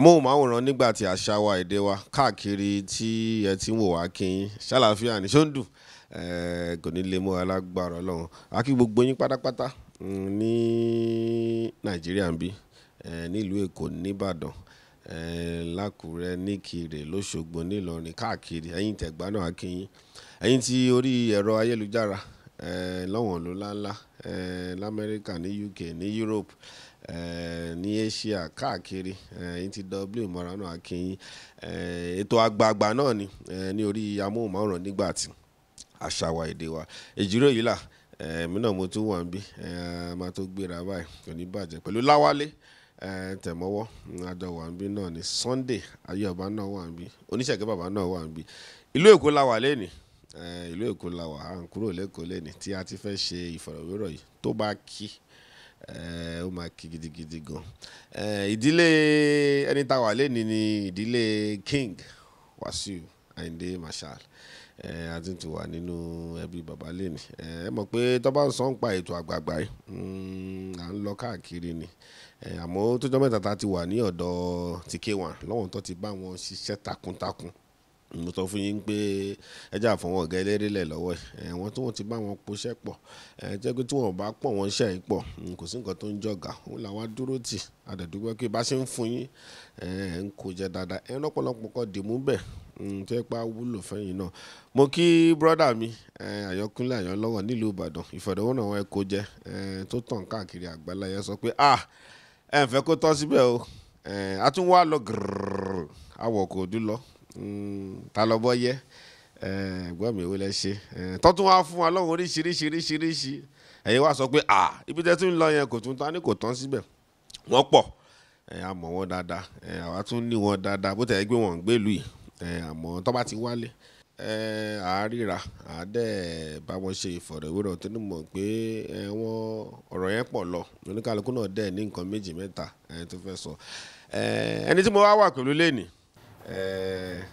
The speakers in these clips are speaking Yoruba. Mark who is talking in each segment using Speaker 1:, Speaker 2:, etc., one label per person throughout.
Speaker 1: amóhùnmáwòrán nígbà tí àṣà wa èdè wa káàkiri tí ẹ ti ń wò wá kí n ṣàlàfíà ní ṣó ń dùn gònílémọ́ eh, alágbára ọlọ́run a kí gbogbo yín pátápátá mm, ní nàìjíríà ń bí eh, nílùú èkó nìbàdàn eh, lákùrẹ́ níkirè lọ́ṣogbo nílọrin káàkiri ẹ̀yin tẹ̀gbá náà a kí yín ẹ̀yin tí orí ẹ̀rọ ayélujára lọ́wọ́n ló láńlá lamẹ́ríkà ní UK ní Europe ní Asia káàkiri ẹ̀yin tí w mọ́ra náà a kí ètò àgbààgbà náà ni ní orí amóhùnmáwòrán nígbà tí àṣà wa èdè wa èjìrò yìí là eh, èmi náà mo tún wà níbí eh, máa tó gbéra báyìí kò ní bàjẹ́ pẹ̀lú láwálé eh, tẹ̀mọ́wọ́ àjọ wà níbí náà ní Sunday ayé ọba náà wà níbí oníṣègùn bàbá náà wà níbí ìlú Èkó la wà lẹ́nìí ìlú Èkó la wà à ń kúrò lẹ́kọ̀ọ́ lẹ́nìí tí a ti fẹ́ ṣe ìfọ̀rọ̀wérọ̀ yìí tó bá kí ó máa kí gidigidi gan ìdílé ẹni tá wà lẹ́nìí ni ìdílé King wasu. Ayinde Marshal ẹ a ti ti wà nínú ẹbí bàbá lẹ́ni ẹ mọ̀ pé tó bá ń sọ ń pa ètò àgbààgbà yìí mm, à ń lọ káàkiri ni àmọ́ tójọ́ mẹ́ta ta ti wà ní ọ̀dọ̀ ti K1 lọ́wọ́n tó ti bá wọn ṣiṣẹ́ takuntakun mo sọ fún yín pé ẹjẹ àfọwọ́n ọ̀gá eléré lẹ̀ lọ́wọ́ ẹ̀ wọ́n tí wọ́n ti bá wọn poṣẹ́ pọ̀ ẹ̀ jẹ́ pé tí wọ́n bá pọ̀ wọ́n ṣẹ̀ ń pọ̀ mm, kò sí nǹkan tó ń jọ̀gà òun làwọn dúró tì àdàdúgbò pé bá ṣe ń fún yín ẹ̀ ń kó dáadáa ẹ̀ lọ́pọ̀lọpọ̀ kọ́ dìmú bẹ̀ Mm, tó yẹ pa wúlò fẹ́yìn náà mo kí brọ́dà mi àyọkúnlẹ̀ àyọlọ́wọ̀ nílùú ìbàdàn ìfọ̀dọ̀wọ́nà wọn kò jẹ́ tó tàn káàkiri àgbáláyé sọ pé ah ẹ̀ ń fẹ́ kó tọ́ síbẹ̀ o a tún wá lọ gírrrr awọ kò dún lọ mm, ta lọ bọ́ yẹ ẹ̀gbọ́n mi ò lẹ ṣe tọ́tún wa lọ́wọ́ ah ibi tẹ́ tún lọ yẹn kò tún tán ní kò tán síbẹ̀ wọ́n pọ̀ ẹ̀ a mọ̀ wọ́n àmọ́ tó bá ti wálé àárira àádẹ́ bá wọn ṣe ìfọ̀rọ̀wérọ̀ tó ní mọ̀ pé wọ́n ọ̀rọ̀ yẹn pọ̀ lọ oníkálukú náà dẹ̀ ní nǹkan méjì mẹ́ta tó fẹ́ sọ ẹni tí mo wá wà pẹ̀lú lẹ́nìí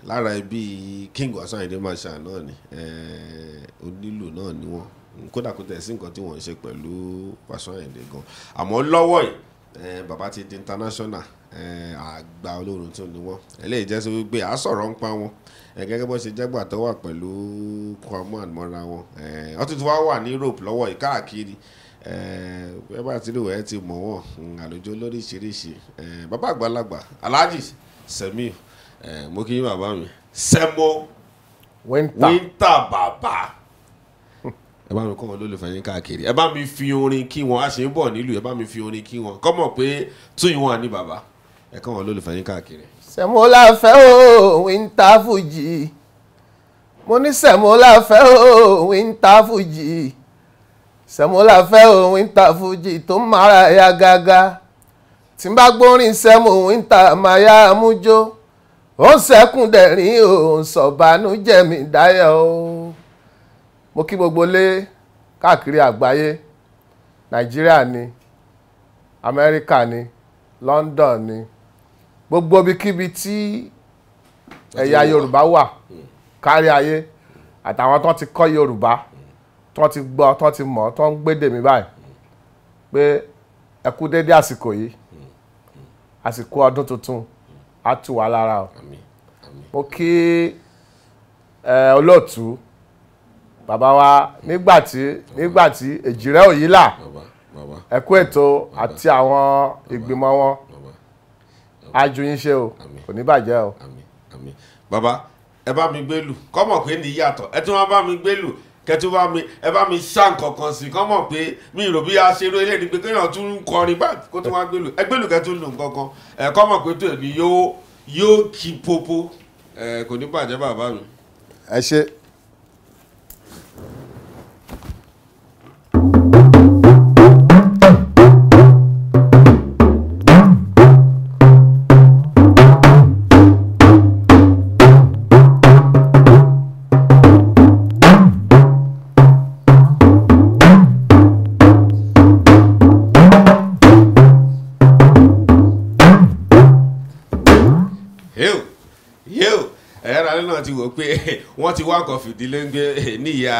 Speaker 1: lára ibi King Wasiu Ayinde Marshal náà ni onílù náà ni wọ́n kódà kó tẹ̀ sí nǹkan tí wọ́n ń ṣe pẹ̀lú Wasiu Ayinde gan àmọ́ lọ́wọ́ yìí bàbá ti di international àgbà olóòrùn tó ni wọ́n eléyìí jẹ́ sí wípé à sọ̀rọ̀ ń pa wọn gẹ́gẹ́ bó ṣe jẹ́gbà tó wà pẹ̀lú Coman mọ́ra wọn wọ́n tuntun wá wà ní Europe lọ́wọ́ ìkáàkiri ẹ bá ti rí ìwé ti mọ̀ wọ́n àlùjọ lóríṣiríṣi bàbá àgbàlagbà Alhaji Sẹ́mi mo kí yín bàbá mi Sẹ́mo wíńtà bàbá ẹ bá mi kọ́ wọn lólùfẹ́ yín káàkiri ẹ bá mi fi orin kí wọn a ṣe ń bọ̀ nílùú ẹ bá mi fi orin kí wọn kọ́ mọ̀ pé tún ìwọ̀n ní bàbá ẹ kàn wọ́n lólùfẹ́ yín káàkiri.
Speaker 2: sẹ̀mọ́lá fẹ́ o wíńtà fújì mo ní sẹ̀mọ́lá fẹ́ o wíńtà fújì sẹ̀mọ́lá fẹ́ o wíńtà fújì tó mara ya gaga. tí n bá gbórin sẹ́mu wíńtà máa yá amújó ó ń sẹ́kùn dẹ̀rín o ń sọ̀bánújẹ́ mi dáyọ̀ o mo kí gbogbo lé káàkiri àgbáyé nàìjíríà ni amẹ́ríkà ni london ni gbogbo ibikíbi tí ẹ̀yà yorùbá wà hmm. kárí ayé àtàwọn tó ti kọ́ yorùbá tó ti gbọ́ tó ti mọ̀ tó ń gbédè mi báyìí pé ẹ kú dédé àsìkò yìí hmm. Hmm. àsìkò ọdún tuntun á tù wá lára o mo kí olóòtú bàbá wa nígbàtí nígbàtí èjìrẹ́ òyìnlá ẹ kú ètò àti àwọn
Speaker 1: ìgbìmọ̀ wọn ajú yín ṣe o kò ní bàjẹ́ o. àmín àmín ẹ bá mi gbé lù kọ́mọ̀ pé ní yàtọ̀ ẹ tún wá bá mi gbé lù kẹtù bá mi ẹ bá mi ṣá nkankan sí kọ́mọ̀ pé mi ò bí aṣeré ilé pé kéèyàn tún ń kọrin bá kó tún wá gbé ẹ gbé lù kẹtù lù nkankan ẹ kọ́mọ̀ pé tó èmi yóò yóò kí popo ẹ kò ní bàjẹ́ bàbá mi. ẹ ṣe wọ́n ti wá nǹkan fìdílé ń gbé ènìyà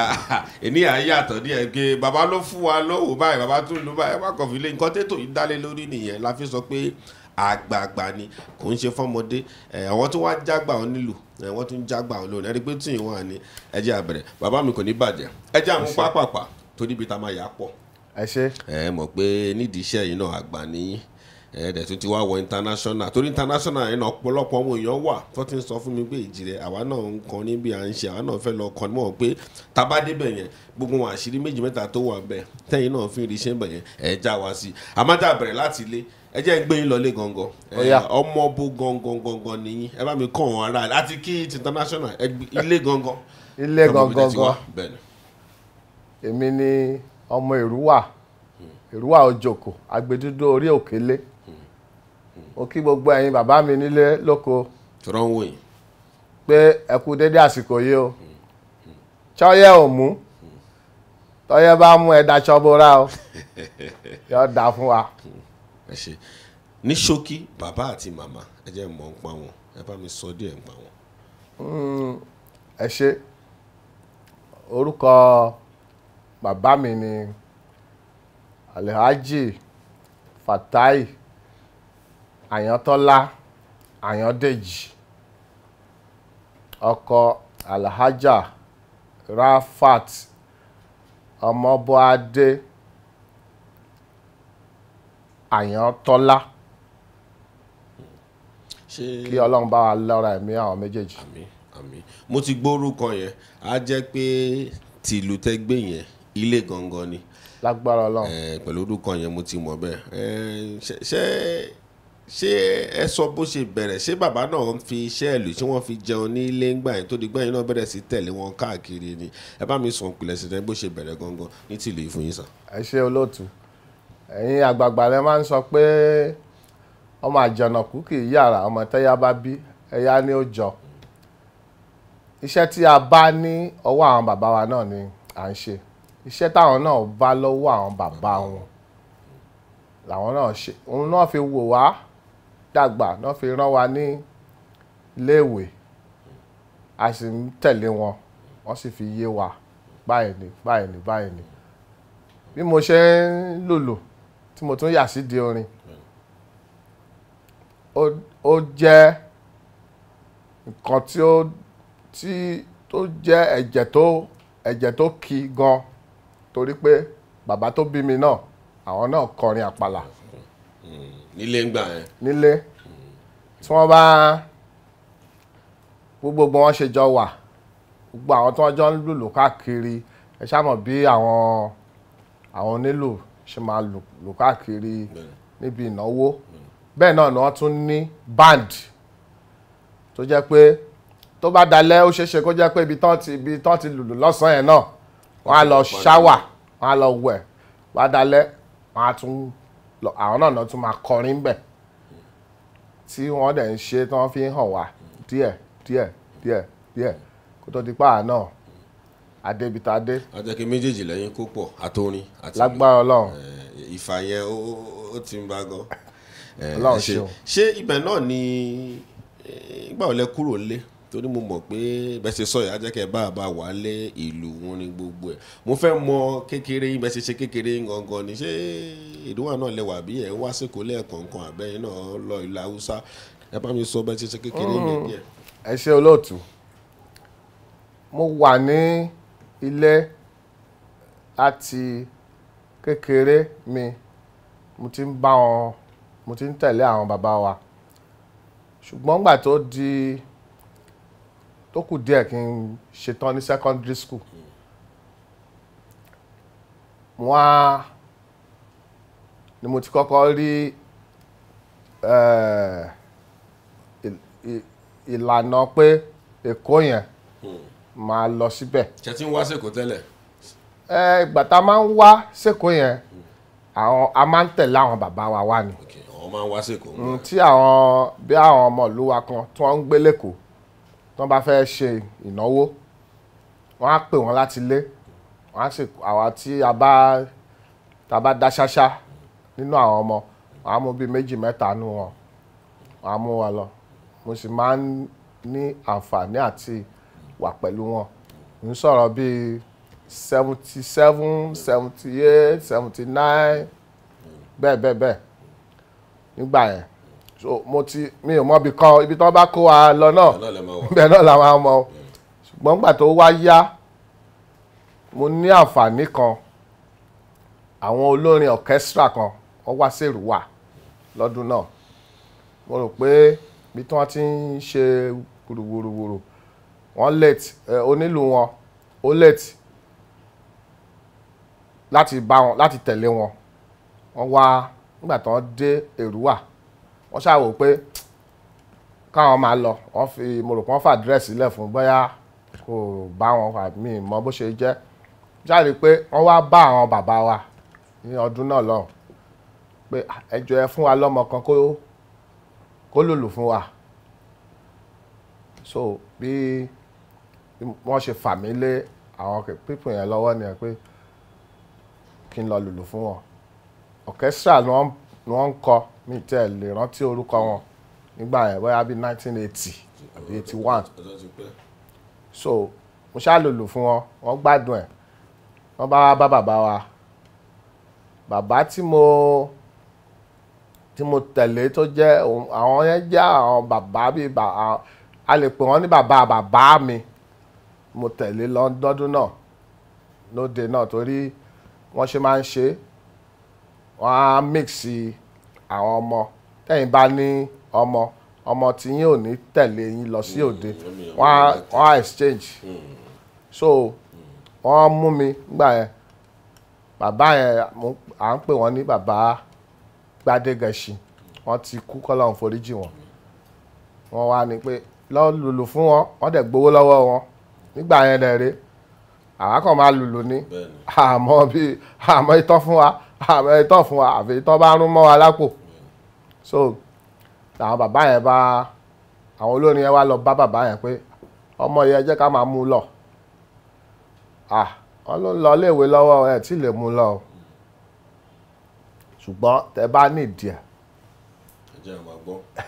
Speaker 1: ènìyà yàtọ̀ díẹ̀ gbé bàbá ló fún wa lọ́wọ́ báyìí Baba tún lù báyìí wá kàn fìdílé nǹkan tètò yìí dálé lórí nìyẹn la fi sọ pé àgbààgbà ni kò ń ṣe fọmọdé àwọn tó wá jágbà wọn nílùú wọn tún jágbà wọn lónìí ẹni pé tí ìwọ̀n àní ẹ jẹ́ á bẹ̀rẹ̀ bàbá mi kò ní bàjẹ́ ẹ jẹ́ àmú pápápá torí ibi tá a máa yà á pọ̀ ẹ mọ̀ pé nídìí iṣẹ́ yìí náà àgbà nìyí ẹ̀ẹ́dẹ̀ tó ti wá wọ international torí international ẹ̀nà ọ̀pọ̀lọpọ̀ ọmọ èèyàn wà tó ti ń sọ fún mi pé ìjìrẹ̀ àwa náà ń kan níbi à ń ṣe àwa náà fẹ́ lọ kàn mọ́ pé tábà débẹ̀ yẹn gbogbo wọn àṣírí méjì mẹ́ta tó wà bẹ́ẹ̀ tẹ́yìn náà fi rí iṣẹ́ bẹ̀ yẹn ẹ̀ já wa sí i àmájà bẹ̀rẹ̀ láti ilé ẹ jẹ́ gbé yín lọlé gangan ọmọ bó gangan gangan nìyí ẹ bá mi kàn wọn ara láti kí international ilé gangan ilé gangan gan
Speaker 2: èmi ni ọmọ Èrúwà Èrúwà hmm. Òjòkò agbẹdúdú orí òkèlè. Okay o kí gbogbo ẹ̀yin bàbá mi nílé lóko pé ẹ kú dédé àsìkò yìí o mm, mm. tọ́yẹ ò mú mm. tọ́yẹ bá mú ẹ daṣọ bora o yọ da fún wa.
Speaker 1: ní ṣókí bàbá àti màmá ẹ jẹ́ mọ̀ ń pa wọn ẹ bá mi sọ díẹ̀ ń pa wọn.
Speaker 2: ẹ ṣe orúkọ bàbá mi ni alhaji fatai àyántọ́lá àyándèjì ọkọ alhaja rafat ọmọbọ́adé
Speaker 1: àyántọ́lá kí ọlọ́run bá wa lọ́ra ẹ̀mí àwọn méjèèjì. àmín àmín mo ti gbórúkọ yẹn á jẹ́ pé tìlú tẹ́gbẹ́ yẹn ilé gangan ni. lágbára ọlọ́run. pẹ̀lú orúkọ yẹn mo ti mọ̀ bẹ́ẹ̀ ṣe ṣé ẹ sọ bó ṣe bẹ̀rẹ̀ ṣé bàbá náà ń fi iṣẹ́ ìlú tí wọ́n fi jẹun ní ilé ńgbà yẹn tó di gbẹ̀yìn náà bẹ̀rẹ̀ sí tẹ̀lé wọn káàkiri ni ẹ bá mi sọ ìpìlẹ̀ sí bó ṣe bẹ̀rẹ̀ gangan ní tìlú ìfún yín sàn. ẹ ṣe olóòtú ẹ̀yin àgbààgbà rẹ máa ń sọ
Speaker 2: pé ọmọ àjànàkú kì í yàrá ọmọ tẹ́yà bá bí ẹ̀yà ni ó jọ iṣẹ́ tí a bá ní ọwọ́ àwọn bàbá wa náà ni à ń ṣe iṣẹ́ táwọn náà bá lọ́wọ́ àwọn bàbá wọn làwọn náà ṣe òun náà fi wò wá dàgbà náà fi rán wa ní iléèwé a sì ń tẹ̀lé wọn wọ́n sì fi yé wa báyìí ni báyìí ni báyìí ni bí mo ṣe ń lòlò tí mo tún yà sí di orin ó jẹ́ nǹkan tí ó tí tó jẹ́ ẹ̀jẹ̀ tó ẹ̀jẹ̀ tó ki gan torí pé bàbá tó bí mi náà àwọn náà kọrin àpàlà. Mm nílé ń gbà yẹn. nílé tí wọ́n bá gbogbo wọn ṣe jọ wà gbogbo àwọn tí wọ́n jọ ń lùlù káàkiri ẹ ṣáà mọ̀ bí àwọn àwọn onílù ṣe máa lù káàkiri níbi ìnáwó bẹ́ẹ̀ náà ni wọ́n tún ní band tó jẹ́ pé tó bá dalẹ̀ ó ṣeéṣe kó jẹ́ pé ibi tán ti ibi tán ti lùlù lọ́sàn-án yẹn náà wọ́n á lọ ṣáwà wọ́n á lọ wẹ̀ wọ́n á dalẹ̀ wọ́n á tún àwọn náà tún máa kọrin bẹ̀ tí wọ́n dẹ̀ ń ṣe tí wọ́n fi ń hàn wá díẹ̀ díẹ̀ díẹ̀ díẹ̀ kó tó di páà náà
Speaker 1: adébítadé. a jẹ́ kí méjèèjì lẹ́yìn kó pọ̀ àtòrin àti lágbára ọlọ́run eh, ìfà yẹn ó ti ń bá gan. Eh, ọlọ́run ṣeun ṣé ibẹ̀ náà ni eh, ìgbà wo lẹ kúrò lé torí mo mọ̀ pé bẹ́ẹ̀ ṣe sọ yìí ajẹ́kẹ́ bá a bá wà lé ìlú wọn ní gbogbo ẹ̀ mo fẹ́ mọ kékeré yín bẹ́ẹ̀ ṣe ṣe kékeré yín gangan ni ṣé ìdúnwà náà lẹ́wà bí ẹ̀ wá sí kólé ẹ̀kọ̀ọ̀kan àbẹ́yìn náà lọ ìlú haúsá ẹ bá mi sọ bẹ́ẹ̀ ṣe ṣe kékeré yín bí ẹ̀.
Speaker 2: ẹ ṣe olóòtú mo wà ní ilé láti kékeré mi mo ti ń bá wọn mo ti ń tẹ̀lé àwọn bàbá wa ṣùgbọ́n gbà tó di tó kù díẹ̀ kí n ṣetán ní secondary school wọ́n á ni mo ti kọ́kọ́ rí eh, ìlànà pé èkó yẹn máa lọ síbẹ̀. ṣe ti ń wá sèkó tẹ́lẹ̀. Eh, ìgbà tá a máa ń wá sèkó yẹn àwọn a máa ń tẹ̀lé àwọn bàbá wa wá ni. àwọn máa ń wá sèkó. tí àwọn bí àwọn ọmọ ìlú wa kan tí wọ́n ń gbé lẹ́kọ̀ọ́ tó bá fẹ́ ṣe ìnáwó wọ́n á pè wọ́n láti lé wọ́n á sì àwa tí a bá tá a bá dá ṣáṣá nínú àwọn ọmọ wọ́n á mú bíi méjì mẹ́ta nù wọn wọ́n á mú wọn lọ mo sì máa ń ní àǹfààní àti wà pẹ̀lú wọn ń sọ̀rọ̀ bíi seventy seven seventy eight seventy nine bẹ́ẹ̀ bẹ́ẹ̀ bẹ́ẹ̀ nígbà yẹn so mo ti mi ò mọ ibi kan ibi tí wọ́n bá kó wa lọ náà bẹ́ẹ̀ náà làwọn ọmọ ṣùgbọ́n nígbà tó wá yá mo ní àǹfààní kan àwọn olórin orchestra kan wọ́n wá sí Èrúwà lọ́dún náà mo rò pé bí tí wọ́n ti ń ṣe wùrùwùrùwùrù wọ́n late eh, onílù wọn ó late láti bá wọn láti tẹ̀lé wọn wọ́n wá nígbà tí wọ́n dé Èrúwà wọ́n ṣàwò pé káwọn máa lọ wọ́n fi mo fà dírẹ́sì sílẹ̀ fún bóyá kò bá wọn àmì mọ bó ṣe jẹ́ jáde pé wọ́n wá bá àwọn bàbá wa ní ọdún náà lọ́hùn pé ẹ ẹ fún wa lọ́mọ kan kó kó fún wa so bí wọ́n ṣe fà mí lé àwọn pípọ̀ yẹn lọ́wọ́ ni pé kí n lọ lùlù fún wọn orchestra ni wọ́n ni wọ́n ń kọ mi tẹ́ lè rántí orúkọ wọn nígbà yẹn bóyá bíi nineteen eighty àbí eighty one so mo ṣáà lò lò fún wọn wọ́n gbádùn ẹ̀ wọ́n bá wá bá bàbá wa bàbá tí mo tí mo tẹ̀lé tó jẹ́ àwọn yẹn jẹ́ àwọn bàbá bíi a lè pè wọ́n ní bàbá bàbá mi mo tẹ̀lé lọ́dún náà lóde náà torí wọ́n ṣe máa ń ṣe é wọ́n á mixi àwọn ọmọ tẹ́yìn bá ní ọmọ ọmọ tí yín ò ní tẹ̀lé yín lọ sí òde hmm, wọ́n á exchange hmm. so wọ́n mú mi nígbà yẹn bàbá yẹn à ń pè wọ́n ní bàbá Gbádégẹṣin wọ́n ti kú kọ́lọ́run foríjì wọn wọ́n wá ní pé lọ́ọ́ lùlù fún wọn wọ́n dẹ̀ gbowó lọ́wọ́ wọn nígbà yẹn dẹ̀ rèé àwa kàn máa lùlù ní àmọ́ bí àmọ́ itọ́ fún wa tán fún wa àfi tán bá rún mọ́ wa lápò so làwọn bàbá yẹn bá àwọn olórin yẹn wá lọ bá bàbá yẹn pé ọmọ yẹn jẹ́ ká máa mú lọ ah wọ́n ló ń lọ iléèwé lọ́wọ́ ẹ̀ tí lè mú lọ o ṣùgbọ́n tẹ bá nídìí ẹ̀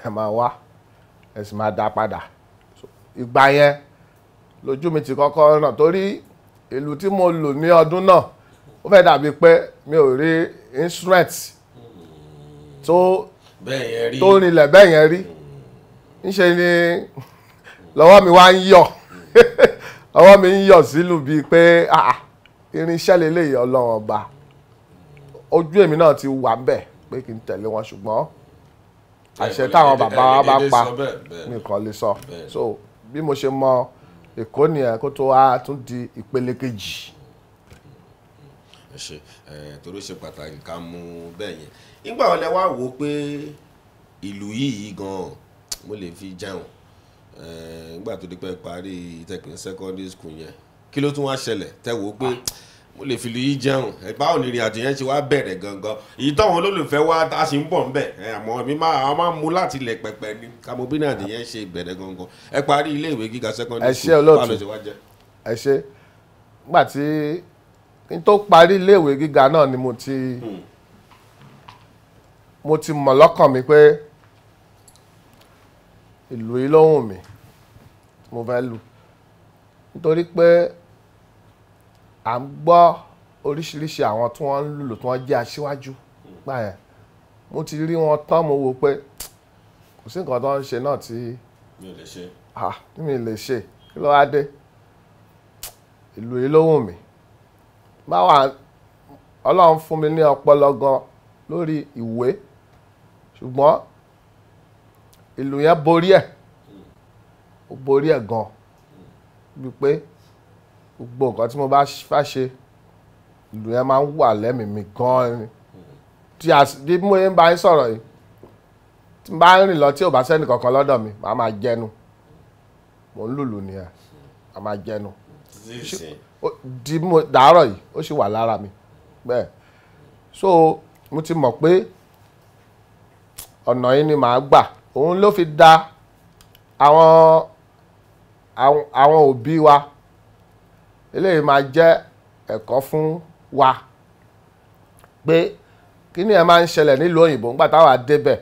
Speaker 2: ẹ máa wá ẹ sì máa dá padà ìgbà yẹn lójú mi ti kọ́kọ́ ràn torí ìlú tí mo lò ní ọdún náà ó fẹ́ dàbí pé mi ò rí instrument tó tó rinlẹ̀ bẹ́ẹ̀ yẹn rí ńṣe ni lọ́wọ́ mi wá ń yọ̀ ọwọ́ mi ń yọ̀ sílùú bíi pé irinṣẹ́ lélẹ́yìí ọlọ́run ọba ojú èmi náà ti wà ń bẹ̀ pé kí n tẹ̀lé wọn ṣùgbọ́n àṣẹ táwọn bàbá wa bá pa nìkan lè sọ so bí mo ṣe mọ Èkó nìyẹn kó tó a tún di ìpele kejì
Speaker 1: ṣe torí ó ṣe pàtàkì ká mú bẹ́ẹ̀ yẹn nígbà wo lẹ wá wò ó pé ìlú yìí gan-an mo lè fi jẹun nígbà tó dípẹ́ parí technical secondary school yẹn kí ló tún wá ṣẹlẹ̀ tẹ́ wò ó pé ah. mo lè fi ìlú yìí jẹun báwo ni ìrìn yẹn ti wá bẹ̀rẹ̀ gangan èyí táwọn olólùfẹ́ wa a sì ń bọ̀ ń bẹ̀ àmọ́ mi máa máa mú láti ilẹ̀ pẹ̀pẹ̀ ni kàmú bí náà nìyẹn ṣe ìbẹ̀rẹ̀ gangan ẹ parí ilé ìwé gíga secondary school báwo ló ti wá jẹ.
Speaker 2: ẹ ṣe nígbà tí kí n tó parí iléèwé gíga náà ni mo ti hmm. mo ti mọ̀ lọ́kàn mi pé ìlú yìí ló wù mí mo fẹ́ lù nítorí pé à ń gbọ́ oríṣiríṣi àwọn tí wọ́n ń lùlù tí wọ́n jẹ́ aṣíwájú gbà yẹn mo ti rí wọn tán mo wò pé kò sí nǹkan tó ń ṣe náà tí mi ò lè ṣe kí ló wá dé ìlú yìí ló wù mí báwa ọlọ́run fún mi ní ọpọlọ gan lórí ìwé ṣùgbọ́n ìlú yẹn borí ẹ̀ ó borí ẹ̀ gan bíi pé gbogbo nǹkan tí mo bá fẹ́ ṣe ìlú yẹn máa ń wà lẹ́mìí gan ni tí a bí mo ń bá yín sọ̀rọ̀ yìí tí n bá ń rìn lọ tí ò bá sẹ́ni kankan lọ́dọ̀ mi màá máa jẹnu mò ń lùlù nìyẹn màá máa jẹnu di mo dàárọ̀ yìí ó sì wà lára mi bẹ́ẹ̀ so mo ti mọ̀ pé ọ̀nà yìí ni màá gbà òun ló fi da àwọn àwọn òbí wa eléyìí máa jẹ́ ẹ̀kọ́ fún wa pé kí ni ẹ máa ń ṣẹlẹ̀ nílùú òyìnbó nígbà táwa débẹ̀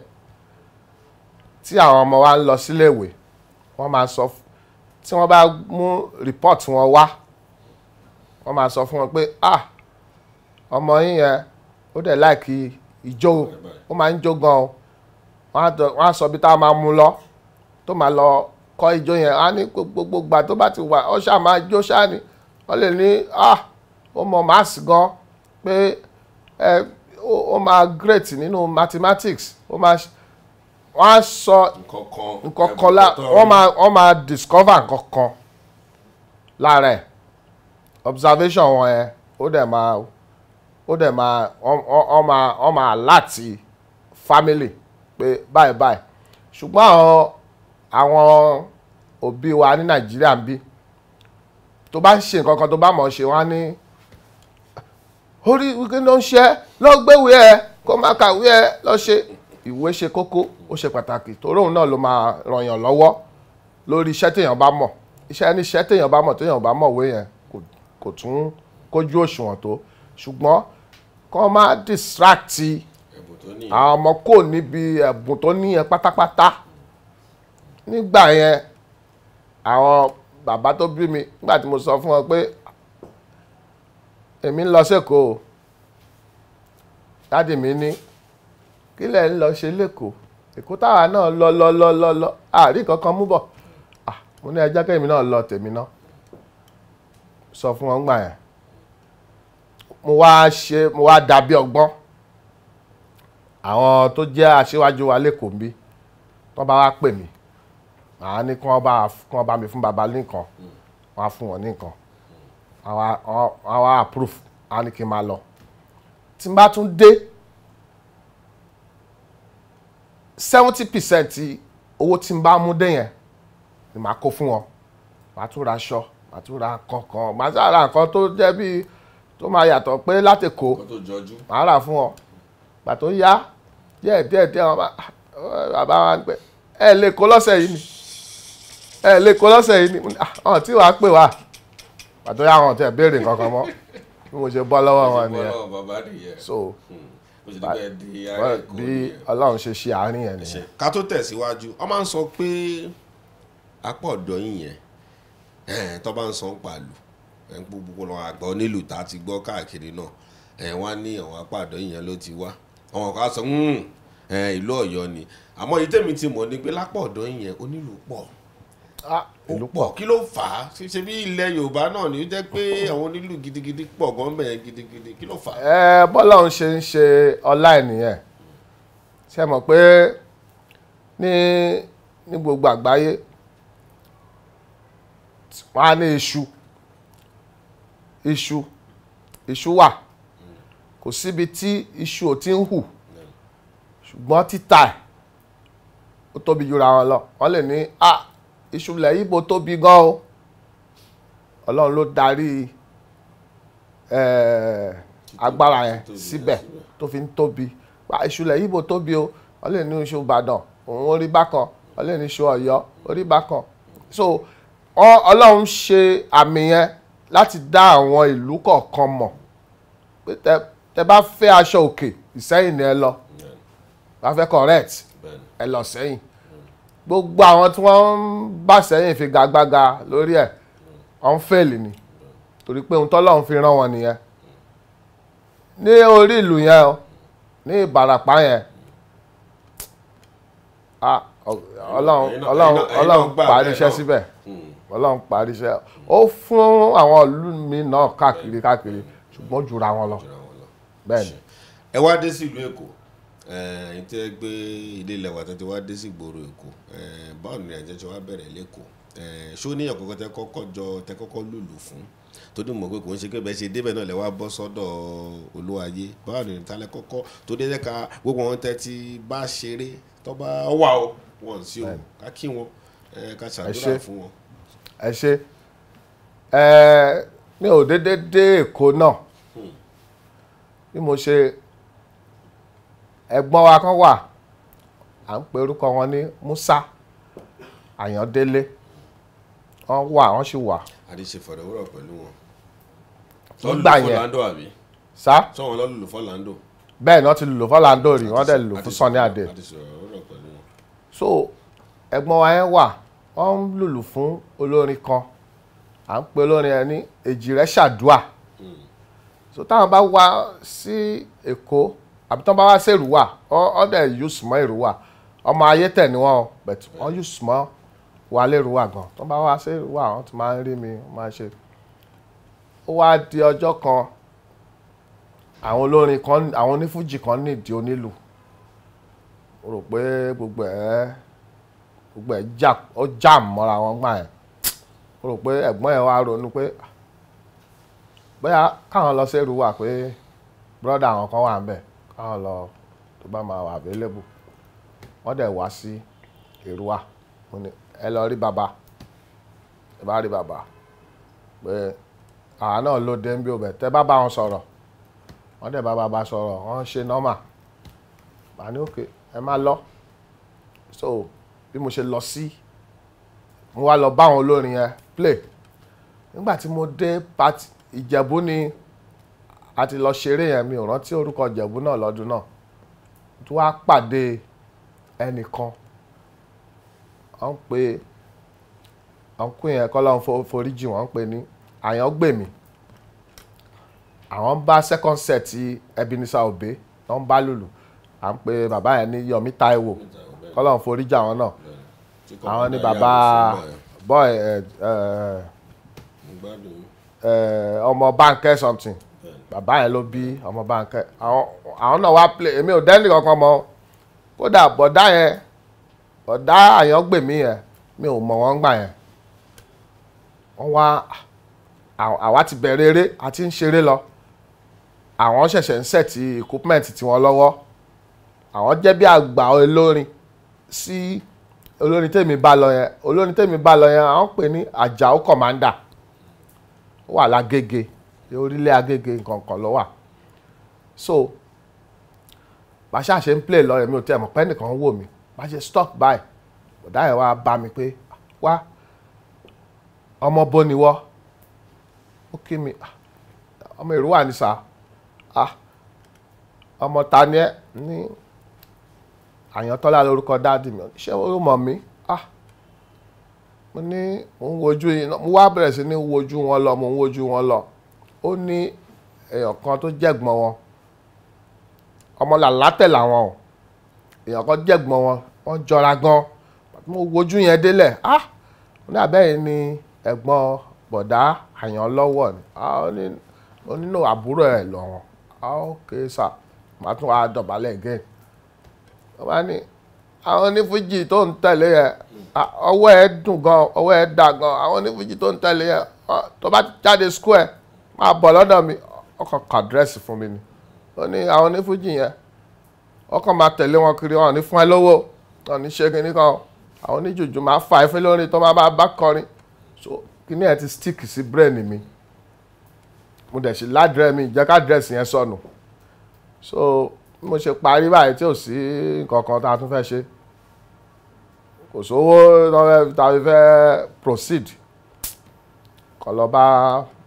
Speaker 2: tí àwọn ọmọ wa ń lọ síléèwé wọ́n máa sọ tí wọ́n bá mú report wọn wá wọ́n máa sọ fún wọn pé ah ọmọ yín yẹn ó dẹ̀ láìkí ìjó ó máa ń jó gan o wọ́n á sọ bí táwọn máa mú lọ tó máa lọ kọ́ ìjó yẹn á ní gbogbo gbà tó bá ti wà ó ṣáà máa jó ṣáà ni wọ́n lè ní ah ó mọ máàsì gan pé ẹ ó máa great nínú mathematics ó máa wọ́n á sọ nǹkan kan wọ́n máa discover nǹkan kan lára ẹ̀ observation wọn yẹn ó dẹ̀ máa ó dẹ̀ máa ọ máa ọ máa láti family pé báyìí báyìí ṣùgbọ́n àwọn àwọn òbí wa ní nàìjíríà ń bí tó bá ń ṣe nǹkan kan tó bá mọ̀ ṣe wọ́n á ní orí wíkí ló ń ṣe ẹ́ lọ gbéwé ẹ kó má kàwé ẹ lọ ṣe ìwé ṣe kókó ó ṣe pàtàkì torí òun náà ló máa ràn yàn lọ́wọ́ lórí iṣẹ́ téèyàn bá mọ̀ iṣẹ́ ní iṣẹ́ téèyàn bá mọ̀ téèyàn bá mọ̀ wé yẹn kò tún kójú òṣùwọ̀n tó ṣùgbọ́n kọ́ máa distract àwọn ọmọ kò níbi ẹ̀bùn tó níyẹn pátápátá nígbà yẹn àwọn bàbá tó bí mi nígbà tí mo sọ fún wọn pé èmi ń lọ sẹ́kọ̀ọ́ dádì mi ní kílẹ̀ ń lọ ṣe lẹ́kọ̀ọ́ èkó táwa náà lọ lọ lọ lọ lọ àárí kankan mú bọ̀ ah, mo ní ẹjọ́ kẹ́mi náà lọ tèmi náà sọ fún wọn gbà yẹn mo wá ṣe mo wá dàbí ọgbọ́n àwọn tó jẹ́ aṣíwájú wa lẹ́kọ̀ọ́ ń bí wọ́n bá wá pè mí màá ní kí wọ́n bá kí wọ́n bá mi fún baba nìkan wọ́n á fún wọn nìkan wọ́n wá approve á ní kí n máa lọ tí n bá tún dé seventy percent owó tí n bá mú dé yẹn ni màá kó fún wọn màá tún ra aṣọ màtúrà kankan màtúrà nǹkan tó jẹ́ bíi tó máa yàtọ̀ pé láti kó màá rà fún ọ gbà tó yá díẹ̀ díẹ̀ díẹ̀ wọn bàbá wa ń pẹ́ ẹ lè kó lọ́sẹ̀ yìí ni ẹ lè kó lọ́sẹ̀ yìí ni ọ̀hún tí wàá pè wá gbà tó yá wọn tẹ̀ béèrè kankan mọ́ bí mo ṣe bọ́ lọ́wọ́ wọn
Speaker 1: nìyẹn so hmm. bí ọlọ́run ṣe ṣe àárín yẹn nìyẹn. ká tó tẹ̀síwájú ọ máa ń sọ pé apá ọ̀dọ́ yìí yẹn tó bá ń san pàlù gbogbo lọ àgbọ̀ nílùú tá a ti gbọ́ káàkiri náà ẹ̀ wá ní àwọn apàdán ìyẹn ló ti wá àwọn kan á sọ ìlú Ọ̀yọ́ ni àmọ́ yìí tèmi ti mọ̀ ni pé lápọ̀ ọ̀dọ́ ìyẹn onílù pọ̀ ah, ìlú pọ̀ kí ló fà á ṣe bí ilẹ̀ Yorùbá náà ni ó jẹ́ pé àwọn onílù gidigidi pọ̀ gan bẹ́ẹ̀ gidigidi kí ló fà á. ẹ bọ́lá
Speaker 2: òun ṣe ń ṣe ọlá ènìyàn ṣe mọ̀ pé ní gbogbo àgbáyé wọ́n á ní iṣu iṣu iṣu wà kò síbi tí iṣu ò ti ń hù ṣùgbọ́n títà ẹ̀ ó tóbi jura wọn lọ wọ́n lè ní a iṣu ilẹ̀ Ìgbò tóbi gan o Ọlọ́run ló darí agbára yẹn síbẹ̀ tó fi ń tóbi iṣu ilẹ̀ Ìgbò tóbi o wọ́n lè ní iṣu Ìbàdàn òun ó bákan wọ́n lè ní iṣu Ọ̀yọ́ ó bákan so ọlọ́run ṣe àmì yẹn láti dá àwọn ìlú kọ̀ọ̀kan mọ̀ pé tẹ bá fẹ́ aṣọ òkè ìsẹ́yìn ni ẹ lọ bá fẹ́ correct ẹ lọ sẹ́yìn gbogbo àwọn tí wọ́n ń bá sẹ́yìn figagbága lórí ẹ̀ wọ́n ń fèlì ni torí pé ohun tọ́lọ́run fi rán wọn nìyẹn ní orí ìlú yẹn o ní Ìbàràpá yẹn ọlọ́run ọlọ́run ọlọ́run pàdé iṣẹ́ síbẹ̀. Mm ọlọ́run parí iṣẹ́ ó fún àwọn ìlú mi náà káàkiri káàkiri ṣùgbọ́n jura wọn lọ bẹ́ẹ̀ ni.
Speaker 1: ẹ wá dé sí ìlú èkó ẹ tẹ́ gbé ilé ilẹ̀ wà tẹ́ ti wá dé sí ìgboro èkó báwo ni àjẹ́ ṣe wá bẹ̀rẹ̀ lẹ́kọ̀ọ́ ṣó ní ọ̀kọ̀ọ̀kan tẹ́ kọ́kọ́ jọ tẹ́ kọ́kọ́ lùlù fún tó dùn mọ̀ pé kò ń ṣe pé bẹ́ẹ̀ ṣe débẹ̀ náà lẹ́ wá bọ́ sọ́dọ̀ olúwayé báwo ni ìtàlẹ́ kọ́kọ́ tó dé lẹ́ka gbogbo wọn tẹ́ ti bá ṣeré tó bá wà ó wọ̀n sí o ká kí wọn ká ṣàdúrà fún wọn
Speaker 2: ẹ ṣe ẹ ní òdédé dé èkó náà hmm. bí mo ṣe ẹ̀gbọ́n wa kan wà à ń pe orúkọ wọn ní Musa Àyàndélé wọ́n wà wọ́n sì wà.
Speaker 1: àdìsí ìfọ̀rọ̀wérọ̀ pẹ̀lú wọn. nígbà yẹn lọ́lù fọ́láńdò àbí. sá. sọ̀wọ́n lọ́lù lò fọ́láńdò.
Speaker 2: bẹ́ẹ̀ ni wọ́n ti lò fọ́láńdò rí wọ́n dẹ̀ lò fún Sunny Adé. àdìsí
Speaker 1: ìfọ̀rọ̀wérọ̀ pẹ̀lú wọn.
Speaker 2: so ẹ̀gbọ́n wa yẹn wà wọ́n ń lùlù fún olórin kan à ń pe olórin ẹ ní èjì rẹ̀ ṣàdúà so táwọn bá wá sí èkó àbí tán bá wá sí èrúwà wọ́n dẹ̀ yóò súnmọ́ èrúwà ọmọ ayé tẹ̀ ni wọ́n but wọ́n yóò súnmọ́ wà lérúwà gan tán bá wá sí èrúwà wọ́n ti máa ń rí mi máa ṣe ó wá di ọjọ́ kan àwọn olórin kan àwọn onífújì kan nídìí onílù rò pé gbogbo ẹ̀ gbogbo ẹ̀ já ọ jam mọ́ra wọn gbà yẹn ó rò pé ẹ̀gbọ́n yẹn wá ronú pé bóyá káwọn lọ sí èrú wa pé brọ́dà àwọn kan wà ń bẹ̀ káwọn lọ tó bá máa wà available wọ́n dẹ̀ wá sí èrú wa mo ní ẹ lọ rí bàbá ẹ bá rí bàbá pé àwa náà ló dé ń bí obẹ̀ tẹ́ bá bá wọn sọ̀rọ̀ wọ́n dẹ̀ bá bàbá sọ̀rọ̀ wọ́n ń ṣe nọ́mà bá òkè ẹ má lọ so bí mo ṣe lọ sí mo wá lọ bá àwọn olórin yẹn play nígbà tí mo dé pati ìjẹ̀bú ni a ti lọ ṣeré yẹn mi ò rántí orúkọ ìjẹ̀bú náà lọ́dún náà tó wá pàdé ẹnìkan wọ́n ń pè ọ̀nkú yẹn kọ́ lọ́n foríjì wọ́n ń pè ní àyàngbèmí àwọn bá second set Ebenezer Obey wọ́n bá lùlù à ń pè bàbá yẹn ní Yomi Taiwo kọ́ lọ́n foríjì àwọn náà àwọn ni bàbá boy ọmọ Bánkẹ́ something bàbá yẹn ló bí ọmọ Bánkẹ́ àwọn náà wá play èmi ò dẹ́ni kankan mọ́ kódà bọ̀dá yẹn bọ̀dá àyàngbèmí yẹn mi ò mọ̀ wọ́n gbà yẹn wọ́n wá àwa ti bẹ̀rẹ̀ eré àti ń ṣeré lọ àwọn ṣẹ̀ṣẹ̀ ń sẹ̀tì equipment tiwọn lọ́wọ́ àwọn jẹ́ bí àgbà olórin sí. Si, olórin tèmi bá lọ yẹn olórin tèmi bá lọ yẹn àwọn pè ní àjàó kọ̀mándà ó wà lágége orílẹ̀ agége nǹkan kan so bàṣà ṣe ń play lọ yẹn mi ò tẹ́ mọ̀ pẹ́ nìkan wò mí bá ṣe stop by ọ̀dà yẹn wá bá mi pé wá ọmọ bo ni wọ́ ó kí mi ah, ọmọ èrò wà ní sá ah, ọmọ ta ni ẹ ní. Àyàntọ́lá lórúkọ dáàdì mi ṣé o mọ̀ mí ah mo ní mo ń wojú yín mo wá bẹ̀rẹ̀ sí ní wojú wọn lọ mo ń wojú wọn lọ ó ní èèyàn kan tó jẹ̀gbọ́n wọn ọmọ làlátẹ̀ làwọn o èèyàn kan jẹ̀gbọ́n wọn wọ́n jọra gan mo wojú yẹn délẹ̀ ah mo ní àbẹ́yìn ni ẹ̀gbọ́n bọ̀dá Àyànlọ́wọ́ ni ah ó ní nínú àbúrò ẹ̀ lọ́wọ́ ah ok sir màá tún wá dọ̀bálẹ̀ again wọ́n ní àwọn onífújì tó ń tẹ̀lé yẹn ọwọ́ ẹ̀ dùn gan ọwọ́ ẹ̀ dà gan àwọn onífújì tó ń tẹ̀lé yẹn tó bá jáde square máa bọ̀ lọ́dọ̀ mi ọkàn kà dírẹ́sì fún mi ni ó ní àwọn onífújì yẹn ọkàn máa tẹ̀lé wọn kiri wọn ní fún ẹ lówó wọn ní ṣe kínní kan àwọn oníjùjú máa fa ẹfẹ lórí tó máa bá bá kọrin so kínní ẹ ti stick sí brain mi mo dẹ̀ ṣe ládìrẹ́ mi ìjẹ́ká dírẹ́sì yẹn sọnù so mo ṣe parí báyìí tí ò sí nǹkan kan tá a tún fẹ́ ṣe kò sówó tá a fẹ́ proceed kọ́ lọ bá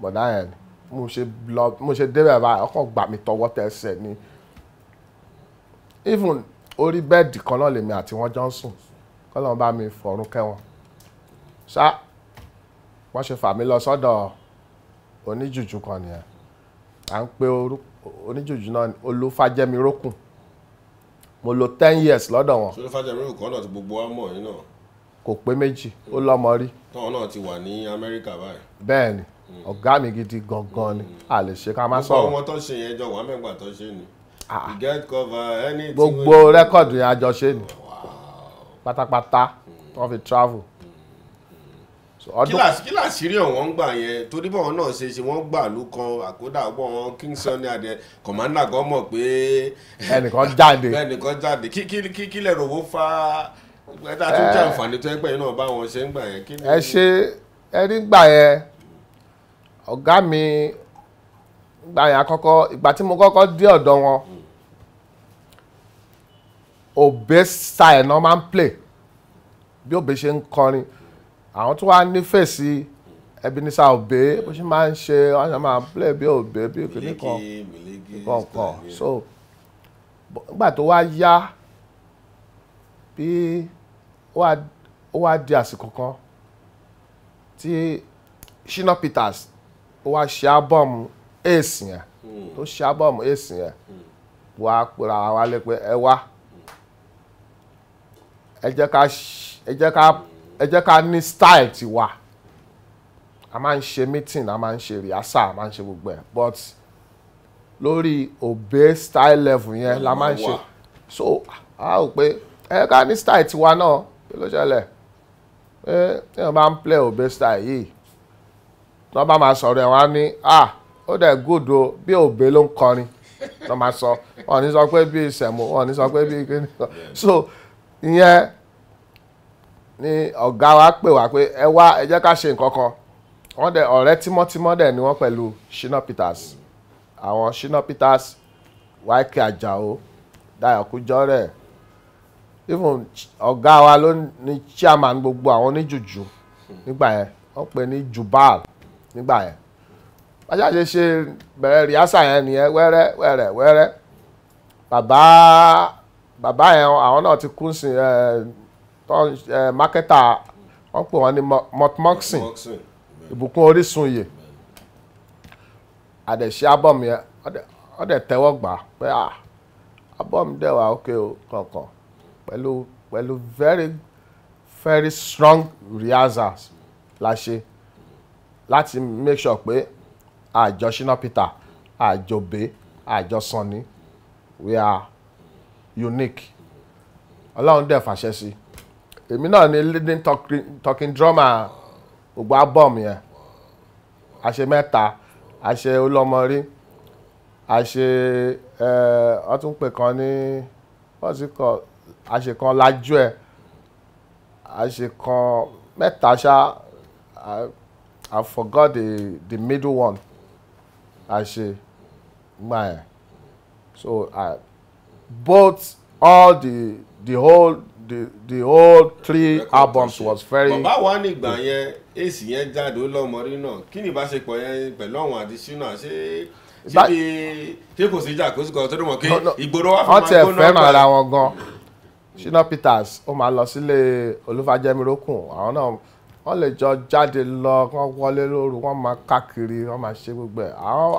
Speaker 2: bọ̀dá yẹn ni mo ṣe lọ mo ṣe débẹ̀ báyìí ọkàn gbà mí tọwọ́ tẹsẹ̀ ni even orí bẹ́ẹ̀dì kan náà lèmi àti wọn jọ ń sùn kọ́ lọ́n bá mi fọ̀run kẹ́wọn ṣá wọ́n ṣe fà mí lọ sọ́dọ̀ oníjùjú kan nìyẹn à ń pe orúkọ oníjòjì náà olúfàjẹmírókùn mo lò ten years lọ́dọ̀ wọn. ṣé
Speaker 1: olúfàjẹmírókùn kọ́ náà ti gbogbo àmọ́ yìí náà.
Speaker 2: kò pé méjì ó lọ́mọ rí.
Speaker 1: tọ́wọ́n náà ti wà ní amẹ́ríkà báyìí.
Speaker 2: bẹ́ẹ̀ ni hmm. ọ̀gá mi gidi gangan ni hmm. a lè ṣe ká má sọ̀rọ̀. gbogbo ọmọ tó
Speaker 1: ṣe yẹn jọ wà mẹ́gbà tó ṣe ni. Ah. get cover anything. gbogbo rẹ́kọ̀dù
Speaker 2: yẹn a jọ ṣe ni pátápátá wọ́n fi travel kíláàsì
Speaker 1: kíláàsì rí ọ̀wọ́n ń gbà yẹn torí bọ́ọ̀ náà ṣe ṣe wọ́n gbà ló kan àkódà ọgbọ́ wọn Kingson ní adé kọ̀mándà gan mọ̀ pé ẹnìkan jáde ẹnìkan jáde kí lẹ́rọ owó fa ẹ̀dá tó eh. jẹ́ àǹfààní tó ẹgbẹ́ yìí náà bá wọn ṣe ń gbà yẹn. ẹ ṣe
Speaker 2: ẹni gbà yẹn ọ̀gá mi gbà yẹn àkọ́kọ́ ìgbà tí mo kọ́kọ́ dé ọ̀dọ̀ wọn òbẹ́ style náà máa ń play bí òbẹ́ ṣe ń àwọn tó wá nífẹ̀ẹ́ sí Ebenezer Obey bó ṣe máa ń ṣe wọn ṣe máa play bí Obey bí òkèlè kan so nígbà tó wá yá bí ó wá di àsìkò kan tí Shina Peters ó wá ṣe ábọ̀mù ace yẹn hmm. tó ṣe ábọ̀mù ace yẹn hmm. wá pera wa lẹ́pẹ́ ẹ wá ẹ jẹ́ ká ẹ jẹ́ ká ní style tiwa a máa ń ṣe meeting a máa ń ṣe rehearsal a máa ń ṣe gbogbo ẹ̀ but lórí òbẹ́ style level yẹn la máa ń ṣe so a ò pé ẹ ká ní style tiwa náà kí ló ṣẹlẹ̀ pé tí wọ́n bá ń play òbẹ́ style yìí tí wọ́n bá máa sọ̀rọ̀ ẹ̀ wá ní ah ó dẹ̀ good o bí òbẹ́ ló ń kọrin tí wọ́n máa sọ wọ́n ní sọ pé bí ìṣẹ̀mú wọ́n ní sọ pé bí kíni so ìyẹn. Yeah ni ọ̀gá wa pè wá pé ẹ wá ẹ jẹ́ ká ṣe nǹkan kan wọ́n dẹ̀ ọ̀rẹ́ tímọ́tímọ́ dẹ̀ ni wọ́n pẹ̀lú Shina Peters àwọn Shina Peters YK Ajao Dayo Kujore even ọ̀gá wa ló ní chairman gbogbo àwọn oníjùjú nígbà yẹn wọ́n pè ní Jubal nígbà yẹn bájáde ṣe bẹ̀rẹ̀ rìásà yẹn nìyẹn wẹ́rẹ́ wẹ́rẹ́ wẹ́rẹ́ bàbá bàbá yẹn àwọn náà ti kú sí ẹ̀ tó mákẹ́tà wọ́n pè wọ́n ní motmoxin ìbùkún orísun yìí àdẹ̀sí ábọ̀mù yẹn wọ́n dẹ̀ tẹ́wọ́ gbà pé ah ábọ̀mù dẹ̀ wà ókè o kankan pẹ̀lú pẹ̀lú very very strong rehearsals la ṣe láti make sure pé àjọ Shina Peter àjọ Bey àjọ Sunny we are unique ọlọ́run dẹ̀ fàṣẹ sí èmi náà ni leading talking, talking drummer gbogbo album yẹn àṣe mẹ́ta àṣe olómọrí àṣe ẹ ọtún pè kan ní wọ́n ti kọ àṣe kan lájú ẹ̀ àṣe kan mẹ́ta ṣá I I forgot the the middle one àṣe gbà yẹn so I both all the the whole the the whole three albums was very. bàbá wa ní ìgbà
Speaker 1: yẹn èsì yẹn jáde ó náà kí ni ìbáṣepọ̀ yẹn pẹ̀lú àwọn àti ṣé ṣíbi ṣé kò sí ìjà kò sí kan tó dùn kí ìgboro wà fún máa gbóná. wọ́n ti fẹ́ràn ara
Speaker 2: wọn gan Ṣínà Peters ó máa lọ sílé Olúfàjẹ́mirókùn àwọn náà wọ́n lè jọ jáde lọ wọ́n wọlé lóru wọ́n máa káàkiri wọ́n máa ṣe gbogbo ẹ̀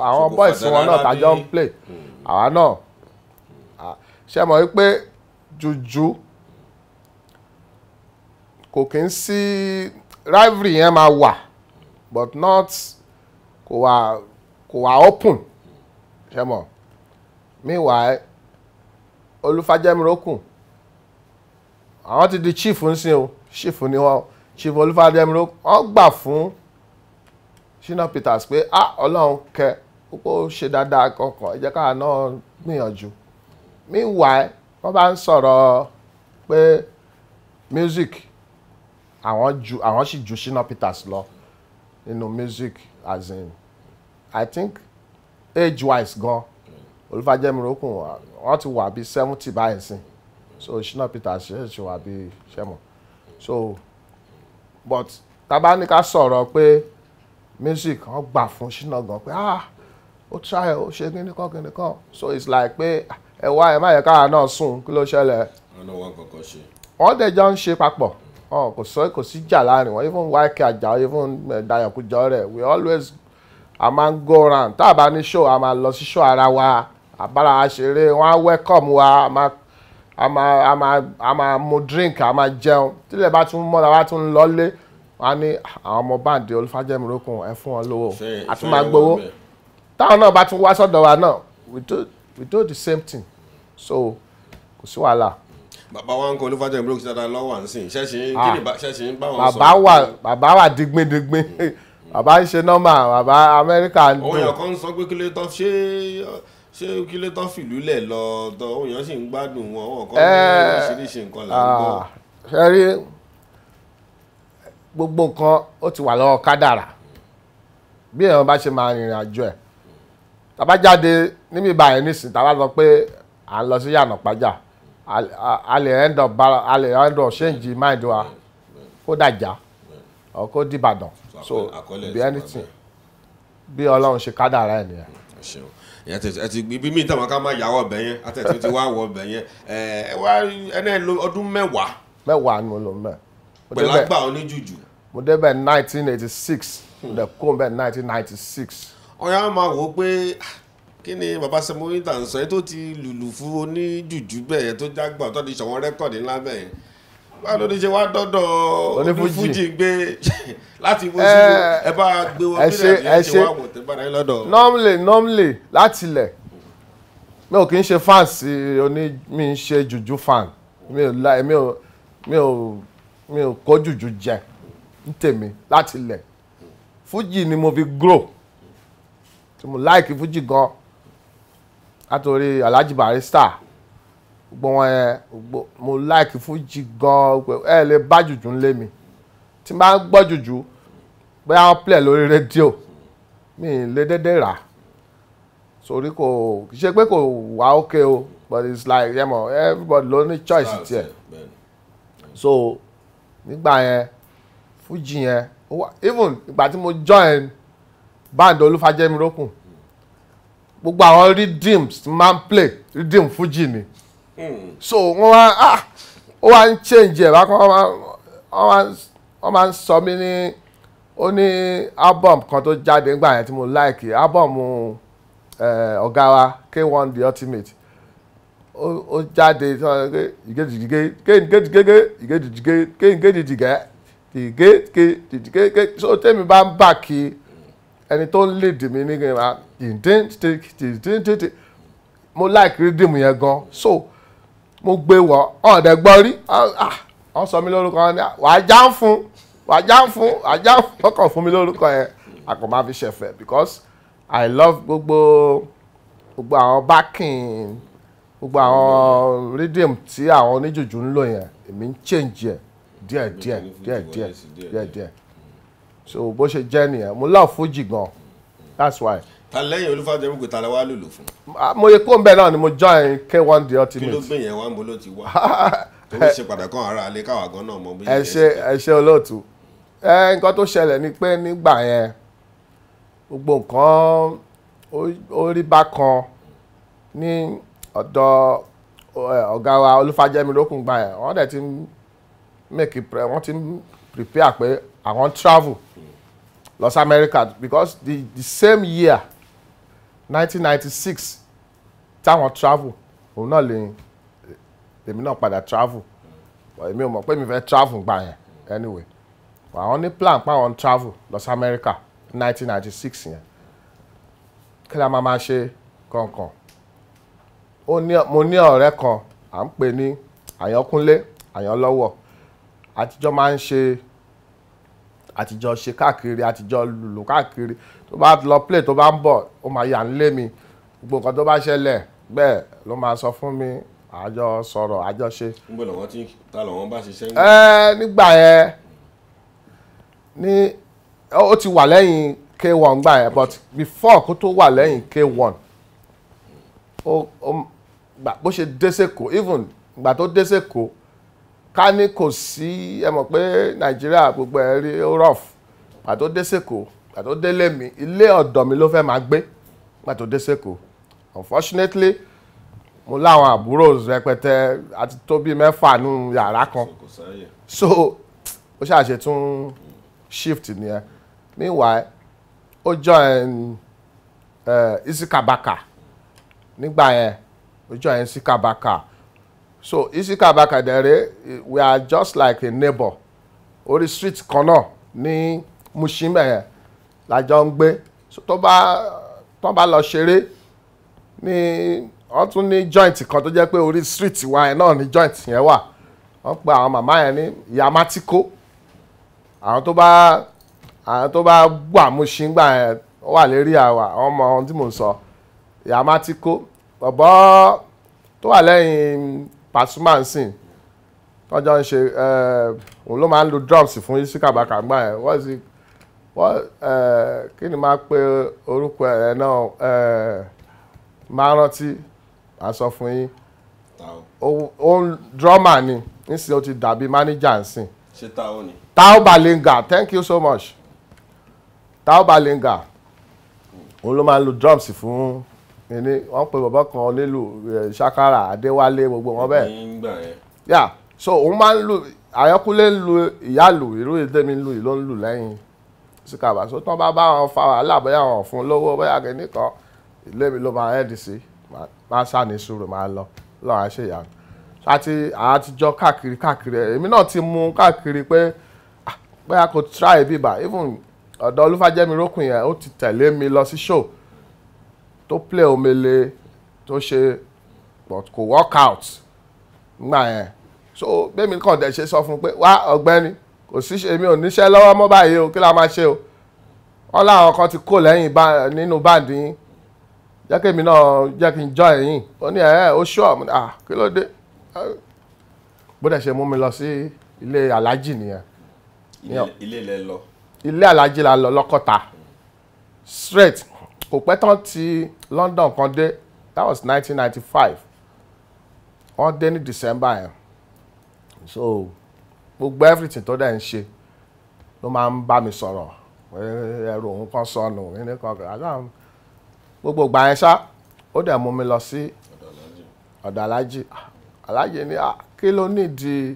Speaker 2: àwọn bọ́ìsì wọn náà tàjọ ń play hmm. àwa náà ṣe mọ̀ wípé jùjú kò kí ń sí rivalry yẹn máa wà but not kò wà kò wà open ṣe mọ̀ meanwhile olúfàjẹmìrókùn àwọn ti di chief ń sìn o chief ni wọn chief olúfàjẹmìrókùn wọn gbà fún Shina Peters pé ah Ọlọ́run kẹ kókó ṣe dáadáa kankan ẹ káà náà gbìyànjú meanwhile wọ́n bá ń sọ̀rọ̀ pé music àwọn ju àwọn sì ju Shina Peters lọ nínú music as in i think age wise gan Olúfàjẹ́mi Rókun wọ́n ti wà bíi seventy báyìí sí so Shina Peters ṣe ṣe wà bíi sẹ́mu so but tábà ní ká sọ̀rọ̀ pé music wọ́n gbà fún Shina gan pé ah ó try ó ṣe kíní kan kíní kan so it's like pé ẹ wá ẹ má yẹ káwa náà sùn kí ló ṣẹlẹ̀.
Speaker 1: wọn náà wá kankan ṣe.
Speaker 2: wọ́n dẹ̀ jọ ń ṣe papọ̀. Mm -hmm kò sọ kò sí jà láàrin wọn even wáìkì àjà even eh, dayankujọ rẹ we always a máa ń go round tá a bá ní show a máa lọ sí show ara wa àbára wa ṣeré wọn á welcome wa a máa a máa a máa a máa mu drink a máa jẹun tílẹ̀ bá tún mọ́ra wa tún lọ́lé wọn á ní ah, àwọn ọmọ báǹdì olùfàjẹmí rókun ẹ fún wọn lówó àti máa gbowó táwọn náà bá tún wá sọ́dọ̀ wa náà we do we do the same thing so kò sí wàhálà
Speaker 1: bàbá wa ń kọ olúfàjọ ìbúrò kí dáadáa lọ́wọ́ à ń kí ah. ni ṣẹ́ṣin bá wọn sọ. bàbá wà
Speaker 2: bàbá hmm. bàbá ń ṣe nọ́mà bàbá amẹ́ríkà ń dùn. òun
Speaker 1: kan sọ pé kí ló tán ṣé ṣé kí ló tán fìlú lẹ̀ lọ tọ òun sì ń gbádùn wọn wọn kọ́ eh, oríṣiríṣi nǹkan là ń gbọ́.
Speaker 2: Ah, ṣe gbogbo nǹkan ó ti wà lọ́wọ́ kádàrà bí èèyàn bá ṣe máa rìnrìn àjò ẹ̀ tàbá níbi ìbàyẹn nísìnyí tàbá lọ pé à ń lọ sí yànà pàjá a lè end up bala a end up change mind wa kó dàjà or kó dìbàdàn so be anything bí ọlọ́run ṣe kádàrá ẹ̀ nìyẹn
Speaker 1: ìyẹn tètè ẹtì ibi míì táwọn ká máa yàwọ ọbẹ yẹn àtẹtì tí wàá wọ ọbẹ yẹn ẹ wá ẹnẹ lo ọdún mẹ́wàá. mẹ́wàá ni mo lò mẹ. pẹ̀lú àgbà oníjùjù. mo débẹ̀ nineteen eighty
Speaker 2: six mo dẹ̀ kó bẹ̀ nineteen ninety six.
Speaker 1: ọ̀yà máa wò ó pé kí ni bàbá Sẹ̀mó tà ń sọ yẹn tó ti lùlù fún oníjùjú bẹ́ẹ̀ tó jágbà tó ti ṣọ̀wọ́n rẹ́kọ̀dì ńlá bẹ́ẹ̀ báwo ló ní ṣe wá dọ́dọ̀ onífújì gbé láti ibo eh, sí ẹ bá gbé wọn bí ẹ ṣe wá wò tẹ́ bára yín lọ́dọ̀.
Speaker 2: normally normally láti ilẹ̀ mi ò kì í ṣe fans oní mi ń ṣe jùjú fan mi ò la mi ò mi ò mi ò kó jùjú jẹ ní tèmi láti ilẹ̀ fújì ni mo fi grow tí mo like Fuji gan-an látòrí Alhaji Barrister gbogbo wọn yẹn mo like Fuji gan ẹ lè bá jùjú ńlé mi tí n bá gbọ́ jùjú bóyá wọ́n plẹ̀ lórí rédíò mi lè dédé rà sórí kò kì í ṣe pé kò wá ókè o but it's like yẹn everybody ló ní choice tiẹ̀ so nígbà yẹn Fuji. yẹn even ìgbà tí mo join band Olúfàjẹ́mirókùn gbogbo àwọn rhythms máa ń play rhythm fuji ni so wọ́n wá ah ó wá ń change ẹ̀ bákan wọ́n máa ń sọ mí ní ó ní album kan tó jáde nígbà yẹn tí mo like album eh, ọ̀gá wa K1 The Ultimate ó jáde ìgédìgédìgédìgédìgédìgédìgédìgé ìgédìgédìgé so tèmi bá ń bà kí ẹni tó ń lead mi nígbà mo like rhythm yẹn gan so mo gbé wọ ọ̀dẹ̀ gbọ́ rí ah, wọ́n sọ mi lórúkọ ní wàá já ń fún wàá já ń fún wàá já ń fún ọkàn fún mi lórúkọ yẹn àkọ́ máa fi ṣẹ̀fẹ̀ because I love gbogbo gbogbo àwọn backing gbogbo àwọn rhythm tí àwọn oníjùjú ń lò yẹn èmi ń change yẹn díẹ̀ díẹ̀ díẹ̀ díẹ̀ díẹ̀ díẹ̀ so bó ṣe jẹ́ nìyẹn mo love Fuji gan that's why
Speaker 1: ta lẹ́yìn olúfàjẹ́mí kò ta la wá lòlò fún. Ah, mo yẹ kó
Speaker 2: n bẹ́ẹ̀ náà ni mo join K1 The Ultimate. kí ló gbé
Speaker 1: yẹn ń bolo ti wá tó ṣe padà kan ara alẹ́ káwa gan náà mọ bí. ẹ ṣe
Speaker 2: ẹ ṣe olóòtú ẹ nǹkan tó ṣẹlẹ̀ ni pé nígbà yẹn gbogbo nǹkan ó rí bákan ní ọ̀dọ̀ ọ̀gá wa olúfàjẹ́mi lókun gbà yẹn wọ́n dẹ̀ ti make pre wọ́n ti prepare pé àwọn travel lọ sí America because the the same year 1996, ninety six táwọn travel òun náà lè èmi náà padà travel èmi ò mọ̀ pé mi fẹ́ travel gbà yẹn anyway àwọn ní plan pa àwọn travel lọ sí America 1996. ninety six yẹn kí la máa máa ṣe kankan mo ní ọ̀rẹ́ kan à ń pè ní Àyànkúnlé Àyànlọ́wọ́ àtijọ́ máa ń ṣe àtijọ́ ṣe káàkiri àtijọ́ lùlù káàkiri tó bá lọ play tó bá ń bọ̀ ó máa yà ń lé mi gbogbo nǹkan tó bá ṣẹlẹ̀ bẹ́ẹ̀ ló máa sọ fún mi àjọ sọ̀rọ̀ àjọ ṣe.
Speaker 1: níbo lọ́wọ́ tí ta lọ́wọ́ bá ṣiṣẹ́ ń ẹ
Speaker 2: nígbà yẹn ní ó ti wà lẹ́yìn K1 gbà yẹn but before kó tó wà lẹ́yìn K1 ó ó bó ṣe dé sẹ́kọ̀ọ́ even ìgbà tó dé sẹ́kọ̀ọ́ ká ní kò sí ẹ mọ̀ pé nàìjíríà gbogbo ẹ̀ rí rough pàtó dé sèkó pàtó délé mi ilé ọ̀dọ̀ mi ló fẹ́ máa gbé pàtó dé sèkó unfortunately mo láwọn àbúrò rẹpẹtẹ àti tó bíi mẹ́fà nù yàrá kan so ó ṣàṣe tún shift nìyẹn meanwhile ó join uh, Isika Baka nígbà yẹn ó join Isika Baka so Isika Bakadere we are just like a neighbor orí street kan náà ní Mushime yẹn lájọ ń gbé so tó bá tó bá lọ ṣeré ní wọ́n tún ní joint kan tó jẹ́ pé orí street wa yẹn náà ní joint yẹn wà wọ́n pe àwọn màmá yẹn ní ìyá mátìkó àwọn tó bá àwọn tó bá bú àmúṣin gbà yẹn wà lérí àwà àwọn ọmọ ohun tí mò ń sọ ìyá mátìkó tó wà lẹ́yìn. Pasuma ń sìn tọ́jọ́ ń ṣe eh, òun ló máa ń lo drums fún yíṣu kàbàkà gbà yẹn wọ́n sì wọ́n eh, kí ni máa pe orúkọ ẹ̀ náà eh, máa rántí máa sọ fún yín ó ń drummer ni nísìnyí ó ti dàbí manager ń sìn. ṣé tao ni. tao balenga thank you so much tao balenga òun ló máa ń lo drums fún ní wọ́n pe bàbá kan onílù ṣakara adéwálé gbogbo wọn
Speaker 1: bẹ́ẹ̀
Speaker 2: yà so òun máa ń lu àyọkúlé ń lu ìyálù ìlú ìdẹ́mi ń lu ìlú ń lu lẹ́yìn síkàbà so tán bá bá wọn fa wàhálà bóyá wọn fún lówó bóyá kìíní kan ìlú èmi ló máa ẹ́ẹ̀dì sí máa sàní sùúrù máa lọ lọ́wọ́ àṣeyàrá àti àtijọ́ káàkiri káàkiri èmi náà ti mú káàkiri pé ah, bóyá kò try bíbà even ọ̀dọ̀ olúfàjẹ́mi rókùn yẹn ó ti tẹ̀lé mi lọ sí show tó play omele tó ṣe but kò work out ngbà yẹn so bẹ́ẹ̀mi kàn dẹ̀ ṣe sọ fún un pé wá ọ̀gbẹ́ni kò sí èmi ò níṣẹ́ lọ́wọ́ mọ́ báyìí o kí la máa ṣe o wọ́n láwọn kan ti kó lẹ́yìn nínú báàdì yín jẹ́ kí èmi náà jẹ́ kí n jọ ẹ̀yìn ó ní ẹ̀ ó ṣọ́ ọ̀mù à kí ló dé bó dẹ̀ ṣe mú mi lọ sí ilé alájì nìyẹn.
Speaker 1: ilé ilé lẹ lọ.
Speaker 2: ilé alájì la lọ lọ́kọ̀ta straight kò pẹ́ tán ti London kan dé that was nineteen ninety five wọ́n dé ní December yẹn so gbogbo everything tó dẹ̀ ń ṣe ló máa ń bá mi sọ̀rọ̀ ẹrù òun kan sọnù ẹni kan kan gbogbo ìgbà yẹn ṣá ó dẹ̀ mú mi lọ sí ọ̀dọ̀ alájì alájì ah, ni ah, kí ló nídìí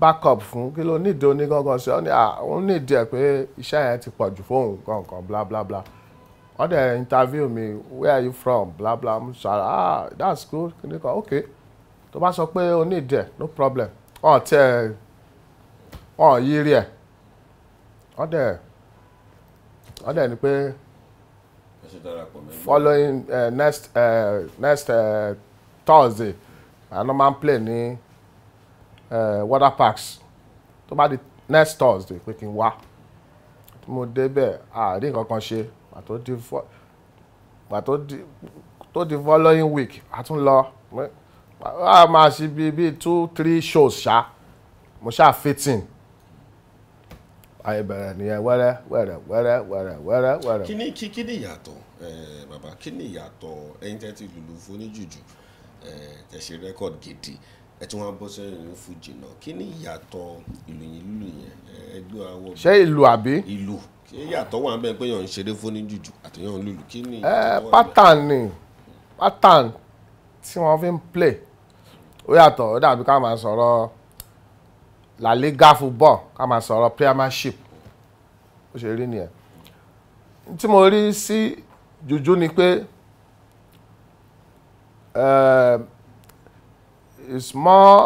Speaker 2: backup fún kí ló nídìí onígangan sí ọ ní à ah, òun nídìí ẹ pé iṣẹ́ yẹn ti pọ̀jù fóun kankan bla bla bla. bla wọ́n dẹ̀ interview me where are you from bla bla mo ṣàrà ah that's good kìnìún kan ok tó bá sọ pé o ní ìdẹ̀ no problem ọ̀ tẹ ọ̀ yírí ẹ̀ wọ́n dẹ̀ wọ́n dẹ̀ ni pé following uh, next uh, next uh, Thursday i normal play ní uh, water parks tó bá di next Thursday pé kí n wá mo débẹ̀ àárín kankan ṣe pàtó tó di following week a tún lọ a máa ṣe bíi bíi two three shows ṣá mo ṣáà fitting àìbẹ̀rẹ̀ nìyẹn wẹ́rẹ́ wẹ́rẹ́ wẹ́rẹ́ wẹ́rẹ́ wẹ́rẹ́ wẹ́rẹ́. kí ni
Speaker 1: kí kí ni ìyàtọ̀ bàbá kí ni ìyàtọ̀ ẹ̀yin tẹ́ ti lùlù foníjùjù tẹ́ ṣe rẹ́kọ̀dì gidi ẹ tí wọ́n bọ́ sẹ́yìn ní fújì náà kí ni ìyàtọ̀ ìlú yìí lùlù yẹn ẹgbẹ́ àwọ̀. ṣé
Speaker 2: ìlú àbí. ìlú
Speaker 1: kí yàtọ̀ wà bẹ́ẹ̀ pé yàn ń ṣeré fún ní jùjù àti yàn ń lùlù kí ni. Eh, ẹ pattern
Speaker 2: ni pattern tí wọ́n fi ń play ó yàtọ̀ ó dàbí ká máa sọ̀rọ̀ La Liga football ká máa sọ̀rọ̀ Premiership ó ṣe rí nìyẹn tí mo rí sí jùjú ni pé eh, it's more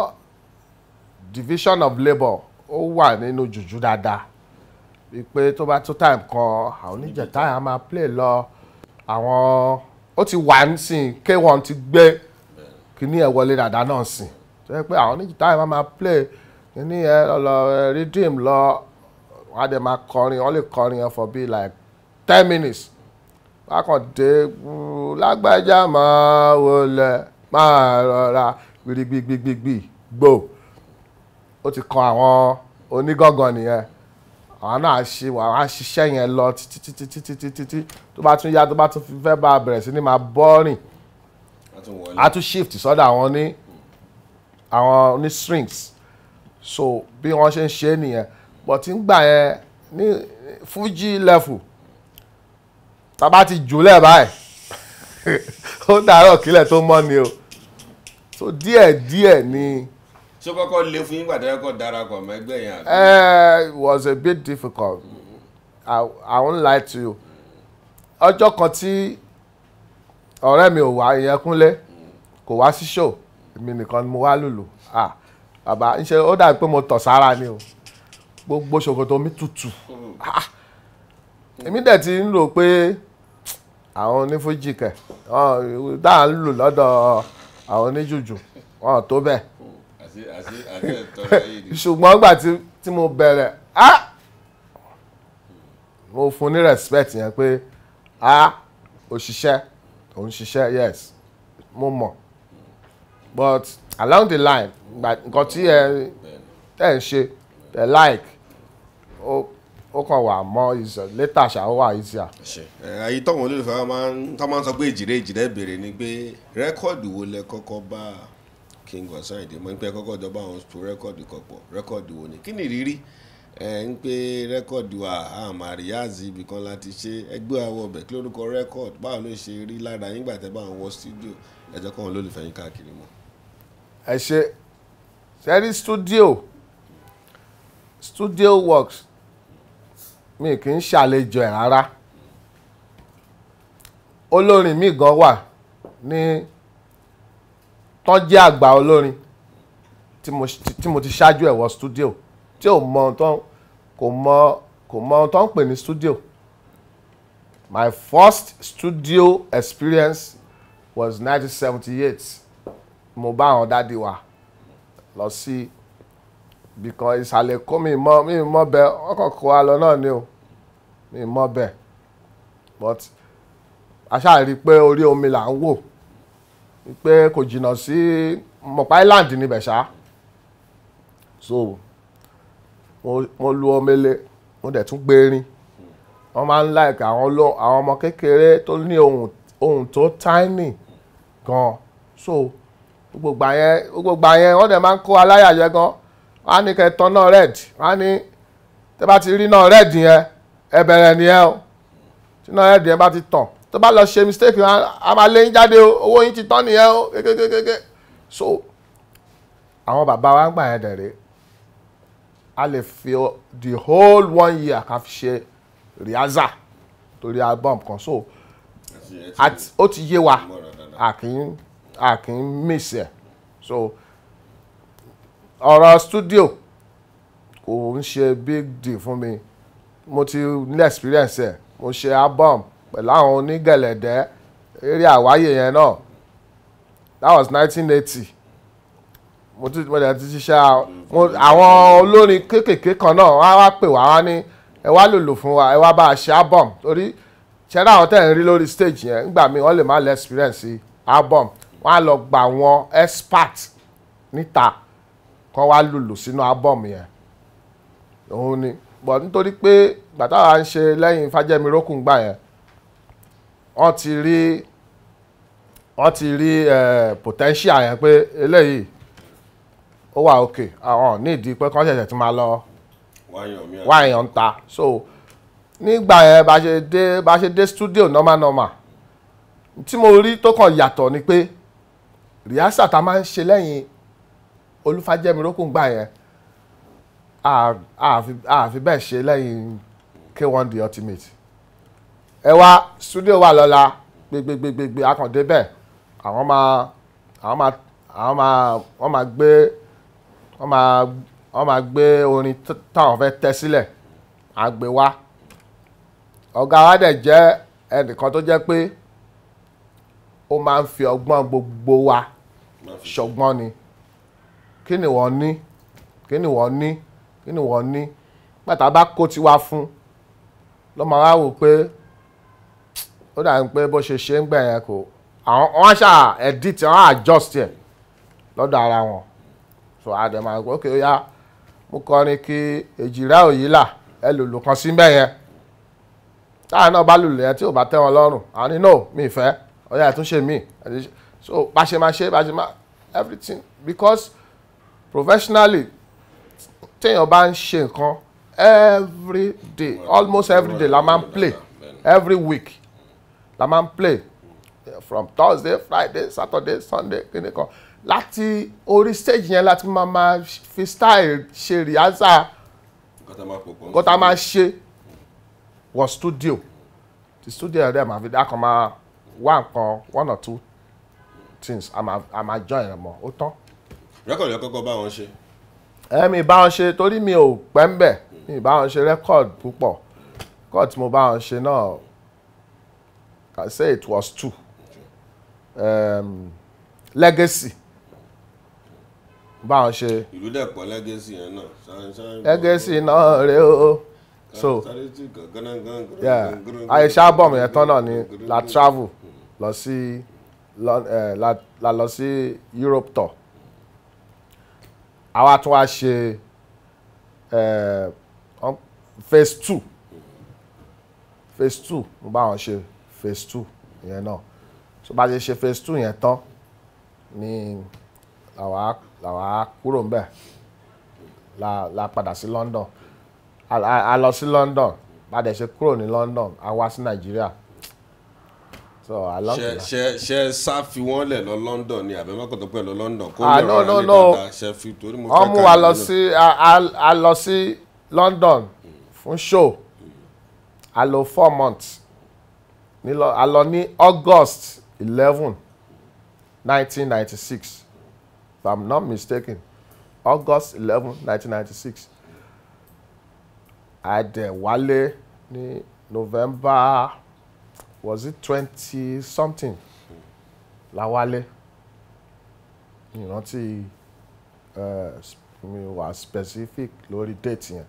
Speaker 2: division of labour ó wà nínú juju dáadáa pé tó bá tó time kan àwọn oníjẹta yẹn a máa play lọ àwọn ó ti wà nísìn k1 ti gbé kíní ẹ wọlé dàda náà sìn tó yẹ pé àwọn oníjẹta yẹn máa play kíní ẹ lọ redeem lọ wọn á dẹ̀ máa kọrin wọn lè kọrin yẹn for be like ten minutes wọn á kàn dé lágbájá máa wọlé máa rọra gbìgbìgbìgbì gbò ó ti kan àwọn onígangan nìyẹn àwọn náà ṣe àwọn aṣiṣẹ́ yẹn lọ títí títí títí títí tí tó bá tún yá tó bá tún fẹ́ bá a bẹ̀rẹ̀ sí ni máa bọ́rìn a tún shift sọ́dọ̀ àwọn ní àwọn ní strings so bí wọ́n ṣe ń ṣe nìyẹn but ń gbà yẹn ní fuji level tábà ti jùlẹ̀ báyìí ó dàárọ̀ kílẹ̀ tó mọ́ ni o so díẹ̀ díẹ̀ ni.
Speaker 1: ṣó kọ́kọ́ le fún yín pàtàkì kọ́ darapọ̀ mọ́ ẹgbẹ́ yẹn.
Speaker 2: Eh, it was a bit difficult mm I, I won't lie to you ọjọ kan ti ọrẹ mi o wa ìyẹn kúnlẹ̀ kò wá sí show èmi nìkan ni mo wá lùlù ah baba ń ṣe ó dàbí mo tọ̀ sara ni o gbogbo to mi tutu ah èmi dẹ̀ ti ń lò pé àwọn onífújì ọ dáà ń lù lọ́dọ̀ àwọn oníjùjù wọn tó ṣùgbọ́n ìgbà tí mo bẹ̀rẹ̀ ah mo fún ní respect yẹn pé ah òṣìṣẹ́ òun ṣiṣẹ́ yes mo mọ̀ but along the line nǹkan tí ẹ ẹ ń ṣe ẹ like ó ó kàn wà mọ́ later ṣá ó wà easier.
Speaker 1: àyè tọ́wọ́n olólùfẹ́ máa ń sọ pé ìjìrẹ́ ìjìrẹ́ béèrè ni pé rẹ́kọ̀dù wo lẹ kọ́kọ́ bá a King Wasaide mo ń pẹ́ kọ́kọ́ jọba àwọn tó rẹ́kọ̀dì kọ̀pọ̀ rẹ́kọ̀dì wo ni kí ni ìrírí ẹ ń pé rẹ́kọ̀dì wa àmàríyáàzì ibì kan láti ṣe ẹgbẹ́ àwọn ọbẹ̀ kí lórúkọ rẹ́kọ̀dì báwo ló ṣe rí lára yín gbàtẹ́ bá àwọn stúdíò ẹjọ́ kan lólùfẹ́ yín káàkiri mọ́. ẹ ṣe
Speaker 2: sẹ́rí stúdíò studio works mi kì í ṣàlejò ẹ̀ rárá olórin mi gan wà ní. Ni tó jẹ́ àgbà olórin tí mo ti ṣáájú ẹ̀ studio tí ò mọ tán kò mọ kò mọ ohun pè ní studio my first studio experience was 1978 mo bá àwọn dáàdi wa lọ sí ibì kan ìsàlẹ̀ kó mi mọ mi mọ bẹ ọkàn kó wa lọ náà ni o mi mọ bẹ but aṣáà rí i pé orí omi là ń wò pé kò jìnnà sí mọ̀pá island níbẹ̀ ṣá so mo lu ọmọ ele mo dẹ̀ tún gbérin wọ́n máa ń like àwọn ọmọ kékeré tó ní ohun tó tiny gan so gbogbo àyẹn wọ́n dẹ̀ máa ń kó aláyàyẹ gan wọ́n á ní kẹ́ tán náà red wọ́n á ní tẹ́ bá ti rí náà red yẹn ẹ bẹ̀rẹ̀ nìyẹn o tí náà red yẹn bá ti tàn tó bá lọ ṣe mistake a máa lé yín jáde owó yín ti tán nìyẹn o kékékékéké so àwọn bàbá wa ń gbà yẹn dẹ̀rẹ́ a lè fi the whole one year ká fi ṣe riaza torí album kan so ó ti yé wa a kì í miss ẹ̀ so ọ̀rọ̀ studio kò ń ṣe big deal fún mi mo ti ní experience ẹ̀ mo ṣe album pẹ̀lú àwọn onígẹ̀lẹ̀dẹ́ eré àwáyé yẹn náà that was nineteen eighty mo ti mo dẹ̀ ti ṣiṣẹ́ àwọn olórin kéékèèké kan náà wọ́n á wá pè wá wá ní ẹ wá lòlò fún wa ẹ wá bá a ṣe album torí ṣẹ́dá àwọn tẹ̀ ń rí lórí stage yẹn nígbà míì wọ́n lè má lè experience album wọ́n á lọ gba àwọn expert níta kọ́ wá lòlò sínú album yẹn òun ni bọ̀ nítorí pé gbàtà wa ń ṣe lẹ́yìn fàjẹ́mi rókùngbà yẹn wọ́n ti rí wọ́n ti rí potential yẹn pé eléyìí ó wà òkè àwọn nídìí pé kán ṣẹ̀ṣẹ̀ ti máa lọ wáyàn ń ta so nígbà yẹn bá ṣe dé bá ṣe dé studio normal normal tí mo rí tó kàn yàtọ̀ ni pé rìhásà tá a máa ń ṣe lẹ́yìn olúfàjẹ́mirókùn gbà yẹn àfi bẹ́ẹ̀ ṣe lẹ́yìn K1 The Ultimate ẹ wá studio wà lọ́la gbẹgbẹgbẹgbẹ akàndé bẹ́ẹ̀ àwọn máa àwọn máa àwọn máa wọ́n máa gbé wọ́n máa wọ́n máa gbé orin táwọn fẹ́ tẹ́ sílẹ̀ àgbè wá ọ̀gá wa dẹ̀ jẹ́ ẹnìkan tó jẹ́ pé ó máa ń fi ọgbọ́n gbogbo wa ṣọgbọ́n ni kí ni wọ́n ní kí ni wọ́n ní kí ni wọ́n ní pàtàkì bá kó tiwa fún ló máa wá wò pé ó dà ń pé bó ṣe ṣe ń gbà yẹn kò àwọn wọn ṣà edit wọn adjust ẹ lọ́dọ̀ ara wọn so àdèmà ok ó yá mo kọrin kí èjìrá òyì là ẹ lùlù kan sí bẹ́ẹ̀ yẹn táwọn náà bá lùlù yẹn tí ò bá tẹ́ wọn lọ́rùn àwọn ni no mi fẹ́ ó yá àtúnṣe mi so bá ṣe máa ṣe bá máa everything because professionally téèyàn bá ń ṣe nǹkan every day almost every day la máa ń play every week la máa ń play from Thursday Friday Saturday Sunday kìnìún kan láti orí stage yẹn láti máa máa fi style ṣe rìhásà kọ́tà máa ṣe wọ studio ti studio rẹ̀ máa fi dákan máa wá nǹkan one or two things a máa a máa join mọ́ ó tán.
Speaker 1: rẹ́kọ̀dì ọkọ̀ọ̀kan bá wọn ṣe.
Speaker 2: ẹ mi bá wọn ṣe torí mi ò pẹ́ ń bẹ̀ mi bá wọn ṣe rẹ́kọ̀dì púpọ̀ kọ́ọ̀tì mo bá wọn ṣe náà I say it was two. Um, legacy. Báwọn ṣe.
Speaker 1: Ìlú dẹ̀ pọ̀ legacy yẹn náà. Legacy náà rèé o so yeah àìsà album
Speaker 2: yẹn tán náà ni la travel lọ sí eh, la lọ sí Europe tour àwa tún wá ṣe eh, phase two phase two mo bá ṣe phase two yẹn náà so bá a ṣe ṣe phase two yẹn tán ni làwa làwa kúrò ńbẹ̀ la la padà sí London a, a, a lọ sí London bá a dẹ̀ ṣe kúrò ní London a wá sí Nàìjíríà
Speaker 1: so i love you. ṣe ṣe ṣá fi wọn lẹ lọ London ni àbẹ mọkàntọ pẹ lọ London kó ah, lè rọra ní dáadáa ṣe fi torí mo fẹ ká ọmú lọ sí
Speaker 2: a lọ sí London fún show hmm. a lò four months nílọ a lọ ní August eleven nineteen ninety six if i'm not mistaken August eleven nineteen ninety six I àdẹ̀wálé ní November was it twenty something La láwálé ìrántí eh, mi wà specific lórí date yẹn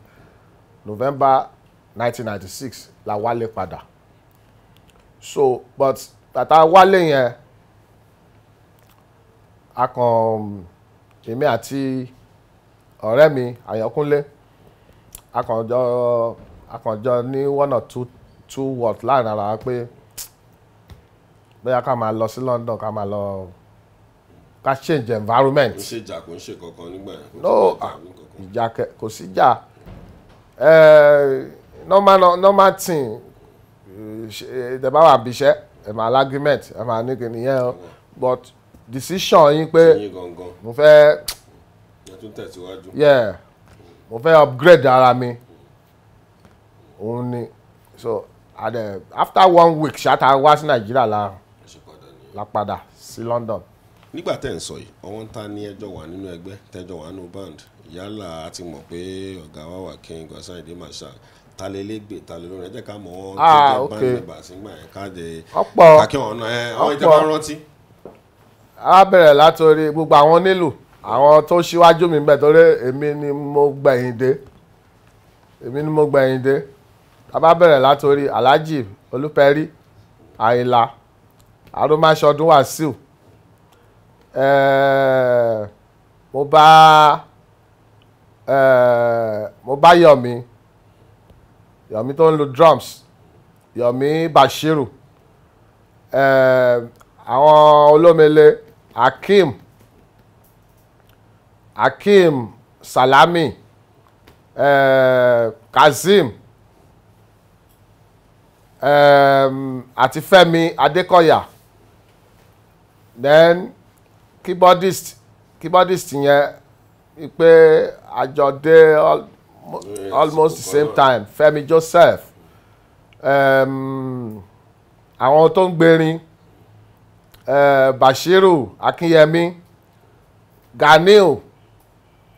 Speaker 2: November nineteen ninety six La láwálé padà so but tàtà wálé yẹn a kàn um, èmi àti ọ̀rẹ́ mi àyànkúnlé a kàn jọ a kàn jọ ní one or two two words láàrin ara wa pé bóyá ká máa lọ sí London ká máa lọ ká change environment. kò sí
Speaker 1: ìjà kò ń ṣe kankan nígbà yẹn. no
Speaker 2: ìjà kò ah, sí ìjà eh, normal normal thing ìdẹ̀bá wà bíṣẹ́ ẹ̀ máa lágímẹ̀t ẹ̀ máa ní kìnìún yẹn o but decision yín pé mo fẹ́ yeah mo fẹ́ upgrade ara mi òun ni so and, after one week ṣáta wá sí nàìjíríà la la padà sí London.
Speaker 1: nígbà tẹ́ ń sọ yìí ọwọ́n ta ní ẹjọ́ wà nínú ẹgbẹ́ tẹ́jọ́ wà nínú band yálà a ti mọ̀ pé ọ̀gá wa wà kí n gbà sáyẹ̀dé màṣá talélégbè talélórí ẹ jẹ́ ká mọ̀ wọ́n ah, tó jẹ́ band members nígbà yẹn káde kákí wọn náà ẹ àwọn ìjọba rántí.
Speaker 2: a bẹ̀rẹ̀ látòrí gbogbo àwọn nílùú àwọn tó ṣíwájú mi bẹ̀ torí èmi ni mo gbẹ̀yìn dé èmi ni mo gbẹ̀yìn dé a bá bẹ̀rẹ̀ látòrí alhaji olúpẹ̀rí àyìnlá arúmáṣọdún wàsíù mo bá mo bá yọ̀ mí. Yomi tó ń lo drums Yomi Bashiru eh, àwọn olómele Akim. Akim Salami eh, Kazeem eh, àti Fẹ́mi Adékọ̀yà then keyboardist keyboardist yẹn pé àjọdé yes, almost the same time Fẹ́mi Joseph um, àwọn tó ń gbèrin um, Bashiru Akinyemi Ganil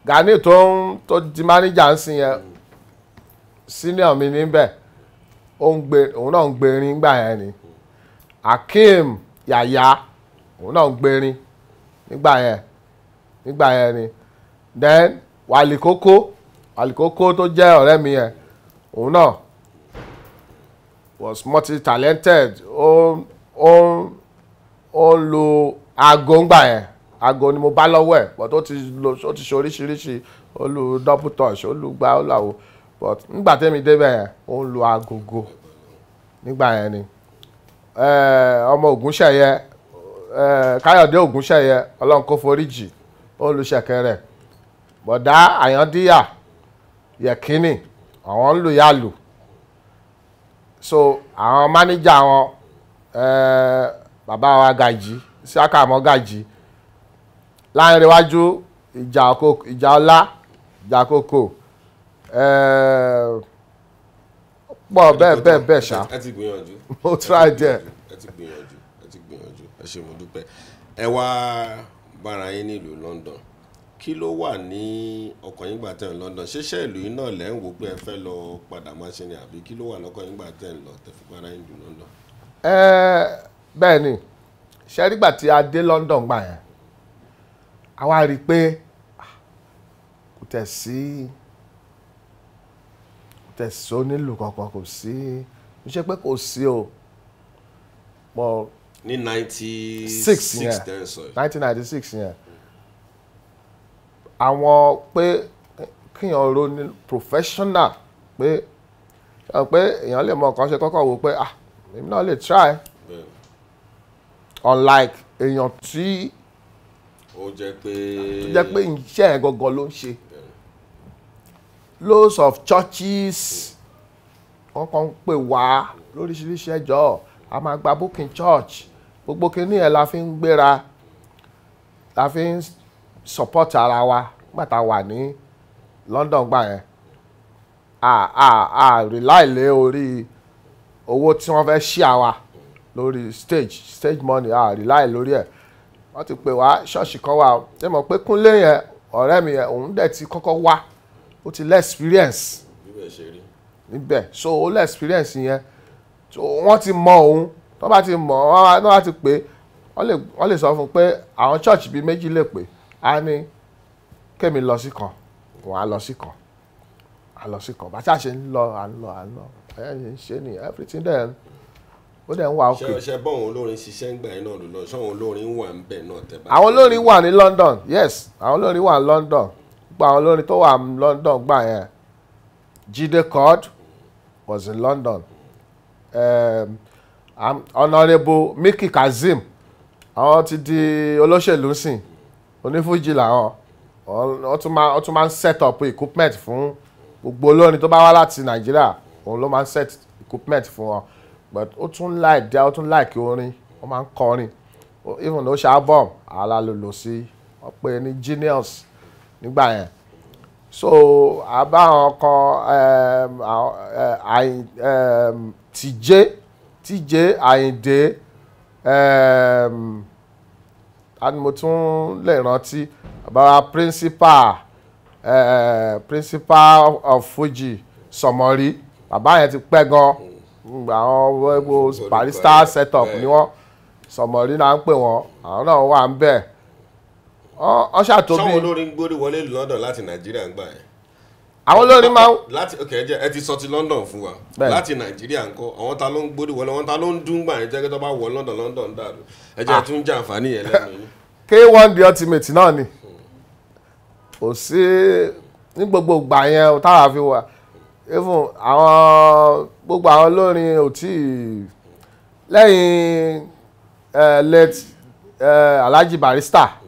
Speaker 2: Ganil tó ń tó di manager ń sìn yẹn senior mi níbẹ̀ òun náà ń gbèrin gbà yẹn ni Akeem Yaya òun náà ń gbèrin nígbà yẹn nígbà yẹn ni then Wali alikoko tó jẹ́ ọ̀rẹ́ mi yẹn òun náà was multi talented ó ó ó ń lo aago ńgbà yẹn aago ni mo bá lọ́wọ́ ẹ̀ but ó ti lo ó ti ṣe oríṣiríṣi ó lu double touch ó lu gba ó làwọ̀ but nígbà tẹ́mi débẹ̀ yẹn ó ń lo agogo nígbà yẹn ni ọmọ Ògúnṣẹ̀yẹ Káyọ̀dé Ògúnṣẹ̀yẹ ọlọ́run kó foríjì ó lu ṣẹ̀kẹ̀rẹ̀ bọ̀dá Àyàndíyà yẹ̀kínì àwọn ń lò yálò so àwọn mánéjà wọn eh, bàbá wa gàjì sí àkàmọ́ gàjì láàrin iwájú ìjà ọlá ìjà àkókò eh, pọ̀ bẹ́ẹ̀ bẹ́ẹ̀ bẹ́ẹ̀ ṣá ẹ ti gbìyànjú mo try there
Speaker 1: ẹ ti gbìyànjú ẹ ti gbìyànjú ẹ ṣé mo dúpẹ́ ẹ wá bára yín nílùú London kí ló wà ní ọkàn yín gbà tẹ̀ ń London ṣiṣẹ́ ìlú yìí náà lẹ́ ń wò pé ẹ fẹ́ lọ padà máa ṣe ni àbí kí ló wà lọ́kàn yín gbà tẹ̀ ń lọ tẹ̀ fún para jù London.
Speaker 2: ẹ bẹ́ẹ̀ ni ṣe nígbà tí a dé London gbà yẹn a wá rí i pé kò tẹ̀ sí kò tẹ̀ sí onílù kankan kò sí mo ṣe pé kò sí o mo.
Speaker 1: ní ninety six yẹn
Speaker 2: nineteen ninety six yẹn àwọn pé kíyàn ro ní professional pé pé èèyàn lè mọ nǹkan ṣe kọ́kọ́ wò pé ah èmi náà lè try unlike èèyàn tí
Speaker 1: ó jẹ́ pé tó jẹ́ pé
Speaker 2: iṣẹ́ ẹ̀ gangan ló ń ṣe loads of churches hmm. wọ́n kàn ń pè wá lóríṣiríṣi ẹjọ́ a máa gba booking church gbogbo kinní ẹ̀ la fi ń gbéra la fi ń support ara wa gbàtà wà ní London gbà yẹn a a a rely lé orí owó tí wọ́n fẹ́ ṣí àwa lórí stage stage money a rely lórí ẹ̀ wọ́n ti pè wá ṣọ́ọ̀ṣì kan wà ṣé mo pé Kúnlé yẹn ọ̀rẹ́ mi yẹn òun dẹ̀ ti kọ́kọ́ wá ó ti lẹ́ experience níbẹ̀ so ó lẹ́ experience yẹn so wọ́n ti mọ òun tó bá ti mọ̀ wọ́n wá ti pè wọ́n lè sọ fún un pé àwọn church bíi méjì lè pè a ní kẹ́mi lọ sí kan wọ́n á lọ
Speaker 1: sí kan á lọ sí kan bàtà
Speaker 2: ṣe ń lọ à ń lọ à ń lọ ẹ̀ ń ṣe ni everything dẹ̀ ó dẹ̀ ń wà òkè. ṣe
Speaker 1: bọ́ àwọn olórin ṣiṣẹ́ ń gbà yín náà ló ṣé àwọn olórin wà ń bẹ̀ náà tẹ́ bá. àwọn
Speaker 2: olórin wà ní London yes àwọn olórin wà ní London gbogbo àwọn olórin tó wà ní London gbà yẹn Jide Code was in London honourable Mickey Kazeem àwọn ti di olóṣèlú sìn onífújì làwọn wọ́n tún máa ń set up equipment fún gbogbo olórin tó bá wá láti nàìjíríà òun ló máa ń set equipment fún wọn but ó tún like dá ó tún like orin ó máa ń kọrin even though ó ṣe album ààlà ló lò sí wọ́n pè é ní genius nígbà yẹn so àbáwọn kan tìjé tìjé àyìndé. Um, And mo tún lè rántí bàbá principal eh, principal of Fuji Sọmọrí bàbá yẹn ti pẹ́ gan àwọn ẹgbẹ́ barista setup ni wọ́n Sọmọrí náà ń pè wọ́n àwọn náà wà ń bẹ̀
Speaker 1: ọ́ ṣàtòbí. sọ́wọ́n olórin gbórí wọlé London láti Nàìjíríà ń gbà yẹn àwọn olórin máa ń. láti ok ẹ jẹ ẹ ti sọ ti London fún wa láti Nàìjíríà ńkọ́ àwọn ta ló ń gbórí wọlé àwọn ta ló ń dún gbà yẹn jẹ́ kí tó bá wọ London London dàrú ẹ jẹ́ ah. tún jẹ àǹfààní yẹn lẹ́nu
Speaker 2: k one the ultimate náà ni kò sí ní gbogbo ìgbà yẹn táwa fi wà even àwọn gbogbo àwọn olórin ò tí ì lẹ́yìn eh, late eh, Alhaji Barrister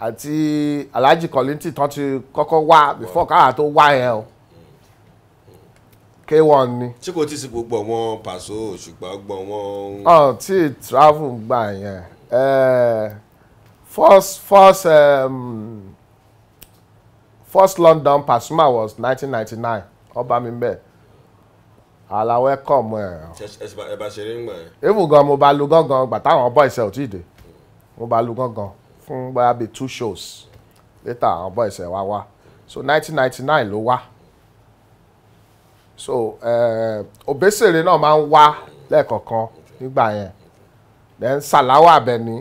Speaker 2: àti Alhaji Kollington tán ti kọ́kọ́ wá before káwa tó wá yẹn o k1 ni.
Speaker 1: tí kò tí sí gbogbo wọn pàṣọ òṣùpá gbọ wọn. ọ
Speaker 2: tí travel gbà yẹn first first um, first London Pasuma was 1999 ọba mi bẹ́ẹ̀ àlàwẹ kọ mọ ẹ.
Speaker 1: ẹ bá ṣeré ń gbà yẹn.
Speaker 2: even gan mo bá lu gángan gbà táwọn boys ẹ ò tí ì dé mo bá lu gángan. fún bóyá bíi two shows later àwọn boys ẹ̀ wá wá so nineteen ninety nine ló wá so eh, Obesere náà máa ń wá lẹ́ẹ̀kọ̀kan nígbà yẹn then Salawa Abẹni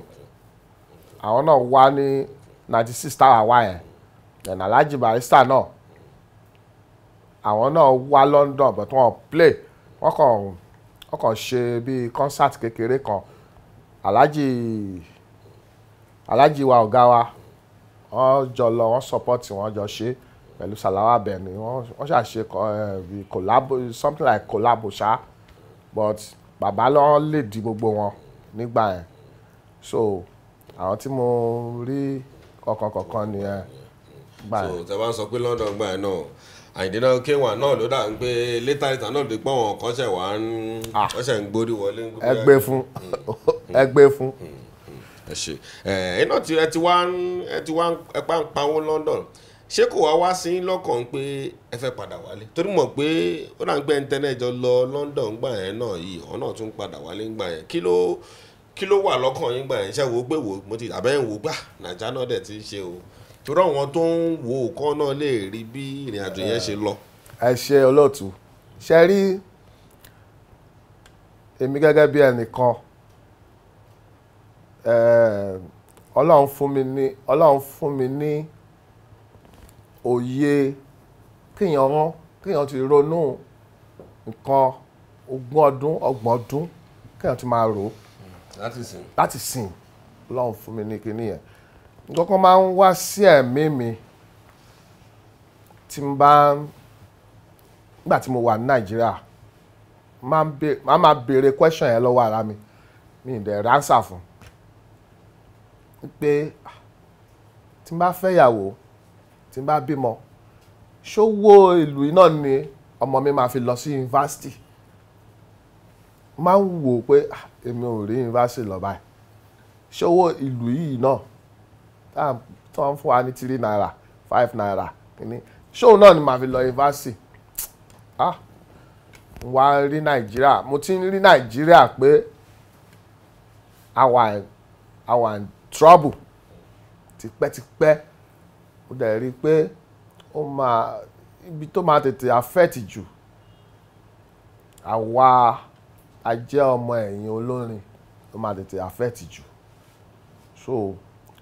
Speaker 2: àwọn náà wá ní ninety six táwa wá yẹn then Alhaji Barrister náà àwọn náà wá London but wọn play wọn kàn wọn kàn ṣe bíi concert kékeré kan Alhaji aláàjì wa ọ̀gá wa wọ́n jọ lọ wọ́n support wọ́n jọ ṣe pẹ̀lú Salawa Abeni wọ́n ṣàṣe something like collabo ṣá but bàbá lọ lè di gbogbo wọn nígbà yẹn so àwọn tí mo rí kọ̀ọ̀kan nìyẹn
Speaker 1: gbà yẹn. so tẹ bá ń sọ pé London gbà yẹn náà àyìndínà kéwà náà ló dà ń pé létà ìta náà lè pọ̀ wọn kọ́ṣẹ̀ wá ń kọ́ṣẹ̀ ah. ń gbórí wọlé. ẹ gbé
Speaker 2: fún hmm. ẹ gbé fún. Hmm
Speaker 1: ẹ ṣe ẹ ẹ náà ti ẹ ti wá ń ẹ ti wá ń ẹ pa ń pawó London ṣé kò wá wá sí lọ́kàn pé ẹ fẹ́ padà wálé torí mọ̀ pé ó náà ń gbẹ́ ntẹ́nẹ́ jọ lọ London gbà yẹn náà yìí ọ̀ náà tún padà wálé gbà yẹn kí ló kí ló wà lọ́kàn yín gbà yẹn ṣe wo pé wo mo ti àbẹ́yẹn wo gbà nàìjà náà dẹ̀ ti ṣe o torí àwọn tó ń wo nǹkan náà lè rí bí ìrìn àjò yẹn ṣe lọ. ẹ ṣe ṣe rí
Speaker 2: èmi gẹ́gẹ́ bí ẹnìkan Eh, ọlọ́run fún mi ní ọlọ́run fún mi ní òye kéèyàn rán kéèyàn ti ronú nǹkan ogún ọdún ọgbọ̀n ọdún kéèyàn ti máa rò ó láti sìn ọlọ́run fún mi ní kinní yẹn nǹkan kan máa ń wá sí ẹ̀mí mi tí n bá nígbà tí mo wà ní nàìjíríà máa máa béèrè question yẹn lọ́wọ́ ara mi mi ì dẹ̀ ránṣà fún un pé ah, tí n bá fẹ́ yàwó tí n bá bímọ ṣówó ìlú iná ni ọmọ mi máa fi lọ sí yunifásitì máa ń wò pé ah, èmi ò rí yunifásitì lọ báyìí ṣówó ìlú yìí náà tó ń fún wa ní three naira five naira kìíní ṣóò náà ni màá fi lọ yunifásitì ah wá rí nàìjíríà mo ti ń rí nàìjíríà pé àwa àwa trouble tipẹ́tipẹ́ ó dẹ̀ rí i pé ó máa ibi tó máa tètè affect jù àwa a jẹ́ ọmọ ẹ̀yìn olórin ó máa tètè affect jù so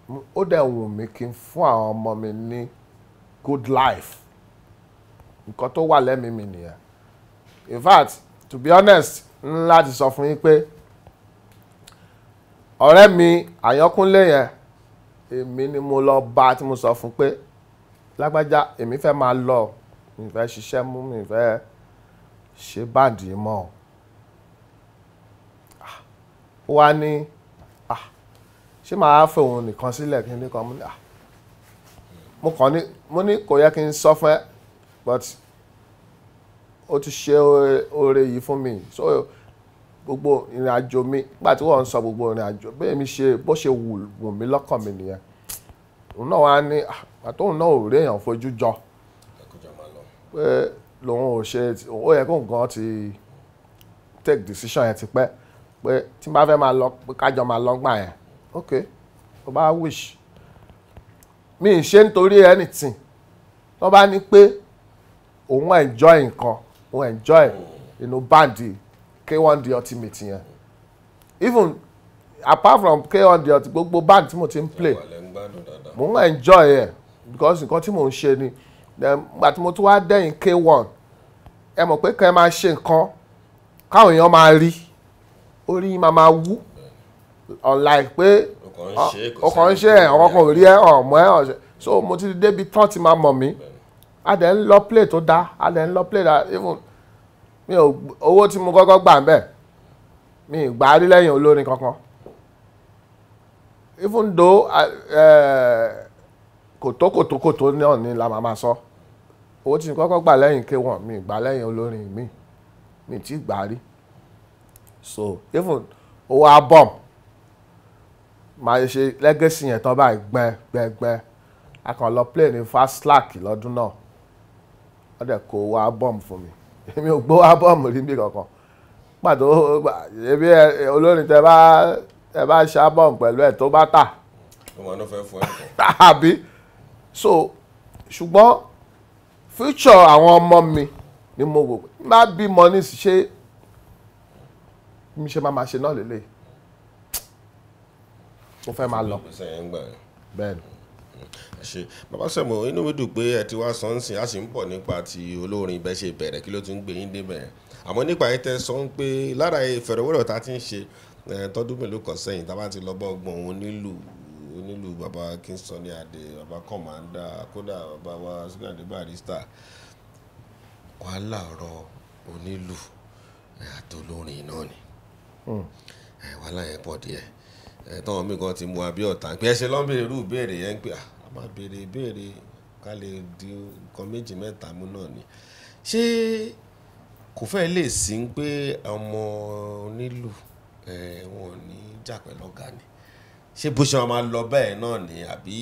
Speaker 2: ó dẹ̀ wù mí kí n fún àwọn ọmọ mi ní good life nǹkan tó wà lẹ́mìí mi nìyẹn in fact to be honest ńlá ti sọ fún yín pé ọ̀rẹ́ mi àyọkúnlé yẹn èmi ni mo lọ bá tí mo sọ fún pé lágbájá èmi fẹ́ máa lọ mi fẹ́ ṣiṣẹ́ mú mi fẹ́ ṣe báǹdì mọ́ ah, ó wá ní ah, ṣé màá fòun nìkan sílẹ̀ kí n nìkan mú ní ah. mo kàn ní mo ní kò yẹ kí n sọ fún ẹ but ó ti ṣe oore yìí fún mi so gbogbo ìrìn àjò mi nígbà tí wọ́n ń sọ gbogbo ìrìn àjò bẹ́ẹ̀ mi ṣe bó ṣe wù wù mí lọ́kàn mi nìyẹn òun náà wá ní ah, àtòun náà ò rí èèyàn fojú jọ pé lòun ò ṣe ó yẹ kó nǹkan ti take decision yẹn ti pẹ́ pé tí n bá fẹ́ máa lọ pé kájọ máa lọ gbà yẹn ok tó bá wish mi ì ṣe nítorí anything tó bá ní pé òun enjoy nǹkan òun enjoy inú bandi. You know, k1 the ultimate yẹn even apart from k1 the ultimate gbogbo band tí mo ti ń play mo ń enjoy ẹ because nǹkan tí mo ń ṣe ni gbà tí mo tún wá dẹ́yìn k1 ẹ mọ̀ pé kẹ́ ẹ máa ṣe nǹkan káwọn èèyàn máa rí orí yín máa máa wú unlike pé ọkọ̀ ń ṣe ẹ̀ ọkọ̀ ò rí ẹ̀ ọ̀mọ́ ẹ̀ ọ̀ṣẹ̀ so mo ti débi tán ti máa mọ̀ mí a dẹ̀ ń lọ play tó dáa a dẹ̀ ń lọ play that even mi ò owó tí mo kọ́kọ́ gbà ń bẹ̀ mi ì gbà á rí lẹ́yìn olórin kankan even though kòtókòtókòtó náà ni la máa ma sọ owó tí mo kọ́kọ́ gbà lẹ́yìn K1 mi ì gbà lẹ́yìn olórin mi mi tí gbà á rí so even owó abọ́m máa ṣe lẹ́gẹ̀sì yẹn tán báyìí gbẹ gbẹ gbẹ a kàn play ní fast slack lọ́dún náà wọ́n dẹ̀ kó owó abọ́m fún mi èmi ò gbọ́ ábọ̀mù rí bí kankan pàtó ebi olórin tẹ bá tẹ bá ṣe ábọ̀mù pẹ̀lú ẹ̀ tó bá tà.
Speaker 1: ọmọ náà fẹ́ fún ẹ̀
Speaker 2: kọ́. àbí so ṣùgbọ́n future àwọn ọmọ mi ni mo wò má bímọ ní ṣe mi ṣe máa ma ṣe náà lélẹ̀
Speaker 1: mo fẹ́ máa lọ bẹ́ẹ̀ ni ẹ ṣe bàbá Sẹ̀mọ inú mi dùn pé ẹ ti wá sọ ń sìn a sì ń bọ̀ nípa ti olórin ibẹ̀ ṣe bẹ̀rẹ̀ kí ló ti ń gbé yín débẹ̀ àmọ́ nípa ẹ tẹ sọ ń pé lára ìfẹ̀rọ̀wérọ̀ ta ti ń ṣe tọdún mélòó kan sẹ́yìn tá a bá ti lọ bọ́ ọgbọ̀n òun nílùú onílù baba Kingston adé baba kọmanda kódà baba wa Sunday Barrister wàhálà ọ̀rọ̀ onílù àtolórin náà ni hmm. wàhálà yẹn pọ̀ díẹ̀ tọ́wọ́n mi kan ti mú abíọ̀tà pé ẹ ṣe lọ́nbẹ̀rẹ̀ irú ìbéèrè yẹn ń pè á a máa béèrè ìbéèrè ká lè di nǹkan méjì mẹ́ta mú náà ni ṣé kò fẹ́ lè sí pé ọmọ onílù wọn ò ní jà pẹ̀lú ọ̀gá ni ṣé bó ṣe wọn máa lọ bẹ́ẹ̀ náà ni àbí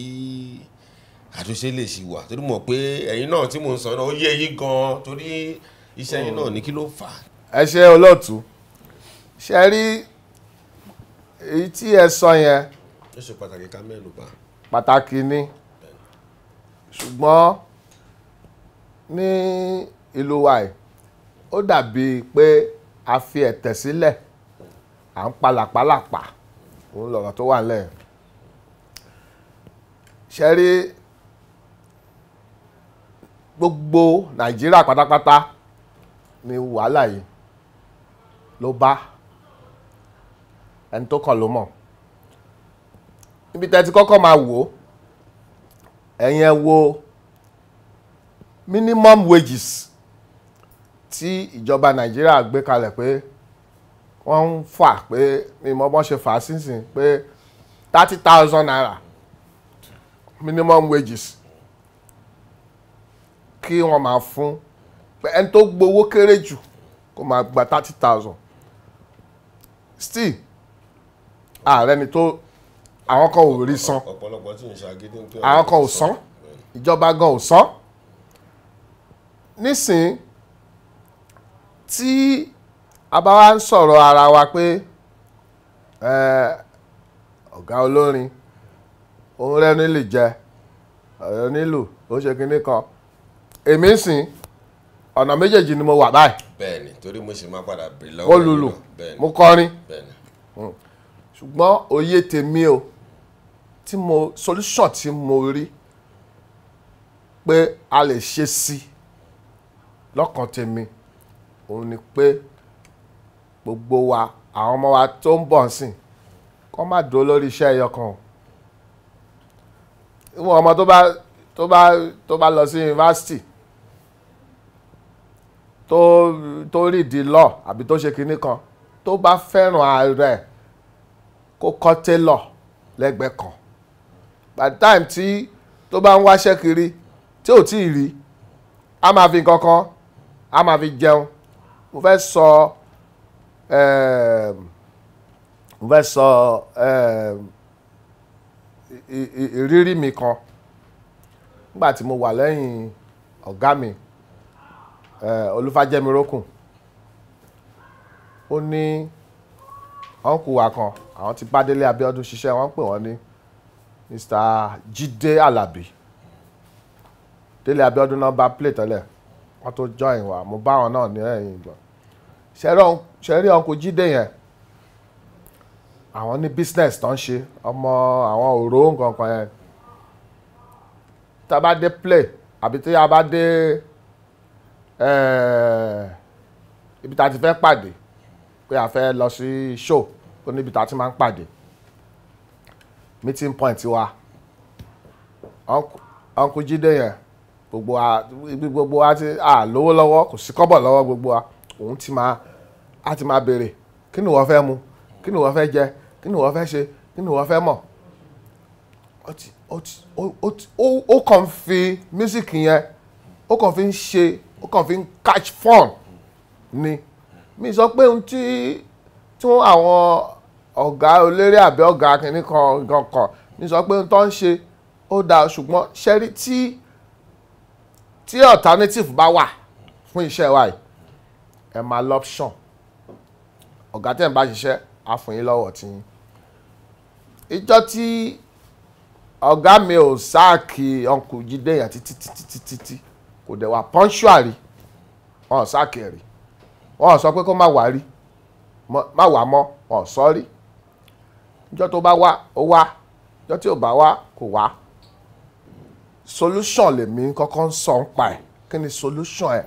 Speaker 1: àtúnṣe lè ṣì wà torí mọ̀ pé ẹ̀yin náà tí mò ń sọ náà ó yé yín gan-an torí iṣẹ́ yín náà ní kí ló fà
Speaker 2: ẹ ṣe olóòtú ṣe rí èyí tí ẹ sọ yẹn.
Speaker 1: ó ṣe pàtàkì ká mẹ́nu bà á
Speaker 2: pàtàkì ni ṣùgbọ́n ní ìlú wa yìí ó dàbí pé a fi ẹ̀tẹ̀ sílẹ̀ à ń palàpalàpà òun lọ̀rọ̀ tó wà lẹ́yìn ṣe rí gbogbo nàìjíríà pátápátá ni wàhálà yìí ló bá ẹni tó kàn ló mọ̀ níbi tẹ́ ti kọ́kọ́ máa wò ó ẹ̀yin wo minimum wages tí ìjọba nàìjíríà gbé kalẹ̀ pé wọ́n ń fà pé mi bọ́n ṣe fà á sínsìn pé thirty thousand naira minimum wages kí wọ́n máa fún ẹni tó gbowó kéré jù kó máa gba thirty thousand still ààrẹ ni tó àwọn kan ò rí san àwọn kan ò san ìjọba gan ò san nísìn tí a bá wá ń sọ̀rọ̀ ara wa pé ọ̀gá olórin òun rẹ́ni lè jẹ ọ̀rọ̀ nílò ó ṣe kinní kan èmi ń sìn ọ̀nà méjèèjì ni mo wà báyìí.
Speaker 1: bẹ́ẹ̀ni torí mo sì máa padà bèrè lọ́wọ́ mo lùlù mo kọrin
Speaker 2: hmm. ṣùgbọ́n òye tèmi o. Bẹ́ẹ̀ni tí mo solution tí mo rí pé a lè ṣe sí lọ́kàn tèmi òun ni pé gbogbo wa àwọn ọmọ wa tó ń bọ̀ sìn kọ́ má dúró lórí iṣẹ́ ẹyọ kan ìwọ̀n ọmọ tó bá tó bá tó bá lọ sí yunifásitì tó tó rí di lọ àbí tó ṣe kinní kan tó bá fẹ́ràn ara ẹ̀ kó kọ́ télọ̀ lẹ́gbẹ̀ẹ́ kan by the time tí tó bá ń wáṣẹ́ kiri tí ò tí ì rí a máa fi nǹkan kan a máa fi jẹun mo fẹ́ sọ ehm, mo fẹ́ sọ ehm, ìrírí mi kan nígbà tí mo wà lẹ́yìn ọ̀gá mi eh, Olúfàjẹ́mi Rókùn ó ní ọ̀nkù kan àwọn tí bá délé Abíọ́dún ṣiṣẹ́ wọ́n pè wọ́n ní Mr. Jide Alabi Délé Abiodun náà bá play tẹ́lẹ̀ wọ́n tó join wa mo bá wọn náà ní ẹ̀yìn ìgbọ̀n ṣẹ́rí ọkọ̀ Jídé yẹn àwọn ní business tó ń ṣe ọmọ àwọn òró nǹkan kan yẹn tá a bá dé play àbí tí a bá dé eh, ibi tá a ti fẹ́ pàdé pé a fẹ́ lọ sí show ó níbi tá a ti máa ń pàdé meeting point wa uncle Jídé yẹn gbogbo wa gbogbo wa ti à lówó lọ́wọ́ kò sí kọ́bọ̀ lọ́wọ́ gbogbo wa òun ti máa a ti máa béèrè kí ni wọ́n fẹ́ mu kí ni wọ́n fẹ́ jẹ kí ni wọ́n fẹ́ ṣe kí ni wọ́n fẹ́ mọ̀ ó ti ó ti ó ti ó kàn fi music yẹn ó kàn fi ń ṣe ó kàn fi ń catch fun ni mi sọ pé ohun tí tí àwọn ọ̀gá oléré àbí ọ̀gá kìnní kan gan kan ní sọ pé tó ń ṣe ó dáa ṣùgbọ́n ṣẹ́rí tí tí alternative bá wà fún iṣẹ́ wa yìí ẹ máa lọ́pṣọ̀n ọ̀gá tẹ̀ ń bá ṣiṣẹ́ á fún yín lọ́wọ́ tí yín ìjọ tí ọ̀gá mi ò sáàkì ọkùn jíde yẹn títí títí títí tí kò dẹ̀ wá pọ́ńṣúàrì wọn ò sáàkì rí wọn ò sọ pé kó má wà rí má wà mọ́ wọn ò sọ rí jọ́ tó bá wá ó wá jọ́ tí ò bá wá kò wá solution lèmi kọ́kọ́ ń sọ ń pa ẹ̀ kí ni solution ẹ̀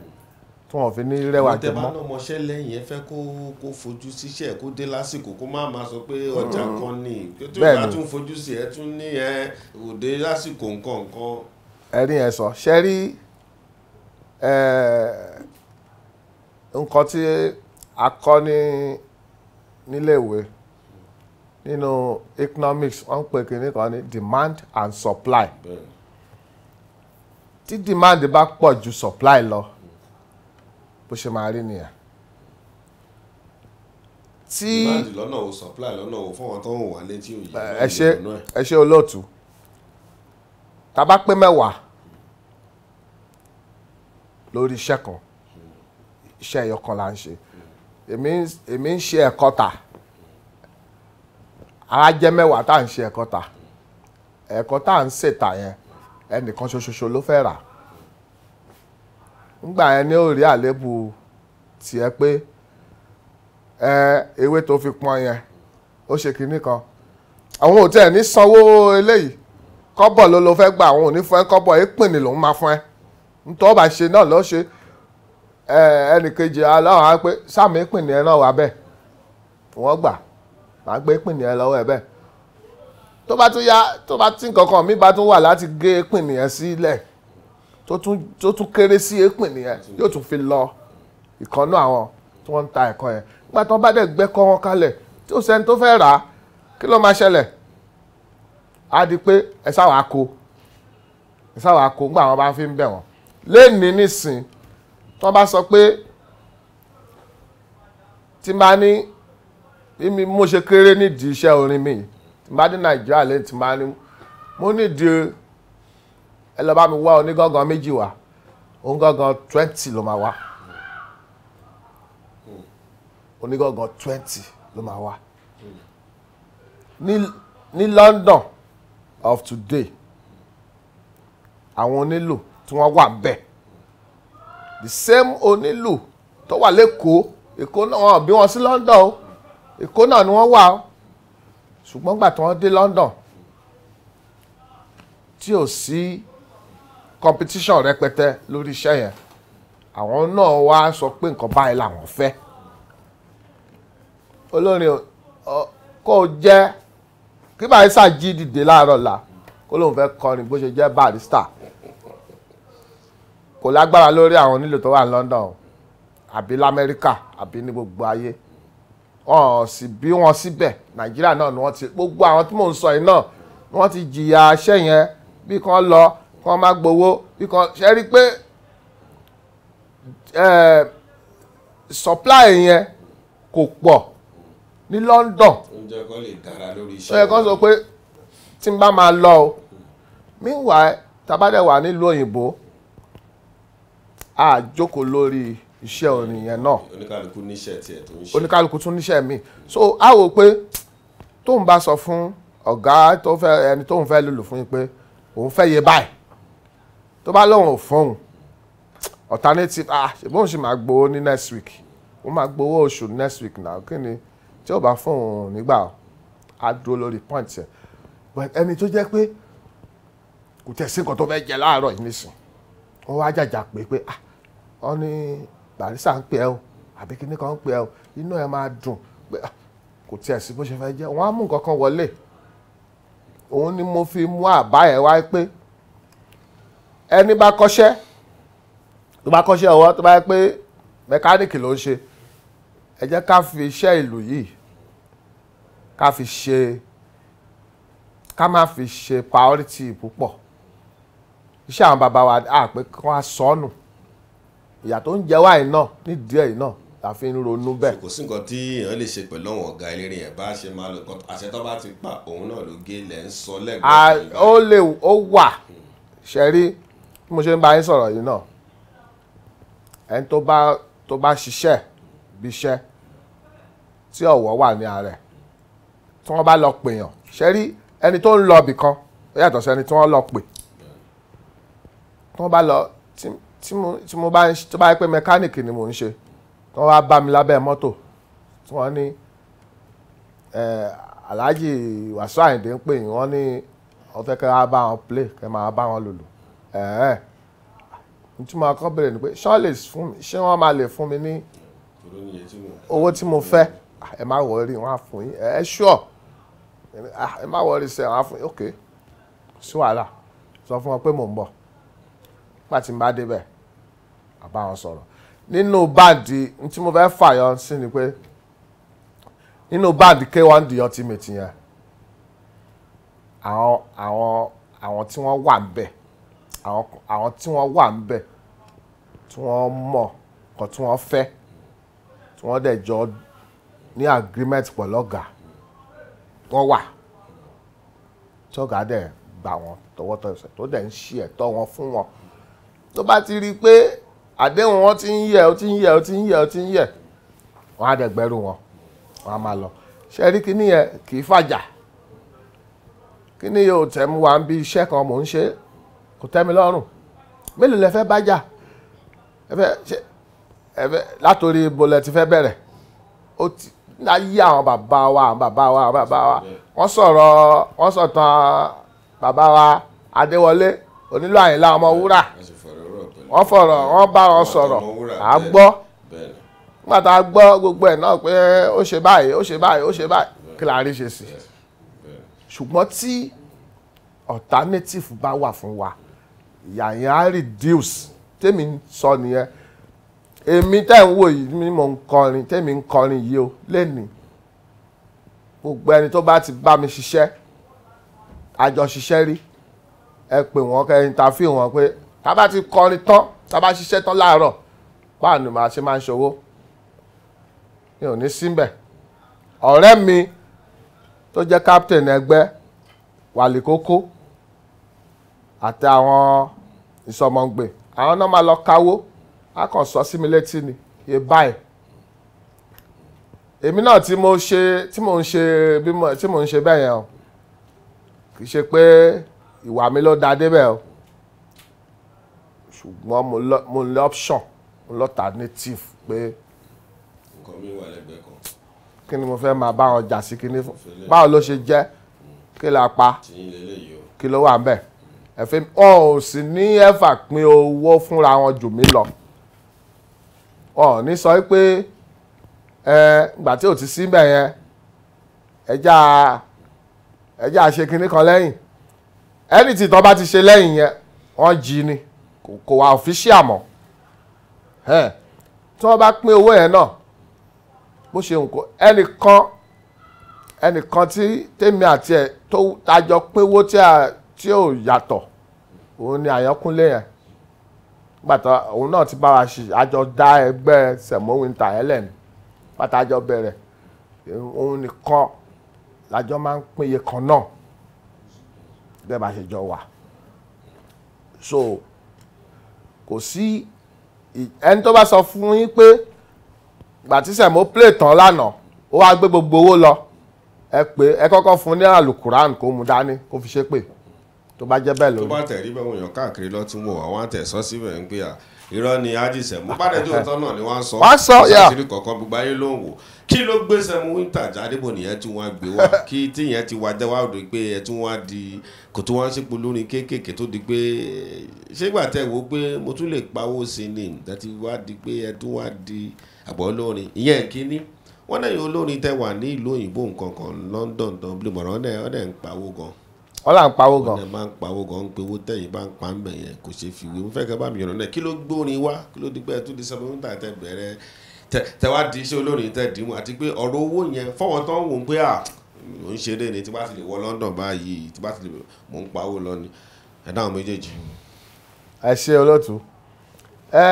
Speaker 2: tí wọ́n fi ní rẹwà jẹ mọ́. ọ̀tẹ̀bánú
Speaker 1: ọmọọṣẹ́ lẹ́yìn ẹ fẹ́ kó kó fojú síṣẹ́ kó dé lásìkò kó má máa sọ pé ọjà mm-hmm. kan ni tí ó bá tún fojú sí ẹ tún ní ẹ ò dé lásìkò nǹkan nǹkan.
Speaker 2: ẹ̀rí yẹn sọ ṣe rí nǹkan tí a kọ́ ní níléèwé nínú economics wọ́n ń pè kíní kan ní demand and supply tí demand bá pọ̀ ju supply lọ bó ṣe máa rí nìyẹn
Speaker 1: tí demand lọ́nà o supply lọ́nà o fọwọ́n tó ń wà létí òye ẹ
Speaker 2: ṣe ẹ ṣe olóòtú tá bá pé mẹ́wàá lórí iṣẹ́ kan iṣẹ́ ẹ̀yọkan là ń ṣe èmi ń ṣe ẹ̀kọ́ta. E àwa jẹ́ mẹ́wàá tá à ń ṣe ẹ̀kọ́ ta ẹ̀kọ́ tá à ń ṣètà yẹn ẹnìkan ṣoṣoṣo ló fẹ́ rà ńgbà yẹn ní òrí àléébù tiẹ̀ pé ẹ ewé tó fi pọn yẹn ó ṣe kinní kan àwọn ò tẹ̀ ní sanwó eléyìí kọ́bọ̀ ló ló fẹ́ gbà àwọn ò ní fún ẹ kọ́bọ̀ ìpín ni lòun máa fún ẹ nítorí ọba ṣe náà lọ́ọ́ ṣe ẹnìkejì aláwọ̀ á pé sáàmì ìpín ni ẹ náà wà bẹ́ẹ̀ wọ́n gbà màá gbé pìnìyàn lọ́wọ́ ẹ bẹ́ẹ̀ tó bá tún yá tó bá tí nǹkan mi bá tún wà láti gé pìnìyàn sílẹ̀ tó tún kéré sí pìnìyàn yóò tún fi lọ ìkànnú àwọn tí wọ́n ń ta ẹ̀kọ́ yẹn nígbà tí wọ́n bá dẹ̀ gbẹ́kọ́ wọn kalẹ̀ tí ó sẹ́ni tó fẹ́ rà á kí ló máa ṣẹlẹ̀ á di pé ẹ sáwàá kó ẹ sáwàá kó nígbà wọn bá fi ń bẹ̀ wọ́n lẹ́ẹ̀ni nísìn tí wọ́n bá sọ pé tí n ní mi mo ṣe kéré nídìí iṣẹ́ orin mi tí bá dé nàìjíríà lẹ́yìn tí bá ní mo nídìí ẹ lọ bá mi wá onígangan méjì wá onígangan twenty ló máa wá onígangan twenty ló máa wá ní London of today àwọn onílù tí wọ́n wà bẹ́ẹ̀ the same onílù tó wà lẹ́kọ̀ọ́ èkó náà wọn bí wọn sí London o èkó náà ni wọ́n wà ó ṣùgbọ́n gbà tí wọ́n dé London tí ò sí competition rẹpẹtẹ lórí iṣẹ́ yẹn àwọn náà wá sọ pé nǹkan báyìí làwọn fẹ́ olórin kò jẹ́ kí barista jí dìde láàárọ̀ la kó lóun fẹ́ kọrin bó ṣe jẹ́ barista kò lágbára lórí àwọn onílù tó wà ní London àbí lamẹ́ríkà àbí ní gbogbo ayé wọn sì bí wọn síbẹ̀ nàìjíríà náà ni wọ́n ti gbogbo àwọn tí mò ń sọ yìí náà ni wọ́n ti jìyà aṣẹ́ yẹn bí kan lọ kan má gbowó bí kan ṣe rí pé supply yẹn kò pọ̀ ní London ó yẹ sọ pé tí n bá máa lọ o meanwhile tabadẹ wà nílùú òyìnbó àjókòó lórí iṣẹ́ oníyẹn náà oníkálukú níṣẹ́ tiẹ̀ tó ń ṣe oníkálukú tún níṣẹ́ mi so a wò pé tóun bá sọ fún ọ̀gá tó fẹ́ ẹni tóun fẹ́ lòlò fún yín pé òun fẹ́ yé báyìí tó bá lóun ò fóun alternative ah ṣùgbọ́n òun sì máa gbowó ní next week òun máa gbowó oṣù next week náà kí ni tí ò bá fóun nígbà á dúró lórí point yẹn but ẹni tó jẹ́ pé kò tẹ̀sí nǹkan tó fẹ́ jẹ láàárọ̀ yìí nísìn wọ́n wá jàjà pé pé ah wọ́n ní barisa ń pè ẹ́ o àbí kíní kan ń pè ẹ́ o inú ẹ̀ máa dùn pé ah, kò tiẹ̀ sí bó ṣe fẹ́ jẹ́ wọ́n á mú nǹkan kan wọlé òun ni mo fi mú àbá ẹ̀ wá pé ẹni bá kọ́ṣẹ́ tó bá kọ́ṣẹ́ ọwọ́ tó bá yẹ pé mẹkáníìkì ló ń ṣe ẹ jẹ́ ká fi iṣẹ́ ìlú yìí ká fi ṣe ká má fi ṣe priority púpọ̀ iṣẹ́ àwọn bàbá wa àpè kan á sọnù. So ìyà tó ń jẹ wá iná nídìí ẹ̀ náà la fi
Speaker 1: ń ronú bẹ́ẹ̀. kò sí nǹkan tí èèyàn lè ṣe pẹ̀lú àwọn ọ̀gá eléré yẹn bá ṣe máa lò kan àṣẹ tó bá ti pa òun náà ló gé lẹ̀ ń sọ lẹ́gbẹ̀ẹ́. ó
Speaker 2: lè ó wà ṣẹ́rí bí mo ṣe ń bá yín sọ̀rọ̀ yìí náà ẹni tó bá tó bá ṣiṣẹ́ bí iṣẹ́ tí ọ̀wọ́ wà ní ààrẹ tí wọ́n bá lọ pèèyàn ṣẹ́rí ẹni tó ń lọ bìkan ó yàtọ̀ sí ẹni tí wọ́n lọ pè tí wọ́n bá lọ tí mo tí mo bá ń tó bá yẹ pé mẹkáníìkì ni mò ń ṣe wọ́n wá bá mi lábẹ́ mọ́tò tí wọ́n ní Alhaji Wàsíù Àyìndé ń pè yín wọ́n ní wọ́n fẹ́ kẹ́ wá bá wọn play kẹ́ máa bá wọn lòlò ẹ̀ẹ́n tí mo kọ́ bẹ̀rẹ̀ ni pé ṣé wọ́n lè fún mi ṣé wọ́n máa lè fún mi ní owó tí mo fẹ́ ah, ẹ má wọrí wọn á fún yín ẹ ṣúọ̀ ah, ẹ má wọrí sẹ́wọ̀n á fún yín ok sí wàhálà sọ fún wọn pé mò ń bọ̀ nígbà tí n bá débẹ̀ àbá wọn sọ̀rọ̀ nínú báàdì tí mo fẹ́ fàyọ sí ni pé nínú báàdì K1 The Ultimate yẹn àwọn àwọn àwọn tí wọ́n wà ńbẹ̀ àwọn àwọn tí wọ́n wà ńbẹ̀ tí wọ́n mọ̀ kan tí wọ́n fẹ́ tí wọ́n dẹ̀ jọ ní agreement pẹ̀lú wọ́n wà tí ọ̀gá dẹ̀ gbà wọ́n tọwọ́tọ̀sẹ̀ tó dẹ̀ ń ṣe ẹ̀tọ́ wọn fún wọn tó bá ti rí i pé àdéhùn wọn ti ń yẹ ó ti ń yẹ ó ti ń yẹ ó ti ń yẹ wọn á dẹ̀ gbẹ́rù wọn wọn á máa lọ ṣe rí kíní yẹn kì í fàjà kíní yóò tẹ̀ mú wa bí iṣẹ́ kan mò ń ṣe kò tẹ́ mi lọ́rùn mélòó lẹ fẹ́ bá jà ẹ fẹ́ ṣe ẹ látòrí bolẹ̀ ti fẹ́ bẹ̀rẹ̀ ó ti láyé àwọn bàbá wa àwọn bàbá wa àwọn bàbá wa wọ́n sọ̀rọ̀ wọ́n sọ̀tàn bàbá wa Adéwọlé onílò àyìnlá ọmọ wúrà wọ́n fọ̀rọ̀ wọ́n bá wọn sọ̀rọ̀ à gbọ́ nígbà tá a gbọ́ gbogbo ẹ̀ náà pé ó ṣe báyìí ó ṣe báyìí ó ṣe báyìí kí la rí ṣe sí ṣùgbọ́n tí alternative bá wà fún wa yàyàn reduce tèmi sọ nìyẹn èmi tẹ́ ń wò yìí mi mò ń kọrin tèmi ń kọrin yìí o lẹ́nìí gbogbo ẹni tó bá ti bá mi ṣiṣẹ́ àjọṣiṣẹ́ rí ẹ pè wọ́n kẹ́ interview wọn pé tá a bá ti kọrin tán tá a bá ṣiṣẹ́ tán láàárọ̀ báà ni màá ṣe máa ń ṣòwò mi ò ní síbẹ̀ ọ̀rẹ́ mi tó jẹ́ captain ẹgbẹ́ wàlì kókó àti àwọn ìsọmọǹgbè àwọn náà máa lọ káwó a kàn sọ sí mi létí ni yé báyìí èmi náà tí mo ṣe tí mo ń ṣe bí mo tí mo ń ṣe bẹ́ẹ̀ yẹn o kì í ṣe pé ìwà mi ló da débẹ̀ o ṣùgbọ́n mo lọ option mo lọ alternative pé. nǹkan mi wà lẹ́gbẹ̀ẹ́ kan. kí ni mo fẹ́ máa bá wọn jà sí kíní fún báwo ló ṣe jẹ́ mm. kí la pa kí ló wà ń bẹ̀ mm. ẹ̀fẹ́ wọn ò sì ní ẹ̀fà pín owó fúnra wọn jù mí lọ wọn ò ní sọ pé ẹ gbà tí ò ti síbẹ̀ yẹn ẹja ẹja ṣe kinní kan lẹ́yìn ẹni tí tọ́ bá ti ṣe lẹ́yìn yẹn wọ́n jí ni kò wá official mọ́ tí wọ́n bá pín owó yẹn náà bó ṣe nǹkan ẹnìkan ẹnìkan tí tèmi àti ẹ tó tajọ pín owó tí ò yàtọ̀ òun ni àyànkúnlé yẹn gbàtà òun náà ti bá wa ṣe àjọ dá ẹgbẹ́ sẹ̀mó winter helen pátá àjọ bẹ̀rẹ̀ òun nìkan làjọ máa ń pín iye kan náà bẹ́ẹ̀ bá ṣe jọ wà so kò sí ẹni tó bá sọ fún yín pé gbàtísẹ̀ mo play tán lánàá ó wá gbé gbogbo owó lọ ẹ pé ẹ kọ́kọ́ fún ní alukuran kó mu
Speaker 1: dání kó fi ṣépè tó bá jẹ́ bẹ́ẹ̀ lórí. tó bá tẹ̀ rí bẹ́ẹ̀ wọ̀nyàn káàkiri lọ́tún wò àwọn àtẹ̀sọ́ síbẹ̀ ń gbé à irọ́ ni Haji Sẹ̀mú pàdé tó tọ́ náà ni wọ́n sọ wọ́n sọ yà sàṣírí kọ̀ọ̀kan gbogbo ayé ló ń wò kí ló gbé Sẹ̀mú Winter jáde bò nìyẹn tí wọ́n gbé wá kí tíyẹn ti wá jẹ́wọ́ àdó pé ẹ tí wọ́n di kò tí wọ́n sípò lórin kéékèèké tó di pé ṣégbà tẹ wò pé mo tún lè pawó sí ni ẹ ti wá di pé ẹ tún wá di àgbọ̀ olórin ìyẹn kínní wọ́n lẹ́yìn olórin tẹ wà ní ìlú òyìnbó nǹkan kan London Dublin mọ̀ràn ọ̀dẹ̀ ń pawó gan-an wọ́n là ń pawó gan. ọ̀nà máa ń pawó gan ń pe owó tẹ̀yìn bá ń pa ń bẹ̀ yẹn kò ṣe fi wé mo fẹ́ kẹ́ bá mi yọ̀nà náà kí ló gbórin wá kí ló dípẹ́ tó di sọ pé mo ń tà tẹ bẹ̀rẹ̀ tẹ wá di iṣẹ́ olórin tẹ dìímù àti pé ọ̀rọ̀ owó yẹn fọwọ́n tán wò ó pé à ah, mò ń ṣeré ni tí bá ti lè wọ London báyìí tí bá ti lè mò ń pawó lọ ni ẹ dáhùn méjèèjì. ẹ ṣe olóòtú
Speaker 2: ẹ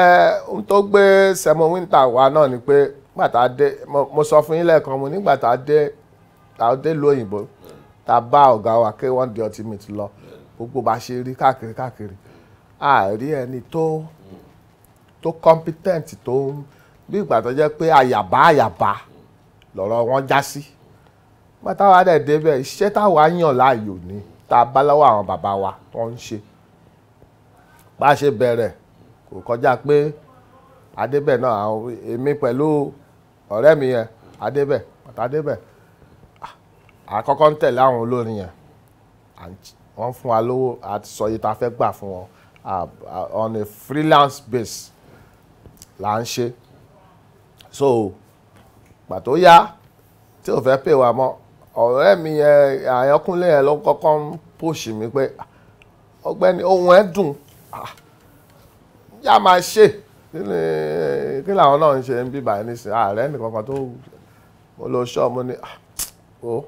Speaker 2: ohun tó gbé Sẹmọ Winter wá náà ni pé gbàtà dé mo sọ fún yín lẹ́ẹ̀kan mo nígbà tá a dé tá a dé lóyìnbó tá a bá ọ̀gá wa k one the ultimate lọ gbogbo bá ṣe rí káàkiri káàkiri àárí ẹni tó tó competent tó bí ìgbà tó jẹ́ pé àyàbá àyàbá lọ́rọ̀ wọn já sí pátáwa dẹ̀ débẹ̀ iṣẹ́ táwa yàn láàyò ni tá a bá lọ́wọ́ àwọn bàbá wa tó ń ṣe bá a ṣe bẹ̀rẹ̀ kò kọjá pé adébẹ̀ náà èmi pẹ̀lú ọ̀rẹ́ mi yẹn adébẹ̀ pàtàdébẹ̀ àkọ́kọ́ ń tẹ̀lé àwọn olórin yẹn wọ́n fún wa lówó àti sọ yìí tá fẹ́ gbà fún wọn on a freelance base là ń ṣe so gbà tó yá tí ò fẹ́ pè wá mọ́ ọ̀rẹ́ mi yẹn àyànkúnlé yẹn ló kọ́kọ́ ń pòṣì mi pé ọ̀gbẹ́ni ohun ẹ̀ dùn yá máa ṣe kí làwọn náà ń ṣe ń bíbà nísìnyí ààrẹ nìkan kan tó mo lọ ṣọ́ọ̀ mo ní o. Oh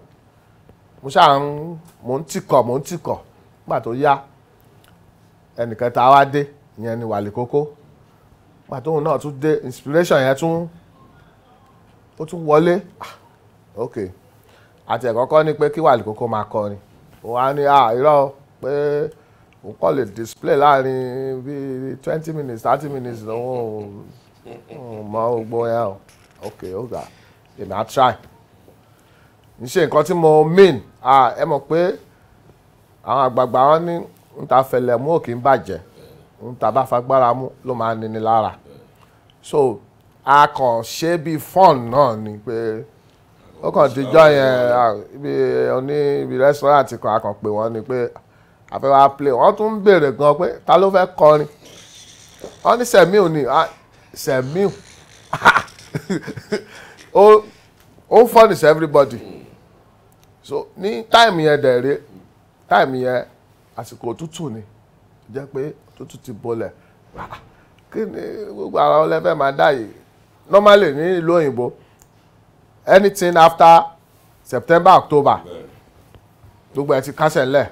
Speaker 2: mo ṣáà ń mo ń tìkọ̀ mo ń tìkọ̀ nígbà tó yá ẹnìkan tá wá dé ìyẹn ni wàlẹ̀ kókó nígbà tóun náà tún dé inspiration yẹn tún ó tún wọlé ah, ok àti ẹ̀kọ́ kọ́ ni pé kí wàlẹ̀ kókó máa kọrin ó wá ní ah, irọ́ pé òun kọ́ lè display láàrin bíi twenty minutes thirty minutes lòun ò mọ gbogbo yẹn o ok ó gà èmi try n ṣe nǹkan tí mo mean ẹ mọ̀ pé àwọn àgbààgbà wọn ní n ta fẹlẹ̀ mú òkè ń bàjẹ́ n ta bá fagbára mú ló máa nini lára so a kàn ṣe bí fun náà ni pé ó kàn dijọ́ yẹn ibi oní ibi rẹ́sítọ́rántì kan a kàn pè wọ́n ni pé àfẹ́wà play wọ́n tún ń béèrè gan pé ta ló fẹ́ kọrin wọ́n ní sẹ̀míù ni sẹ̀míù ó fọ́nìṣẹ́ everybody. Mm so ní táìmù yẹn dẹ̀rẹ́ táìmù yẹn àsìkò òtútù ni jẹ́ pé òtútù ti bolẹ̀ ah, kí ni gbogbo àwọn ọlẹ́fẹ́ máa dá yìí normally ní ìlú òyìnbó anything after September October gbogbo ẹ ti kásẹ̀ ńlẹ̀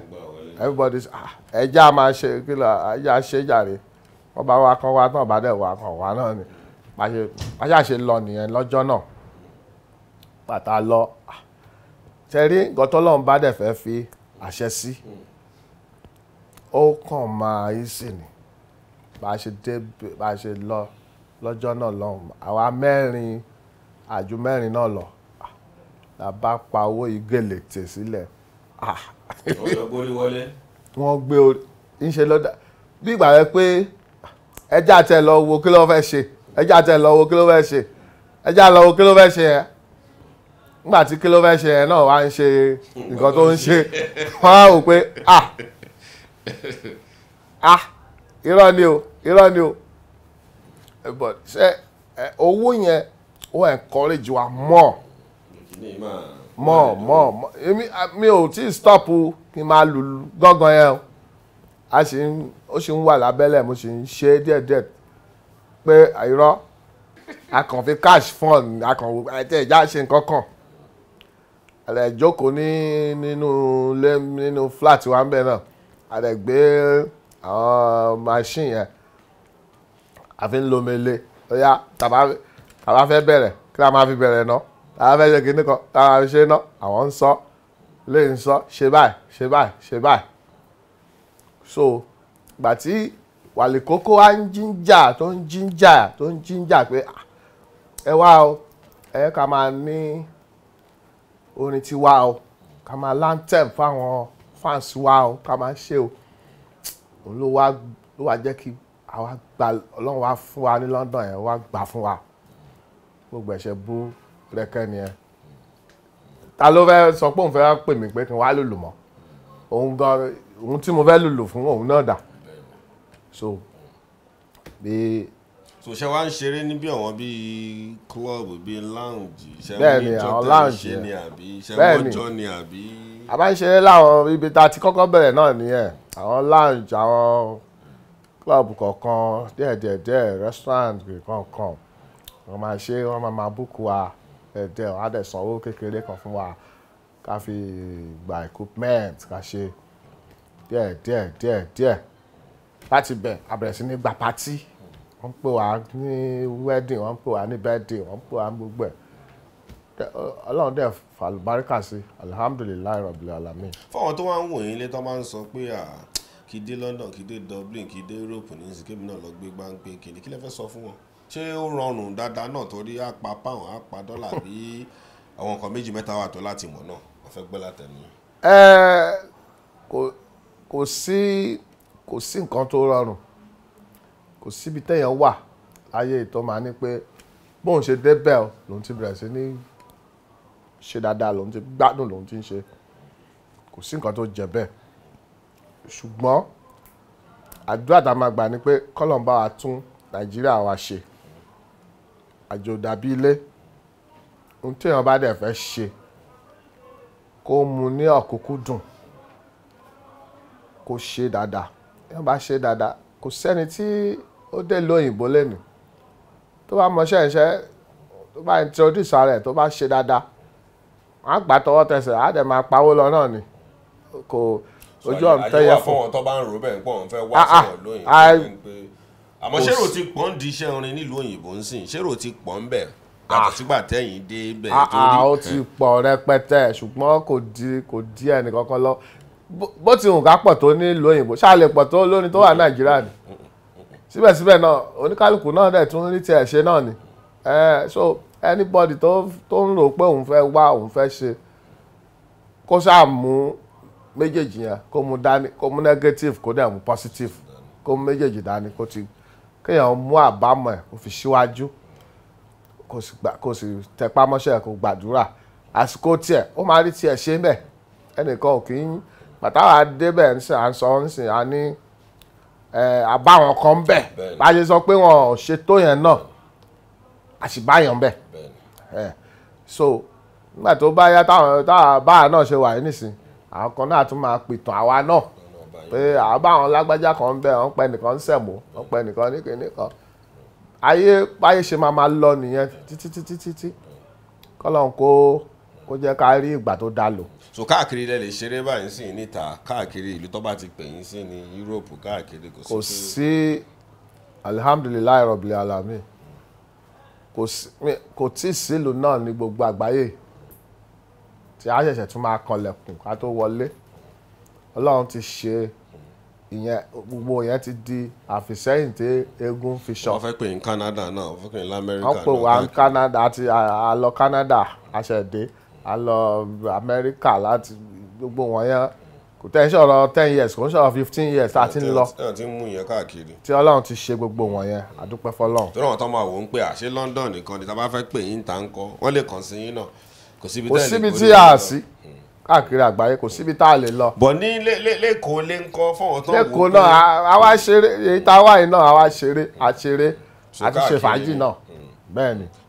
Speaker 2: everybody ah, ẹja máa ṣe kí lọ ẹja ṣe jàre wọ́n bá wá kán wá náà bá dẹ̀ wá kán wá náà ni pàṣẹ pàṣẹ àṣẹ lọ nìyẹn lọ́jọ́ náà pàtà lọ. Ah tẹ́rí nǹkan tọ́lọ́run bá dẹ̀ fẹ́ fi àṣẹ sí ó kàn máa í sì ni bá a ṣe dé bá a ṣe lọ lọ́jọ́ náà lọ́hùn àwa mẹ́rin àjù mẹ́rin náà lọ ah, la bá pa owó igele tè sílẹ̀.
Speaker 1: Ah. ọyọ gbórí wọlé.
Speaker 2: wọ́n gbé o ń ṣe lọ́dà bí ìgbà rẹ pé ẹjẹ́ àtẹ lọ wo kí ló fẹ́ ṣe ẹjẹ́ àtẹ lọ wo kí ló fẹ́ ṣe ẹjẹ́ àlọ́ wo kí ló fẹ́ ṣe yẹn nígbà tí kí ló fẹ́ ṣe yẹn náà wá ń ṣe nǹkan tó ń ṣe wọ́n á wò pé ah ah irọ́ ni o irọ́ ni o but ṣe owó yẹn ó encourage wa mọ́ mọ́ mọ́ mi ò tí ì stop kí n máa lù gángan yẹn o a sì ń ó sì ń wà lábẹ́lẹ̀ mo sì ń ṣe díẹ̀díẹ̀ pé irọ́ a kàn fi cash fund a kàn wò ẹ̀ tẹ̀ já ṣe nǹkan kan àdẹ̀jókòó ní nínú lé nínú flat wa ń bẹ̀ náà àdẹ̀gbé àwọn machine yẹn àfi ń lomele ó yá tàbá tàbá fẹ́ bẹ̀rẹ̀ kí la máa fi bẹ̀rẹ̀ náà tàbá fẹ́ ṣe kíní kan tàbá fi ṣe náà àwọn ń sọ lè ń sọ ṣe báyìí ṣe báyìí ṣe báyìí so gbà tí wàlẹ̀ kókó wa ń jíjà tó ń jíjà tó ń jíjà pé ah, ẹ wá o ẹ ká máa ní orin ti wá o ká máa lantern fáwọn fans wa o ká máa ṣe o òun ló wá ló wá jẹ́ kí àwa gba ọlọ́run wá fún wa ní London yẹn wá gbà fún wa gbogbo ẹ̀ṣẹ̀ bú rẹ́kẹ́ nìyẹn ta ló fẹ́ sọ pé òun fẹ́ pè mí pé kí n wá lùlù mọ́ òun gan òun tí mo fẹ́ lùlù fún òun náà dà so bí
Speaker 1: so ṣe wá ń ṣeré níbi àwọn bíi club bíi lounge ṣe wọ́n jọ tẹ̀ ṣe ni àbí ṣe wọ́n jọ ni àbí.
Speaker 2: a máa ń ṣeré láwọn ibi tá a ti kọ́kọ́ bẹ̀rẹ̀ náà nìyẹn àwọn lounge àwọn club kọ̀ọ̀kan díẹ̀díẹ̀díẹ̀ restaurant kọ̀ọ̀kan wọ́n máa ṣe wọ́n máa máa búkú wa ẹ̀dẹ̀ wọ́n á dẹ̀ sanwó kékeré kan fún wa ká fi gba equipment ká ṣe díẹ̀díẹ̀díẹ̀díẹ̀ láti bẹ̀ a bẹ̀rẹ̀ sí ní gba pátí wọ́n pè wá ní wedding wọ́n pè wá ní birthday wọ́n pè wá ní gbogbo ẹ̀ ọlọ́run dẹ̀ fàlùbáríkà sí alihamudulilayi rabil alamin.
Speaker 1: fọwọ́n tó máa ń wò yín lé tó máa ń sọ pé kì í dé London kì í dé Dublin kì í dé Europe ní ìsìnkébì náà lọ gbé gbáǹgbé kìnìún kí lẹ fẹ́ sọ fún wọn ṣé ó rọrùn dáadáa náà torí àpá pound àpá dọ́là bí àwọn nǹkan méjì mẹ́ta wà tó láti mọ̀ náà wọ́n fẹ́ gbọ́ látẹnu.
Speaker 2: ẹ kò sí kò sí nǹkan tó rọrùn kò síbi téèyàn wà láyé ìtọ́ máa ní pé bóun ṣe débẹ̀ lòun ti bẹ̀rẹ̀ sí ní ṣe dáadáa lòun ti gbádùn lòun ti ń ṣe kò sí nǹkan tó jẹ bẹ́ẹ̀ ṣùgbọ́n àdúrà tá a máa gbà ni pé kọ́lọ̀ ń bá wa tún nàìjíríà wa ṣe àjò dàbí ilé ohun téèyàn bá dẹ̀ fẹ́ ṣe kó mu ní ọ̀kúnkúndùn kó ṣe dáadáa èèyàn bá ṣe dáadáa kò sẹ́ni tí ó dé lo òyìnbó lẹ́nu tó bá mọṣẹ́ iṣẹ́ tó bá introduce rẹ̀ tó bá ṣe dáadáa wọ́n á gbà tọwọ́ tẹsẹ̀ á dẹ̀ máa pawó lọ náà ni kò
Speaker 1: ojú ọ̀n tẹ́yẹ fún. àjọ wà fọwọ́ tó bá ń rò bẹ́ẹ̀ pọ̀ ń fẹ́ wá ah, sí ah, ọ̀dọ́ òyìnbó àmọ́ ṣérò ti pọ̀ ń di iṣẹ́ orin nílùú òyìnbó ń sìn ṣérò ti pọ̀ ń bẹ̀ ah. yàtọ̀ sígbà tẹ̀yìn dé bẹ̀rẹ̀ tó ó ti
Speaker 2: pọ̀ rẹpẹtẹ ṣùgbọ́n kò di kò di ẹnìkankan lọ bó ti hùn ká pọ̀ tó nílùú òyìnbó ṣáà lè pọ̀ tó lórin tó wà nàìjíríà ni síbẹ̀síbẹ̀ náà oníkálukú náà dẹ̀ tún rí tiẹ̀ ṣe náà ni so anybody tó tó ń rò pé òun fẹ́ wá òun fẹ́ ṣe kó sáà mú méjèèjì yẹn kó mú dání kó mú negative kó dẹ̀ mú positive kó mú méjèèjì dání kó ti kéèyàn mú àbámọ̀ ẹ̀ kó fi síwájú kò sì gbà kò sì tẹpá mọ́ṣẹ́ kó gbàdúrà àsìkò tiẹ̀ ó máa rí tiẹ̀ ṣe mẹ́ ẹnìkan ò kì í pàtàkì àdébẹ̀ ń sàn án sọ ń sìn á ní àbáwọn kan bẹ̀ bá a ṣe sọ pé wọn ò ṣètò yẹn náà àṣìbáyàn bẹ̀ so nígbà tó bá yá táwọn báà náà ṣe wà nísìn àwọn kan náà tún máa pìtàn àwa náà pé àwọn lágbájá kan bẹ̀ wọ́n pẹ́ nìkan ń sẹ̀mó wọ́n pẹ́ nìkan ní kìíní kan ayé báyé ṣe máa máa lọ nìyẹn títí títí títí kọ́lọ́n kó kó jẹ́ ká rí ìgbà tó dá lò
Speaker 1: so káàkiri ilẹ̀ lè ṣeré báyìí sí níta káàkiri ìlú tó bá ti pèyìn sí ní Europe káàkiri kò sí. kò sí
Speaker 2: alihamdulilayi rọ̀bìlì alami kò tí ì sílùú náà ní gbogbo àgbáyé tí a ṣẹ̀ṣẹ̀ tún máa kanlẹ̀kùn ká tó wọlé ọlọ́run ti ṣe ìyẹn gbogbo yẹn ti di àfìsẹ́yìn tí
Speaker 1: eégún fi ṣọ. wọ́n fẹ́ pè ní Canada náà wọ́n fẹ́ pè ní America náà. wọ́n pè wá ní
Speaker 2: Canada àti àlọ́ Canada àṣẹ̀dé. Mm -hmm a lọ Amẹ́ríkà láti gbogbo wọn yẹn kò tẹ́ ń sọ̀rọ̀ ten years kò ń sọ̀rọ̀ fifteen years tá a ti ń lọ
Speaker 1: tí ń mú yẹn káàkiri
Speaker 2: tí ọlọ́run ti ṣe gbogbo wọn yẹn àdúpẹ́ fọlọ́run. tó náà tó
Speaker 1: máa wò ó ń pè àṣé London nìkan ni tá a bá fẹ́ pè yín ta ń kọ wọ́n lè kàn sí yín náà kò síbi tẹ́lẹ̀ kò síbi tí a
Speaker 2: sí káàkiri àgbáyé kò síbi tá a lè lọ. bọ̀
Speaker 1: ní lẹ́kọ̀ọ́ lé ń kọ́ fọ́wọ́n tó wò ó. lẹ́kọ̀ọ́ náà
Speaker 2: àwa ṣeré èyí tá a wà yìí náà àwa ṣeré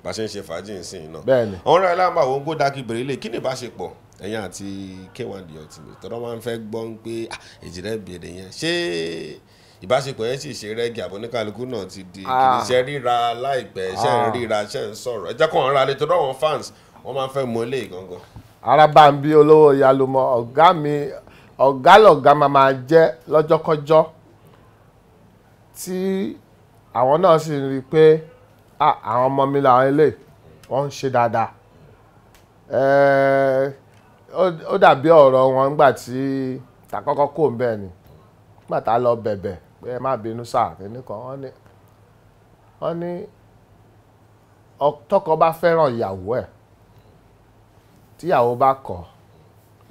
Speaker 1: bá ṣe ń ṣe fàájì ìsìn náà. bẹ́ẹ̀ni. àwọn ará ilé àwọn àwọn dákì bèrè lè kí ni ìbáṣepọ̀ ẹ̀yin àti K1 The Ultimate tọ́dọ́ máa ń fẹ́ gbọ́ ń pé ah, èjì rẹ̀ bèrè yẹn ṣé ìbáṣepọ̀ yẹn sì ṣe rẹ́gì àbóníkàlùkù náà ti di ah. kìí ríra láìpẹ́ ṣe ń ah. ríra ṣe ń sọ̀rọ̀ ẹ jẹ́ kó ń ra àlejò lọ́wọ́ fans wọ́n máa ń fẹ́ mọ ilé gangan.
Speaker 2: araba ń bí olówó ìyàlómọ ọ̀gá mi ọ̀gá lọ̀gá máa máa jẹ́ lọ́jọ́kọ́jọ́ tí àwọn náà sì rí i pé Ah, àwọn ọmọ mi làwọn ilé wọ́n ń ṣe dáadáa eh, ó dàbí ọ̀rọ̀ wọn nígbà tí takọ́kọ́ kò ń bẹ̀ ni nígbà tá a lọ bẹ̀bẹ̀ pé ẹ má bínú sáà nìkan wọ́n ní wọ́n ní tọ́kọ bá fẹ́ràn ìyàwó ẹ̀ tíyàwó bá kọ̀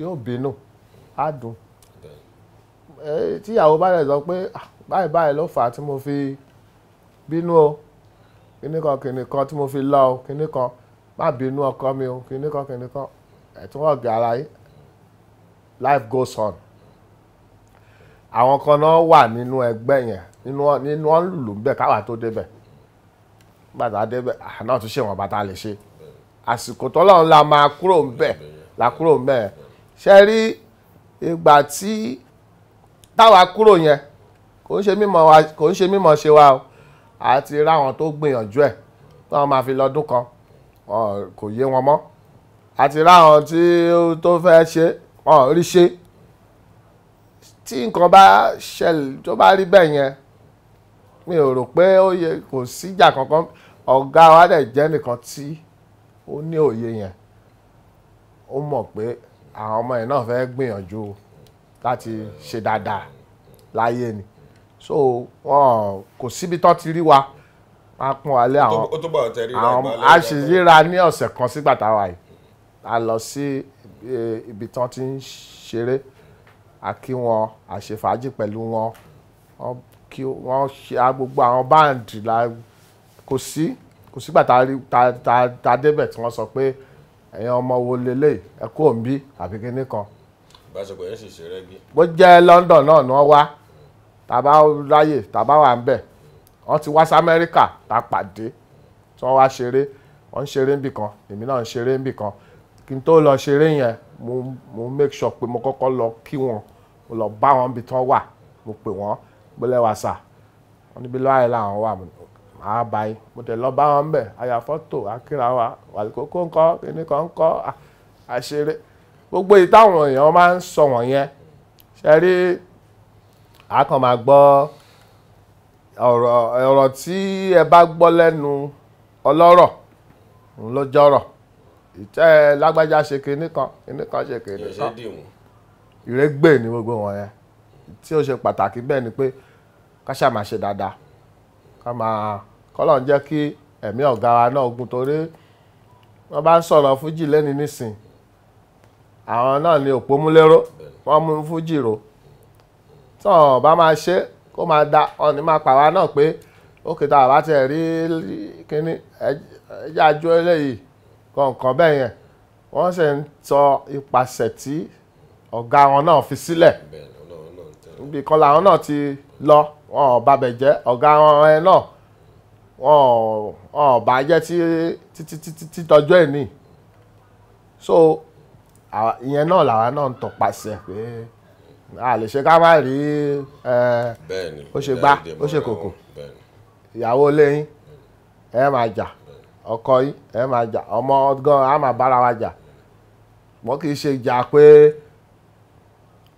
Speaker 2: yóò bínú á dùn eh, tíyàwó bá rẹ̀ sọ pé ah, báyìí báyìí ló fà á tí mo fi bínú o kinní kan kinní kan tí mo fi lọ o kinní kan má bínú ọkọ mi o kinní kan kinní kan ẹ̀tún ọ̀gá ara yín life goes on àwọn kan náà wà nínú ẹgbẹ́ yẹn nínú nínú ọ̀nlùlù ń bẹ̀ káwa tó débẹ̀ bàtà débẹ̀ àná tún ṣe wọn bàtà lè ṣe àsìkò tọ́lọ́run la máa kúrò ń bẹ̀ la kúrò ń bẹ̀ ṣe rí ìgbà tí táwa kúrò yẹn kò ń ṣe mímọ̀ ṣe wa o àti ráwọn tó gbìyànjú ẹ̀ tí wọ́n máa fi lọ́dún kan kò yé wọn mọ́ àti ráwọn tí tó fẹ́ ṣe rí ṣe tí nǹkan bá ṣẹlẹ̀ tó bá rí bẹ́ẹ̀ yẹn mi ò rò pé ó yẹ kò síjà kankan ọ̀gá wa dẹ̀ jẹ́ nìkan tí ó ní òye yẹn ó mọ̀ pé àwọn ọmọ yẹn náà fẹ́ gbìyànjú láti ṣe dáadáa láyé ni so wọn kò síbi tó ti rí wa máa pọn alẹ́ àwọn àwọn a sì ríra ní ọ̀sẹ̀ kan sígbà tá a wà yìí a lọ sí ibi e, tán ti ń ṣeré a kí wọn a ṣe fàájì pẹ̀lú wọn kí wọ́n ṣe gbogbo àwọn báǹdì la kò sí kò sígbà tá a débẹ̀ tí wọ́n sọ pé ẹ̀yin ọmọ wo lélẹ̀ ẹ kú òǹbí àbí kinní kan.
Speaker 1: ìbáṣepọ̀ yẹn sì ṣe rẹ́gí.
Speaker 2: bó jẹ́ London náà ni wọ́n wá tàbá ráyè tàbá wà ń bẹ̀ wọ́n ti wá sí amẹ́ríkà tá a pàdé tí wọ́n wá ṣeré wọ́n ń ṣeré níbì kan èmi náà ń ṣeré níbì kan kí n tó lọ ṣeré yẹn mo mo make sure pé mo kọ́kọ́ lọ kí wọn mo lọ bá wọn bí tán wà mo pè wọ́n gbélé wa sà wọ́n níbi lọ́wọ́ ayé làwọn wà màá bá yín mo tẹ̀ lọ bá wọn ń bẹ̀ àyà fọ́tò akíra wa wàlúkókó ńkọ́ kíní kan ńkọ́ àṣeré gbogbo ìtàwọn èèyàn máa ń sọ wọ̀nyẹn ṣe rí a kàn máa gbọ́ ọ̀rọ̀ ọ̀rọ̀ tí ẹ bá gbọ́ lẹ́nu ọlọ́rọ̀ òun ló jọ̀rọ̀ ìtẹ́ lágbájá ṣe kinní kan kinní kan ṣe kinní kan ìrégbè ni gbogbo wọn yẹn tí ó ṣe pàtàkì bẹ́ẹ̀ ni pé ká ṣáà máa ṣe dáadáa ká máa kọ́lọ̀ ń jẹ́ kí ẹ̀mí ọ̀gá wa náà gùn torí wọ́n bá ń sọ̀rọ̀ fújì lẹ́ni nísìn àwọn náà ni òpómúléró wọ́n mú fújì rò tán ọba máa ṣe kó máa da ọ̀nì máa pàwa náà pé ó a àbá tiẹ̀ rí kíní ẹjẹ́ àjọ eléyìí kọ̀ọ̀kan bẹ́ẹ̀ yẹn wọ́n sì ń tọ ipasẹ̀ tí ọ̀gá wọn náà fi sílẹ̀ níbi kan làwọn náà ti lọ wọn ò bàbẹ̀ jẹ́ ọ̀gá wọn ẹ náà wọn ò bá jẹ́ títí tọjọ́ ẹ̀ ní so ìyẹn náà làwa náà ń tọpasẹ̀ pé. Eh, a lè ṣe ká má rí ó ṣe gbá ó ṣe kòkò ìyàwó lẹ́yìn ẹ máa jà ọkọ yìí ẹ máa jà ọmọ gan a máa bára wa jà wọ́n kì í ṣe jà pé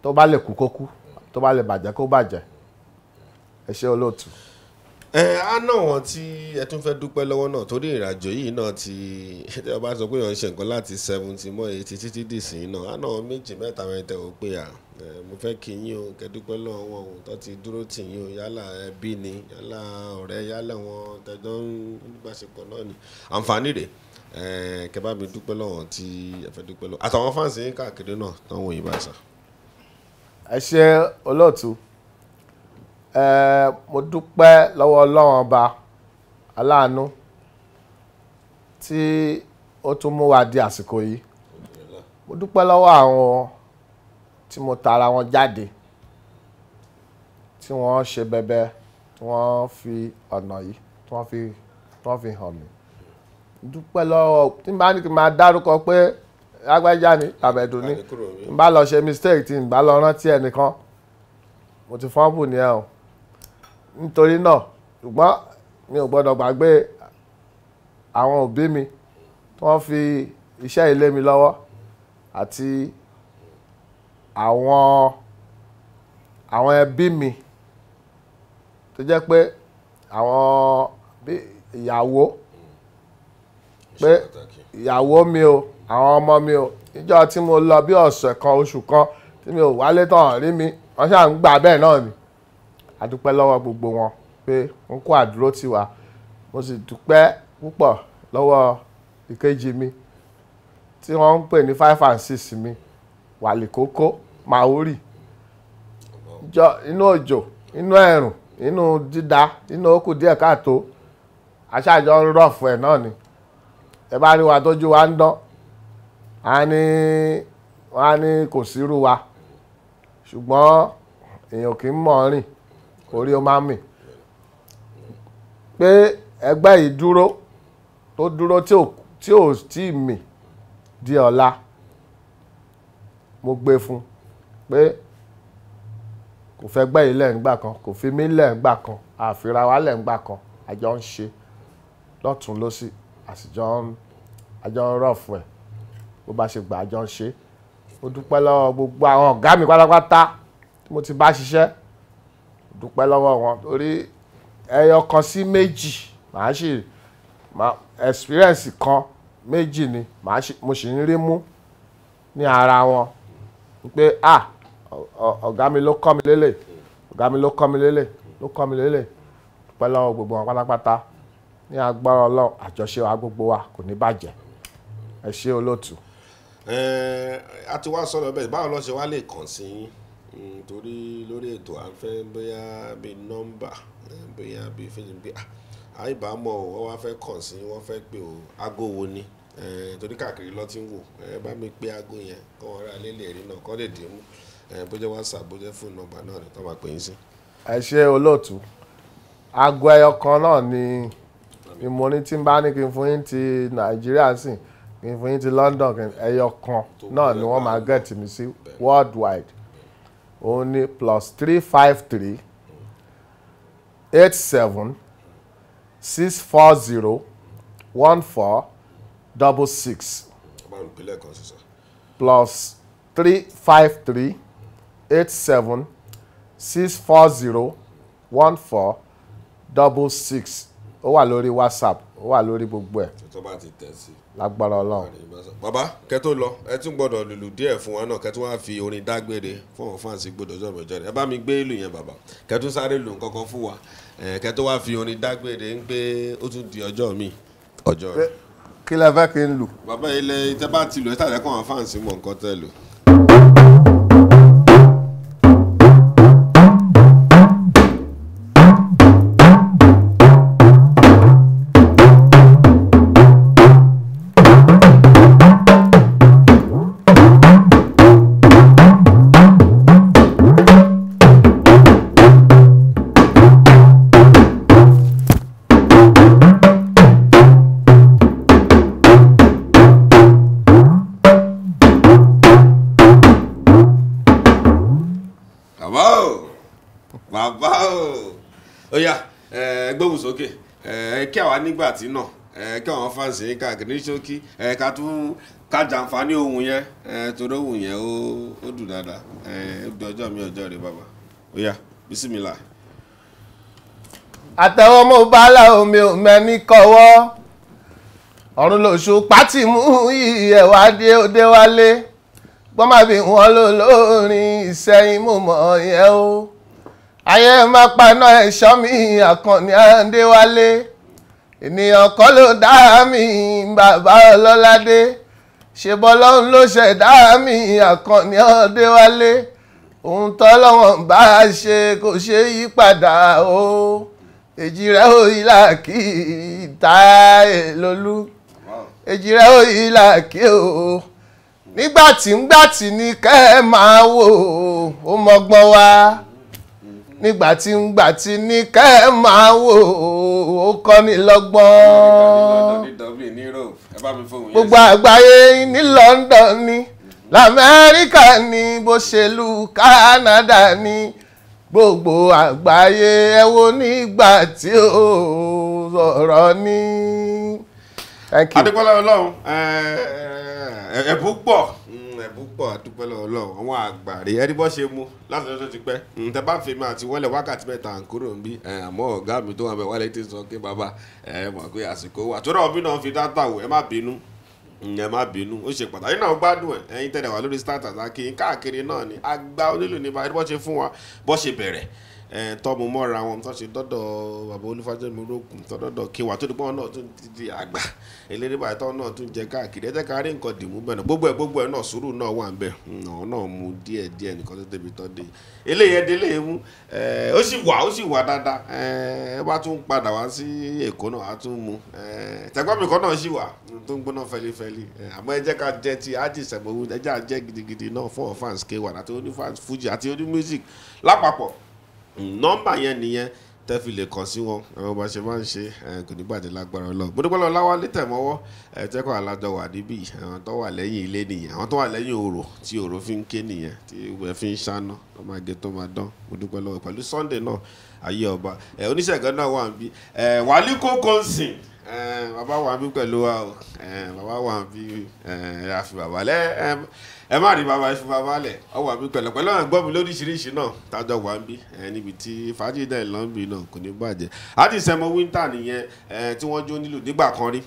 Speaker 2: tó bá lè kú kó kú
Speaker 1: tó bá lè bàjẹ́ kó bàjẹ́ ẹ ṣe olóòtú. ẹ á ná wọn tí ẹ tún fẹ́ dúpẹ́ lọ́wọ́ náà torí ìrìnàjò yìí náà ti ẹ bá sọ pé yàn ń ṣe nǹkan láti seventy mọ́ eighty títí dìsín náà á ná méjì mẹ́ta mẹ́tẹ́ ò pé à. Eh, mo fẹ́ kí yín o kẹ́dúpẹ́ lọ́wọ́ wọn òun tó ti dúró tì yín o yálà ẹbí ni yálà ọ̀rẹ́ yálà wọn tẹjọ́ ń gbàṣepọ̀ náà ni àǹfààní rẹ̀ eh, kẹ́bá mi dúpẹ́ lọ́wọ́ tí ẹ fẹ́ dúpẹ́ lọ́wọ́ àtàwọn fáǹsì yín káàkiri náà táwọn òyìnbó bá sà.
Speaker 2: ẹ ṣe olóòtú eh, mo dúpẹ́ lọ́wọ́ ọlọ́run ọba aláàánú tí ó tún mú wa di àsìkò yìí mo dúpẹ́ lọ́wọ́ àwọn tí mo tara wọn jáde tí wọ́n ṣe bẹbẹ tí wọ́n fi ọ̀nà yìí tí wọ́n fi tí wọ́n fi hàn mí dúpẹ́ lọ́wọ́ tí n bá ní kí n máa dárúkọ pé lágbájá ni tàbẹ̀dùn ni n bá lọ ṣe mistake tí n bá lọ rántí ẹnìkan mo ti fọ́nbù ni ẹ o nítorí náà ṣùgbọ́n mi ò gbọ́dọ̀ gbàgbé àwọn òbí mi tí wọ́n fi iṣẹ́ ilé mi lọ́wọ́ àti àwọn àwọn ẹbí mi tó jẹ́ pé àwọn ìyàwó hmm, pé ìyàwó mi o àwọn ọmọ mi o ìjọ tí mo lọ bí ọ̀sẹ̀ kan oṣù kan tí mi ò wálé tán rí mi wọ́n ṣáà ń gbà bẹ́ẹ̀ náà ni a dúpẹ́ lọ́wọ́ gbogbo wọn pé wọ́n kó àdúró tì wá mo sì dúpẹ́ púpọ̀ lọ́wọ́ ìkejì mi tí wọ́n ń pè ní five and six mi wàlíkókó. maori inú òjò inú ẹ̀rùn inú dídá inú okùn díẹ̀ káàtó aṣáájọ ń rọ̀fù ẹ̀ náà ni ẹ bá rí wa tójú wa ń dán a ní wọn á ní kò sírú wa ṣùgbọ́n èèyàn kì í mọ̀ ọ́n rìn orí ó máa mì pé ẹgbẹ́ yìí dúró tó dúró tí ò tí ì mì di ọ̀la mo gbé fún un. pé kò fẹ́ gbẹ́yìn lẹ́ǹgbà kan kò fi mí lẹ́ǹgbà kan àfira wa lẹ́ǹgbà kan àjọ ń ṣe lọ́tún lọ́sí àsìjọ ń àjọ ń rọ̀ fún ẹ̀ bó bá ṣe gbà àjọ ń ṣe mo dúpẹ́ lọ́wọ́ gbogbo àwọn ọ̀gá mi pátápátá tí mo ti bá ṣiṣẹ́ dúpẹ́ lọ́wọ́ wọn torí ẹyọ kan sí méjì màá ṣe experience kan méjì ni mo sì ń rí mú ní ara wọn pé ah ọ̀gá mi ló kọ́ mi lélẹ̀ ọ̀gá mi ló kọ́ mi lélẹ̀ ló kọ́ mi lélẹ̀ pẹ̀lú àwọn gbogbo wọn pátápátá ní agbára ọlọ́run àjọṣe wa gbogbo wa kò ní bàjẹ́ ẹ ṣé olóòtú.
Speaker 1: ẹ a ti wá sọ̀rọ̀ bẹ́ẹ̀ báwo lọ́ọ́ ṣe wá lè kàn sí yín hmm, torí lórí ètò à ń fẹ́ bóyá bíi nọ́mbà eh, bóyá bíi fíjìn bíi àìbámọ̀ ah, wọ́n wá fẹ́ kàn sí wọ́n fẹ́ pé o aago wo ni eh, torí káàkiri lọ́ọ́ ti ń wò ẹ eh, bá mi pé aago yẹn kọ́ wọn rà lélẹ̀ rí náà kọ́ lè dé mú bó jẹ́ whatsapp bó jẹ́ náà ni tó máa pè yín sí.
Speaker 2: ẹ ṣe olóòtú aago ẹyọ kan náà ni ni ní tí n bá ní kí n fún yín ti nàìjíríà sí kí n fún yín ti london ẹyọ kan náà ni wọ́n máa gẹ̀tì mi sí worldwide òun ni plus three five three eight seven six four zero one four double six plus three five three eight seven six four zero one four double six ó wà lórí whatsapp ó wà lórí gbogbo ẹ̀.
Speaker 1: tó bá ti tẹ̀ sí.
Speaker 2: lágbára ọlọ́run.
Speaker 1: bàbá kẹ́ tó lọ ẹ tún gbọ́dọ̀ lùlù díẹ̀ fún wa náà kẹ́ tó wá fi orin dágbére fún àwọn fáǹsì gbọ́dọ̀ jọ̀bọ̀ jọ̀rẹ̀ ẹ bá mi gbé ìlú yẹn bàbá kẹ́ tó sáré lù kankan fún wa kẹ́ tó wá fi orin dágbére ń pé ó tún di ọjọ́ mi ọjọ́ rẹ̀. kí lẹ fẹ́ kí n lù. bàbá ilẹ̀ tẹ́ bá ti lù ẹ́ tàlẹ́kọ̀ àwọn fáǹsì mọ̀ nǹkan tẹ́ lù. nígbà tí náà ẹ kí àwọn fáǹsì yín káàkiri ní ṣókí ẹ ká tún ká jàǹfààní ohun yẹn ẹ torí ohun yẹn ó dùn dáadáa ẹ ó di ọjọ́ mi ọjọ́ rẹ bàbá ó yá bísímìlà. àtẹ̀wọ́ mo bá
Speaker 2: la omi mẹ́ni kọ́wọ́ ọ̀run lòṣù pátì mú yìí ẹ̀wá dé òde wálé gbọ́n má bí wọ́n lò lórin ìsẹ́yìn mo mọ̀ yẹn o ayé má paná ẹ̀ṣọ́ mi àkànní àdéwálé ènìyàn kọ́ ló dá mi bàbá ọlọ́ládé ṣe bọ́lọ́hún ló ṣẹ̀dá mi àkànní ọdẹ́wálé ohun tọ́lọ́wọ̀n bá a ṣe kò ṣe yí padà o èjìrẹ́ òyì làkì ìta èlòlú èjìrẹ́ òyì làkì o nígbàtí ngbàtí ni kẹ́ ẹ máa wò ó mọgbọ́n wa nígbà tí ń gbà tí ní kẹ́ ẹ máa wò ó kọ́ ni lọ́gbọ́n. gbogbo àgbáyé ní London ni lamẹ́ríkà ni bó ṣe lu Canada ni gbogbo àgbáyé ẹ wo nígbà tí ó
Speaker 1: sọ̀rọ̀ ni. adékọ́lá ọlọ́run ẹ̀ẹ́dẹ́gbọ́n pọ̀ ẹ̀bùn pọ̀ àdúpẹ́ lọ́wọ́ àwọn àgbàre ẹni bọ́ ṣe mu láti lọ́jọ́ ti pẹ́ ǹtẹ́ bá ń àti wọ́lẹ̀ wákàtí mẹ́ta ń kúrò ń bí àmọ́ ọ̀gá mi tó wà bẹ̀ wálé ti sọ pé bàbá ẹ mọ̀ pé àsìkò wà tó náà bí náà fi dáta wò ẹ má bínú ẹ má bínú ó ṣe pàtàkì náà gbádùn ẹ ẹ̀yin tẹ̀lé wà lórí starters akéyìn káàkiri náà ni àgbà onílù ní bá ẹ bọ́ ṣe fún wa bọ́ ṣe bẹ̀rẹ̀ tọ́mù mọ́ra wọn tó ṣe dọ́dọ̀ bàbá olúfàjẹ́mi ológun tó dọ́dọ̀ kíwà tó náà tún di àgbà eléré báyìí náà tún jẹ káàkiri ẹ̀jẹ̀ káàárín nǹkan dìmú gbogbo gbogbo náà sùúrù náà wà ń bẹ̀ náà náà mu díẹ̀ díẹ̀ nìkan tó débi mú ó sì wà ó sì wà dáadáa ẹ bá tún padà wá mu ti nọ́mbà yẹn nìyẹn tẹ́ fi lè kàn sí wọn àwọn ọba ṣe máa ń ṣe kò ní gbàdé lágbára ọlọ́run mo dúpẹ́ lọ láwálé tẹ̀mọ́wọ́ tẹ́kọ̀ alájọ wà níbí àwọn tó wà lẹ́yìn ilé nìyẹn àwọn tó wà lẹ́yìn òrò tí òrò fi ń ké nìyẹn tí ìwẹ̀ fi ń ṣáná tó máa gé tó máa dán mo dúpẹ́ lọ́wọ́ pẹ̀lú Sunday náà ayé ọba oníṣègùn náà wà níbí wàlí kókó ń sìn bàbá wà níbí pẹ̀lú wa o bàbá wà níbí àfi ẹ má rí bàbá ìfún bàbá lẹ ọwọ àbí pẹ̀lẹ́pẹ̀lẹ́ àwọn ẹ̀gbọ́n mi lóríṣiríṣi náà tájọ wà ń bí níbi tí fàájì dẹ lọ́nbì náà kò ní bàjẹ́ àti ìsẹmọ wíńtà nìyẹn tí wọ́n jó nílùú nígbà kan rí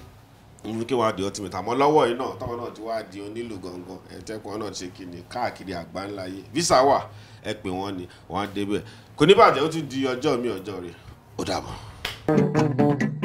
Speaker 1: nínú kí wọ́n á di ultimate àmọ́ lọ́wọ́ yìí náà táwọn náà ti wá di onílù gangan ẹtẹkùn náà ṣe kí ni káàkiri àgbáńlá yé visa wà ẹ pè wọ́n ni wọ́n á débẹ̀ kò ní bàjẹ́ ó ti di ọjọ́ mi ọjọ́ rẹ̀ ó dàbọ̀.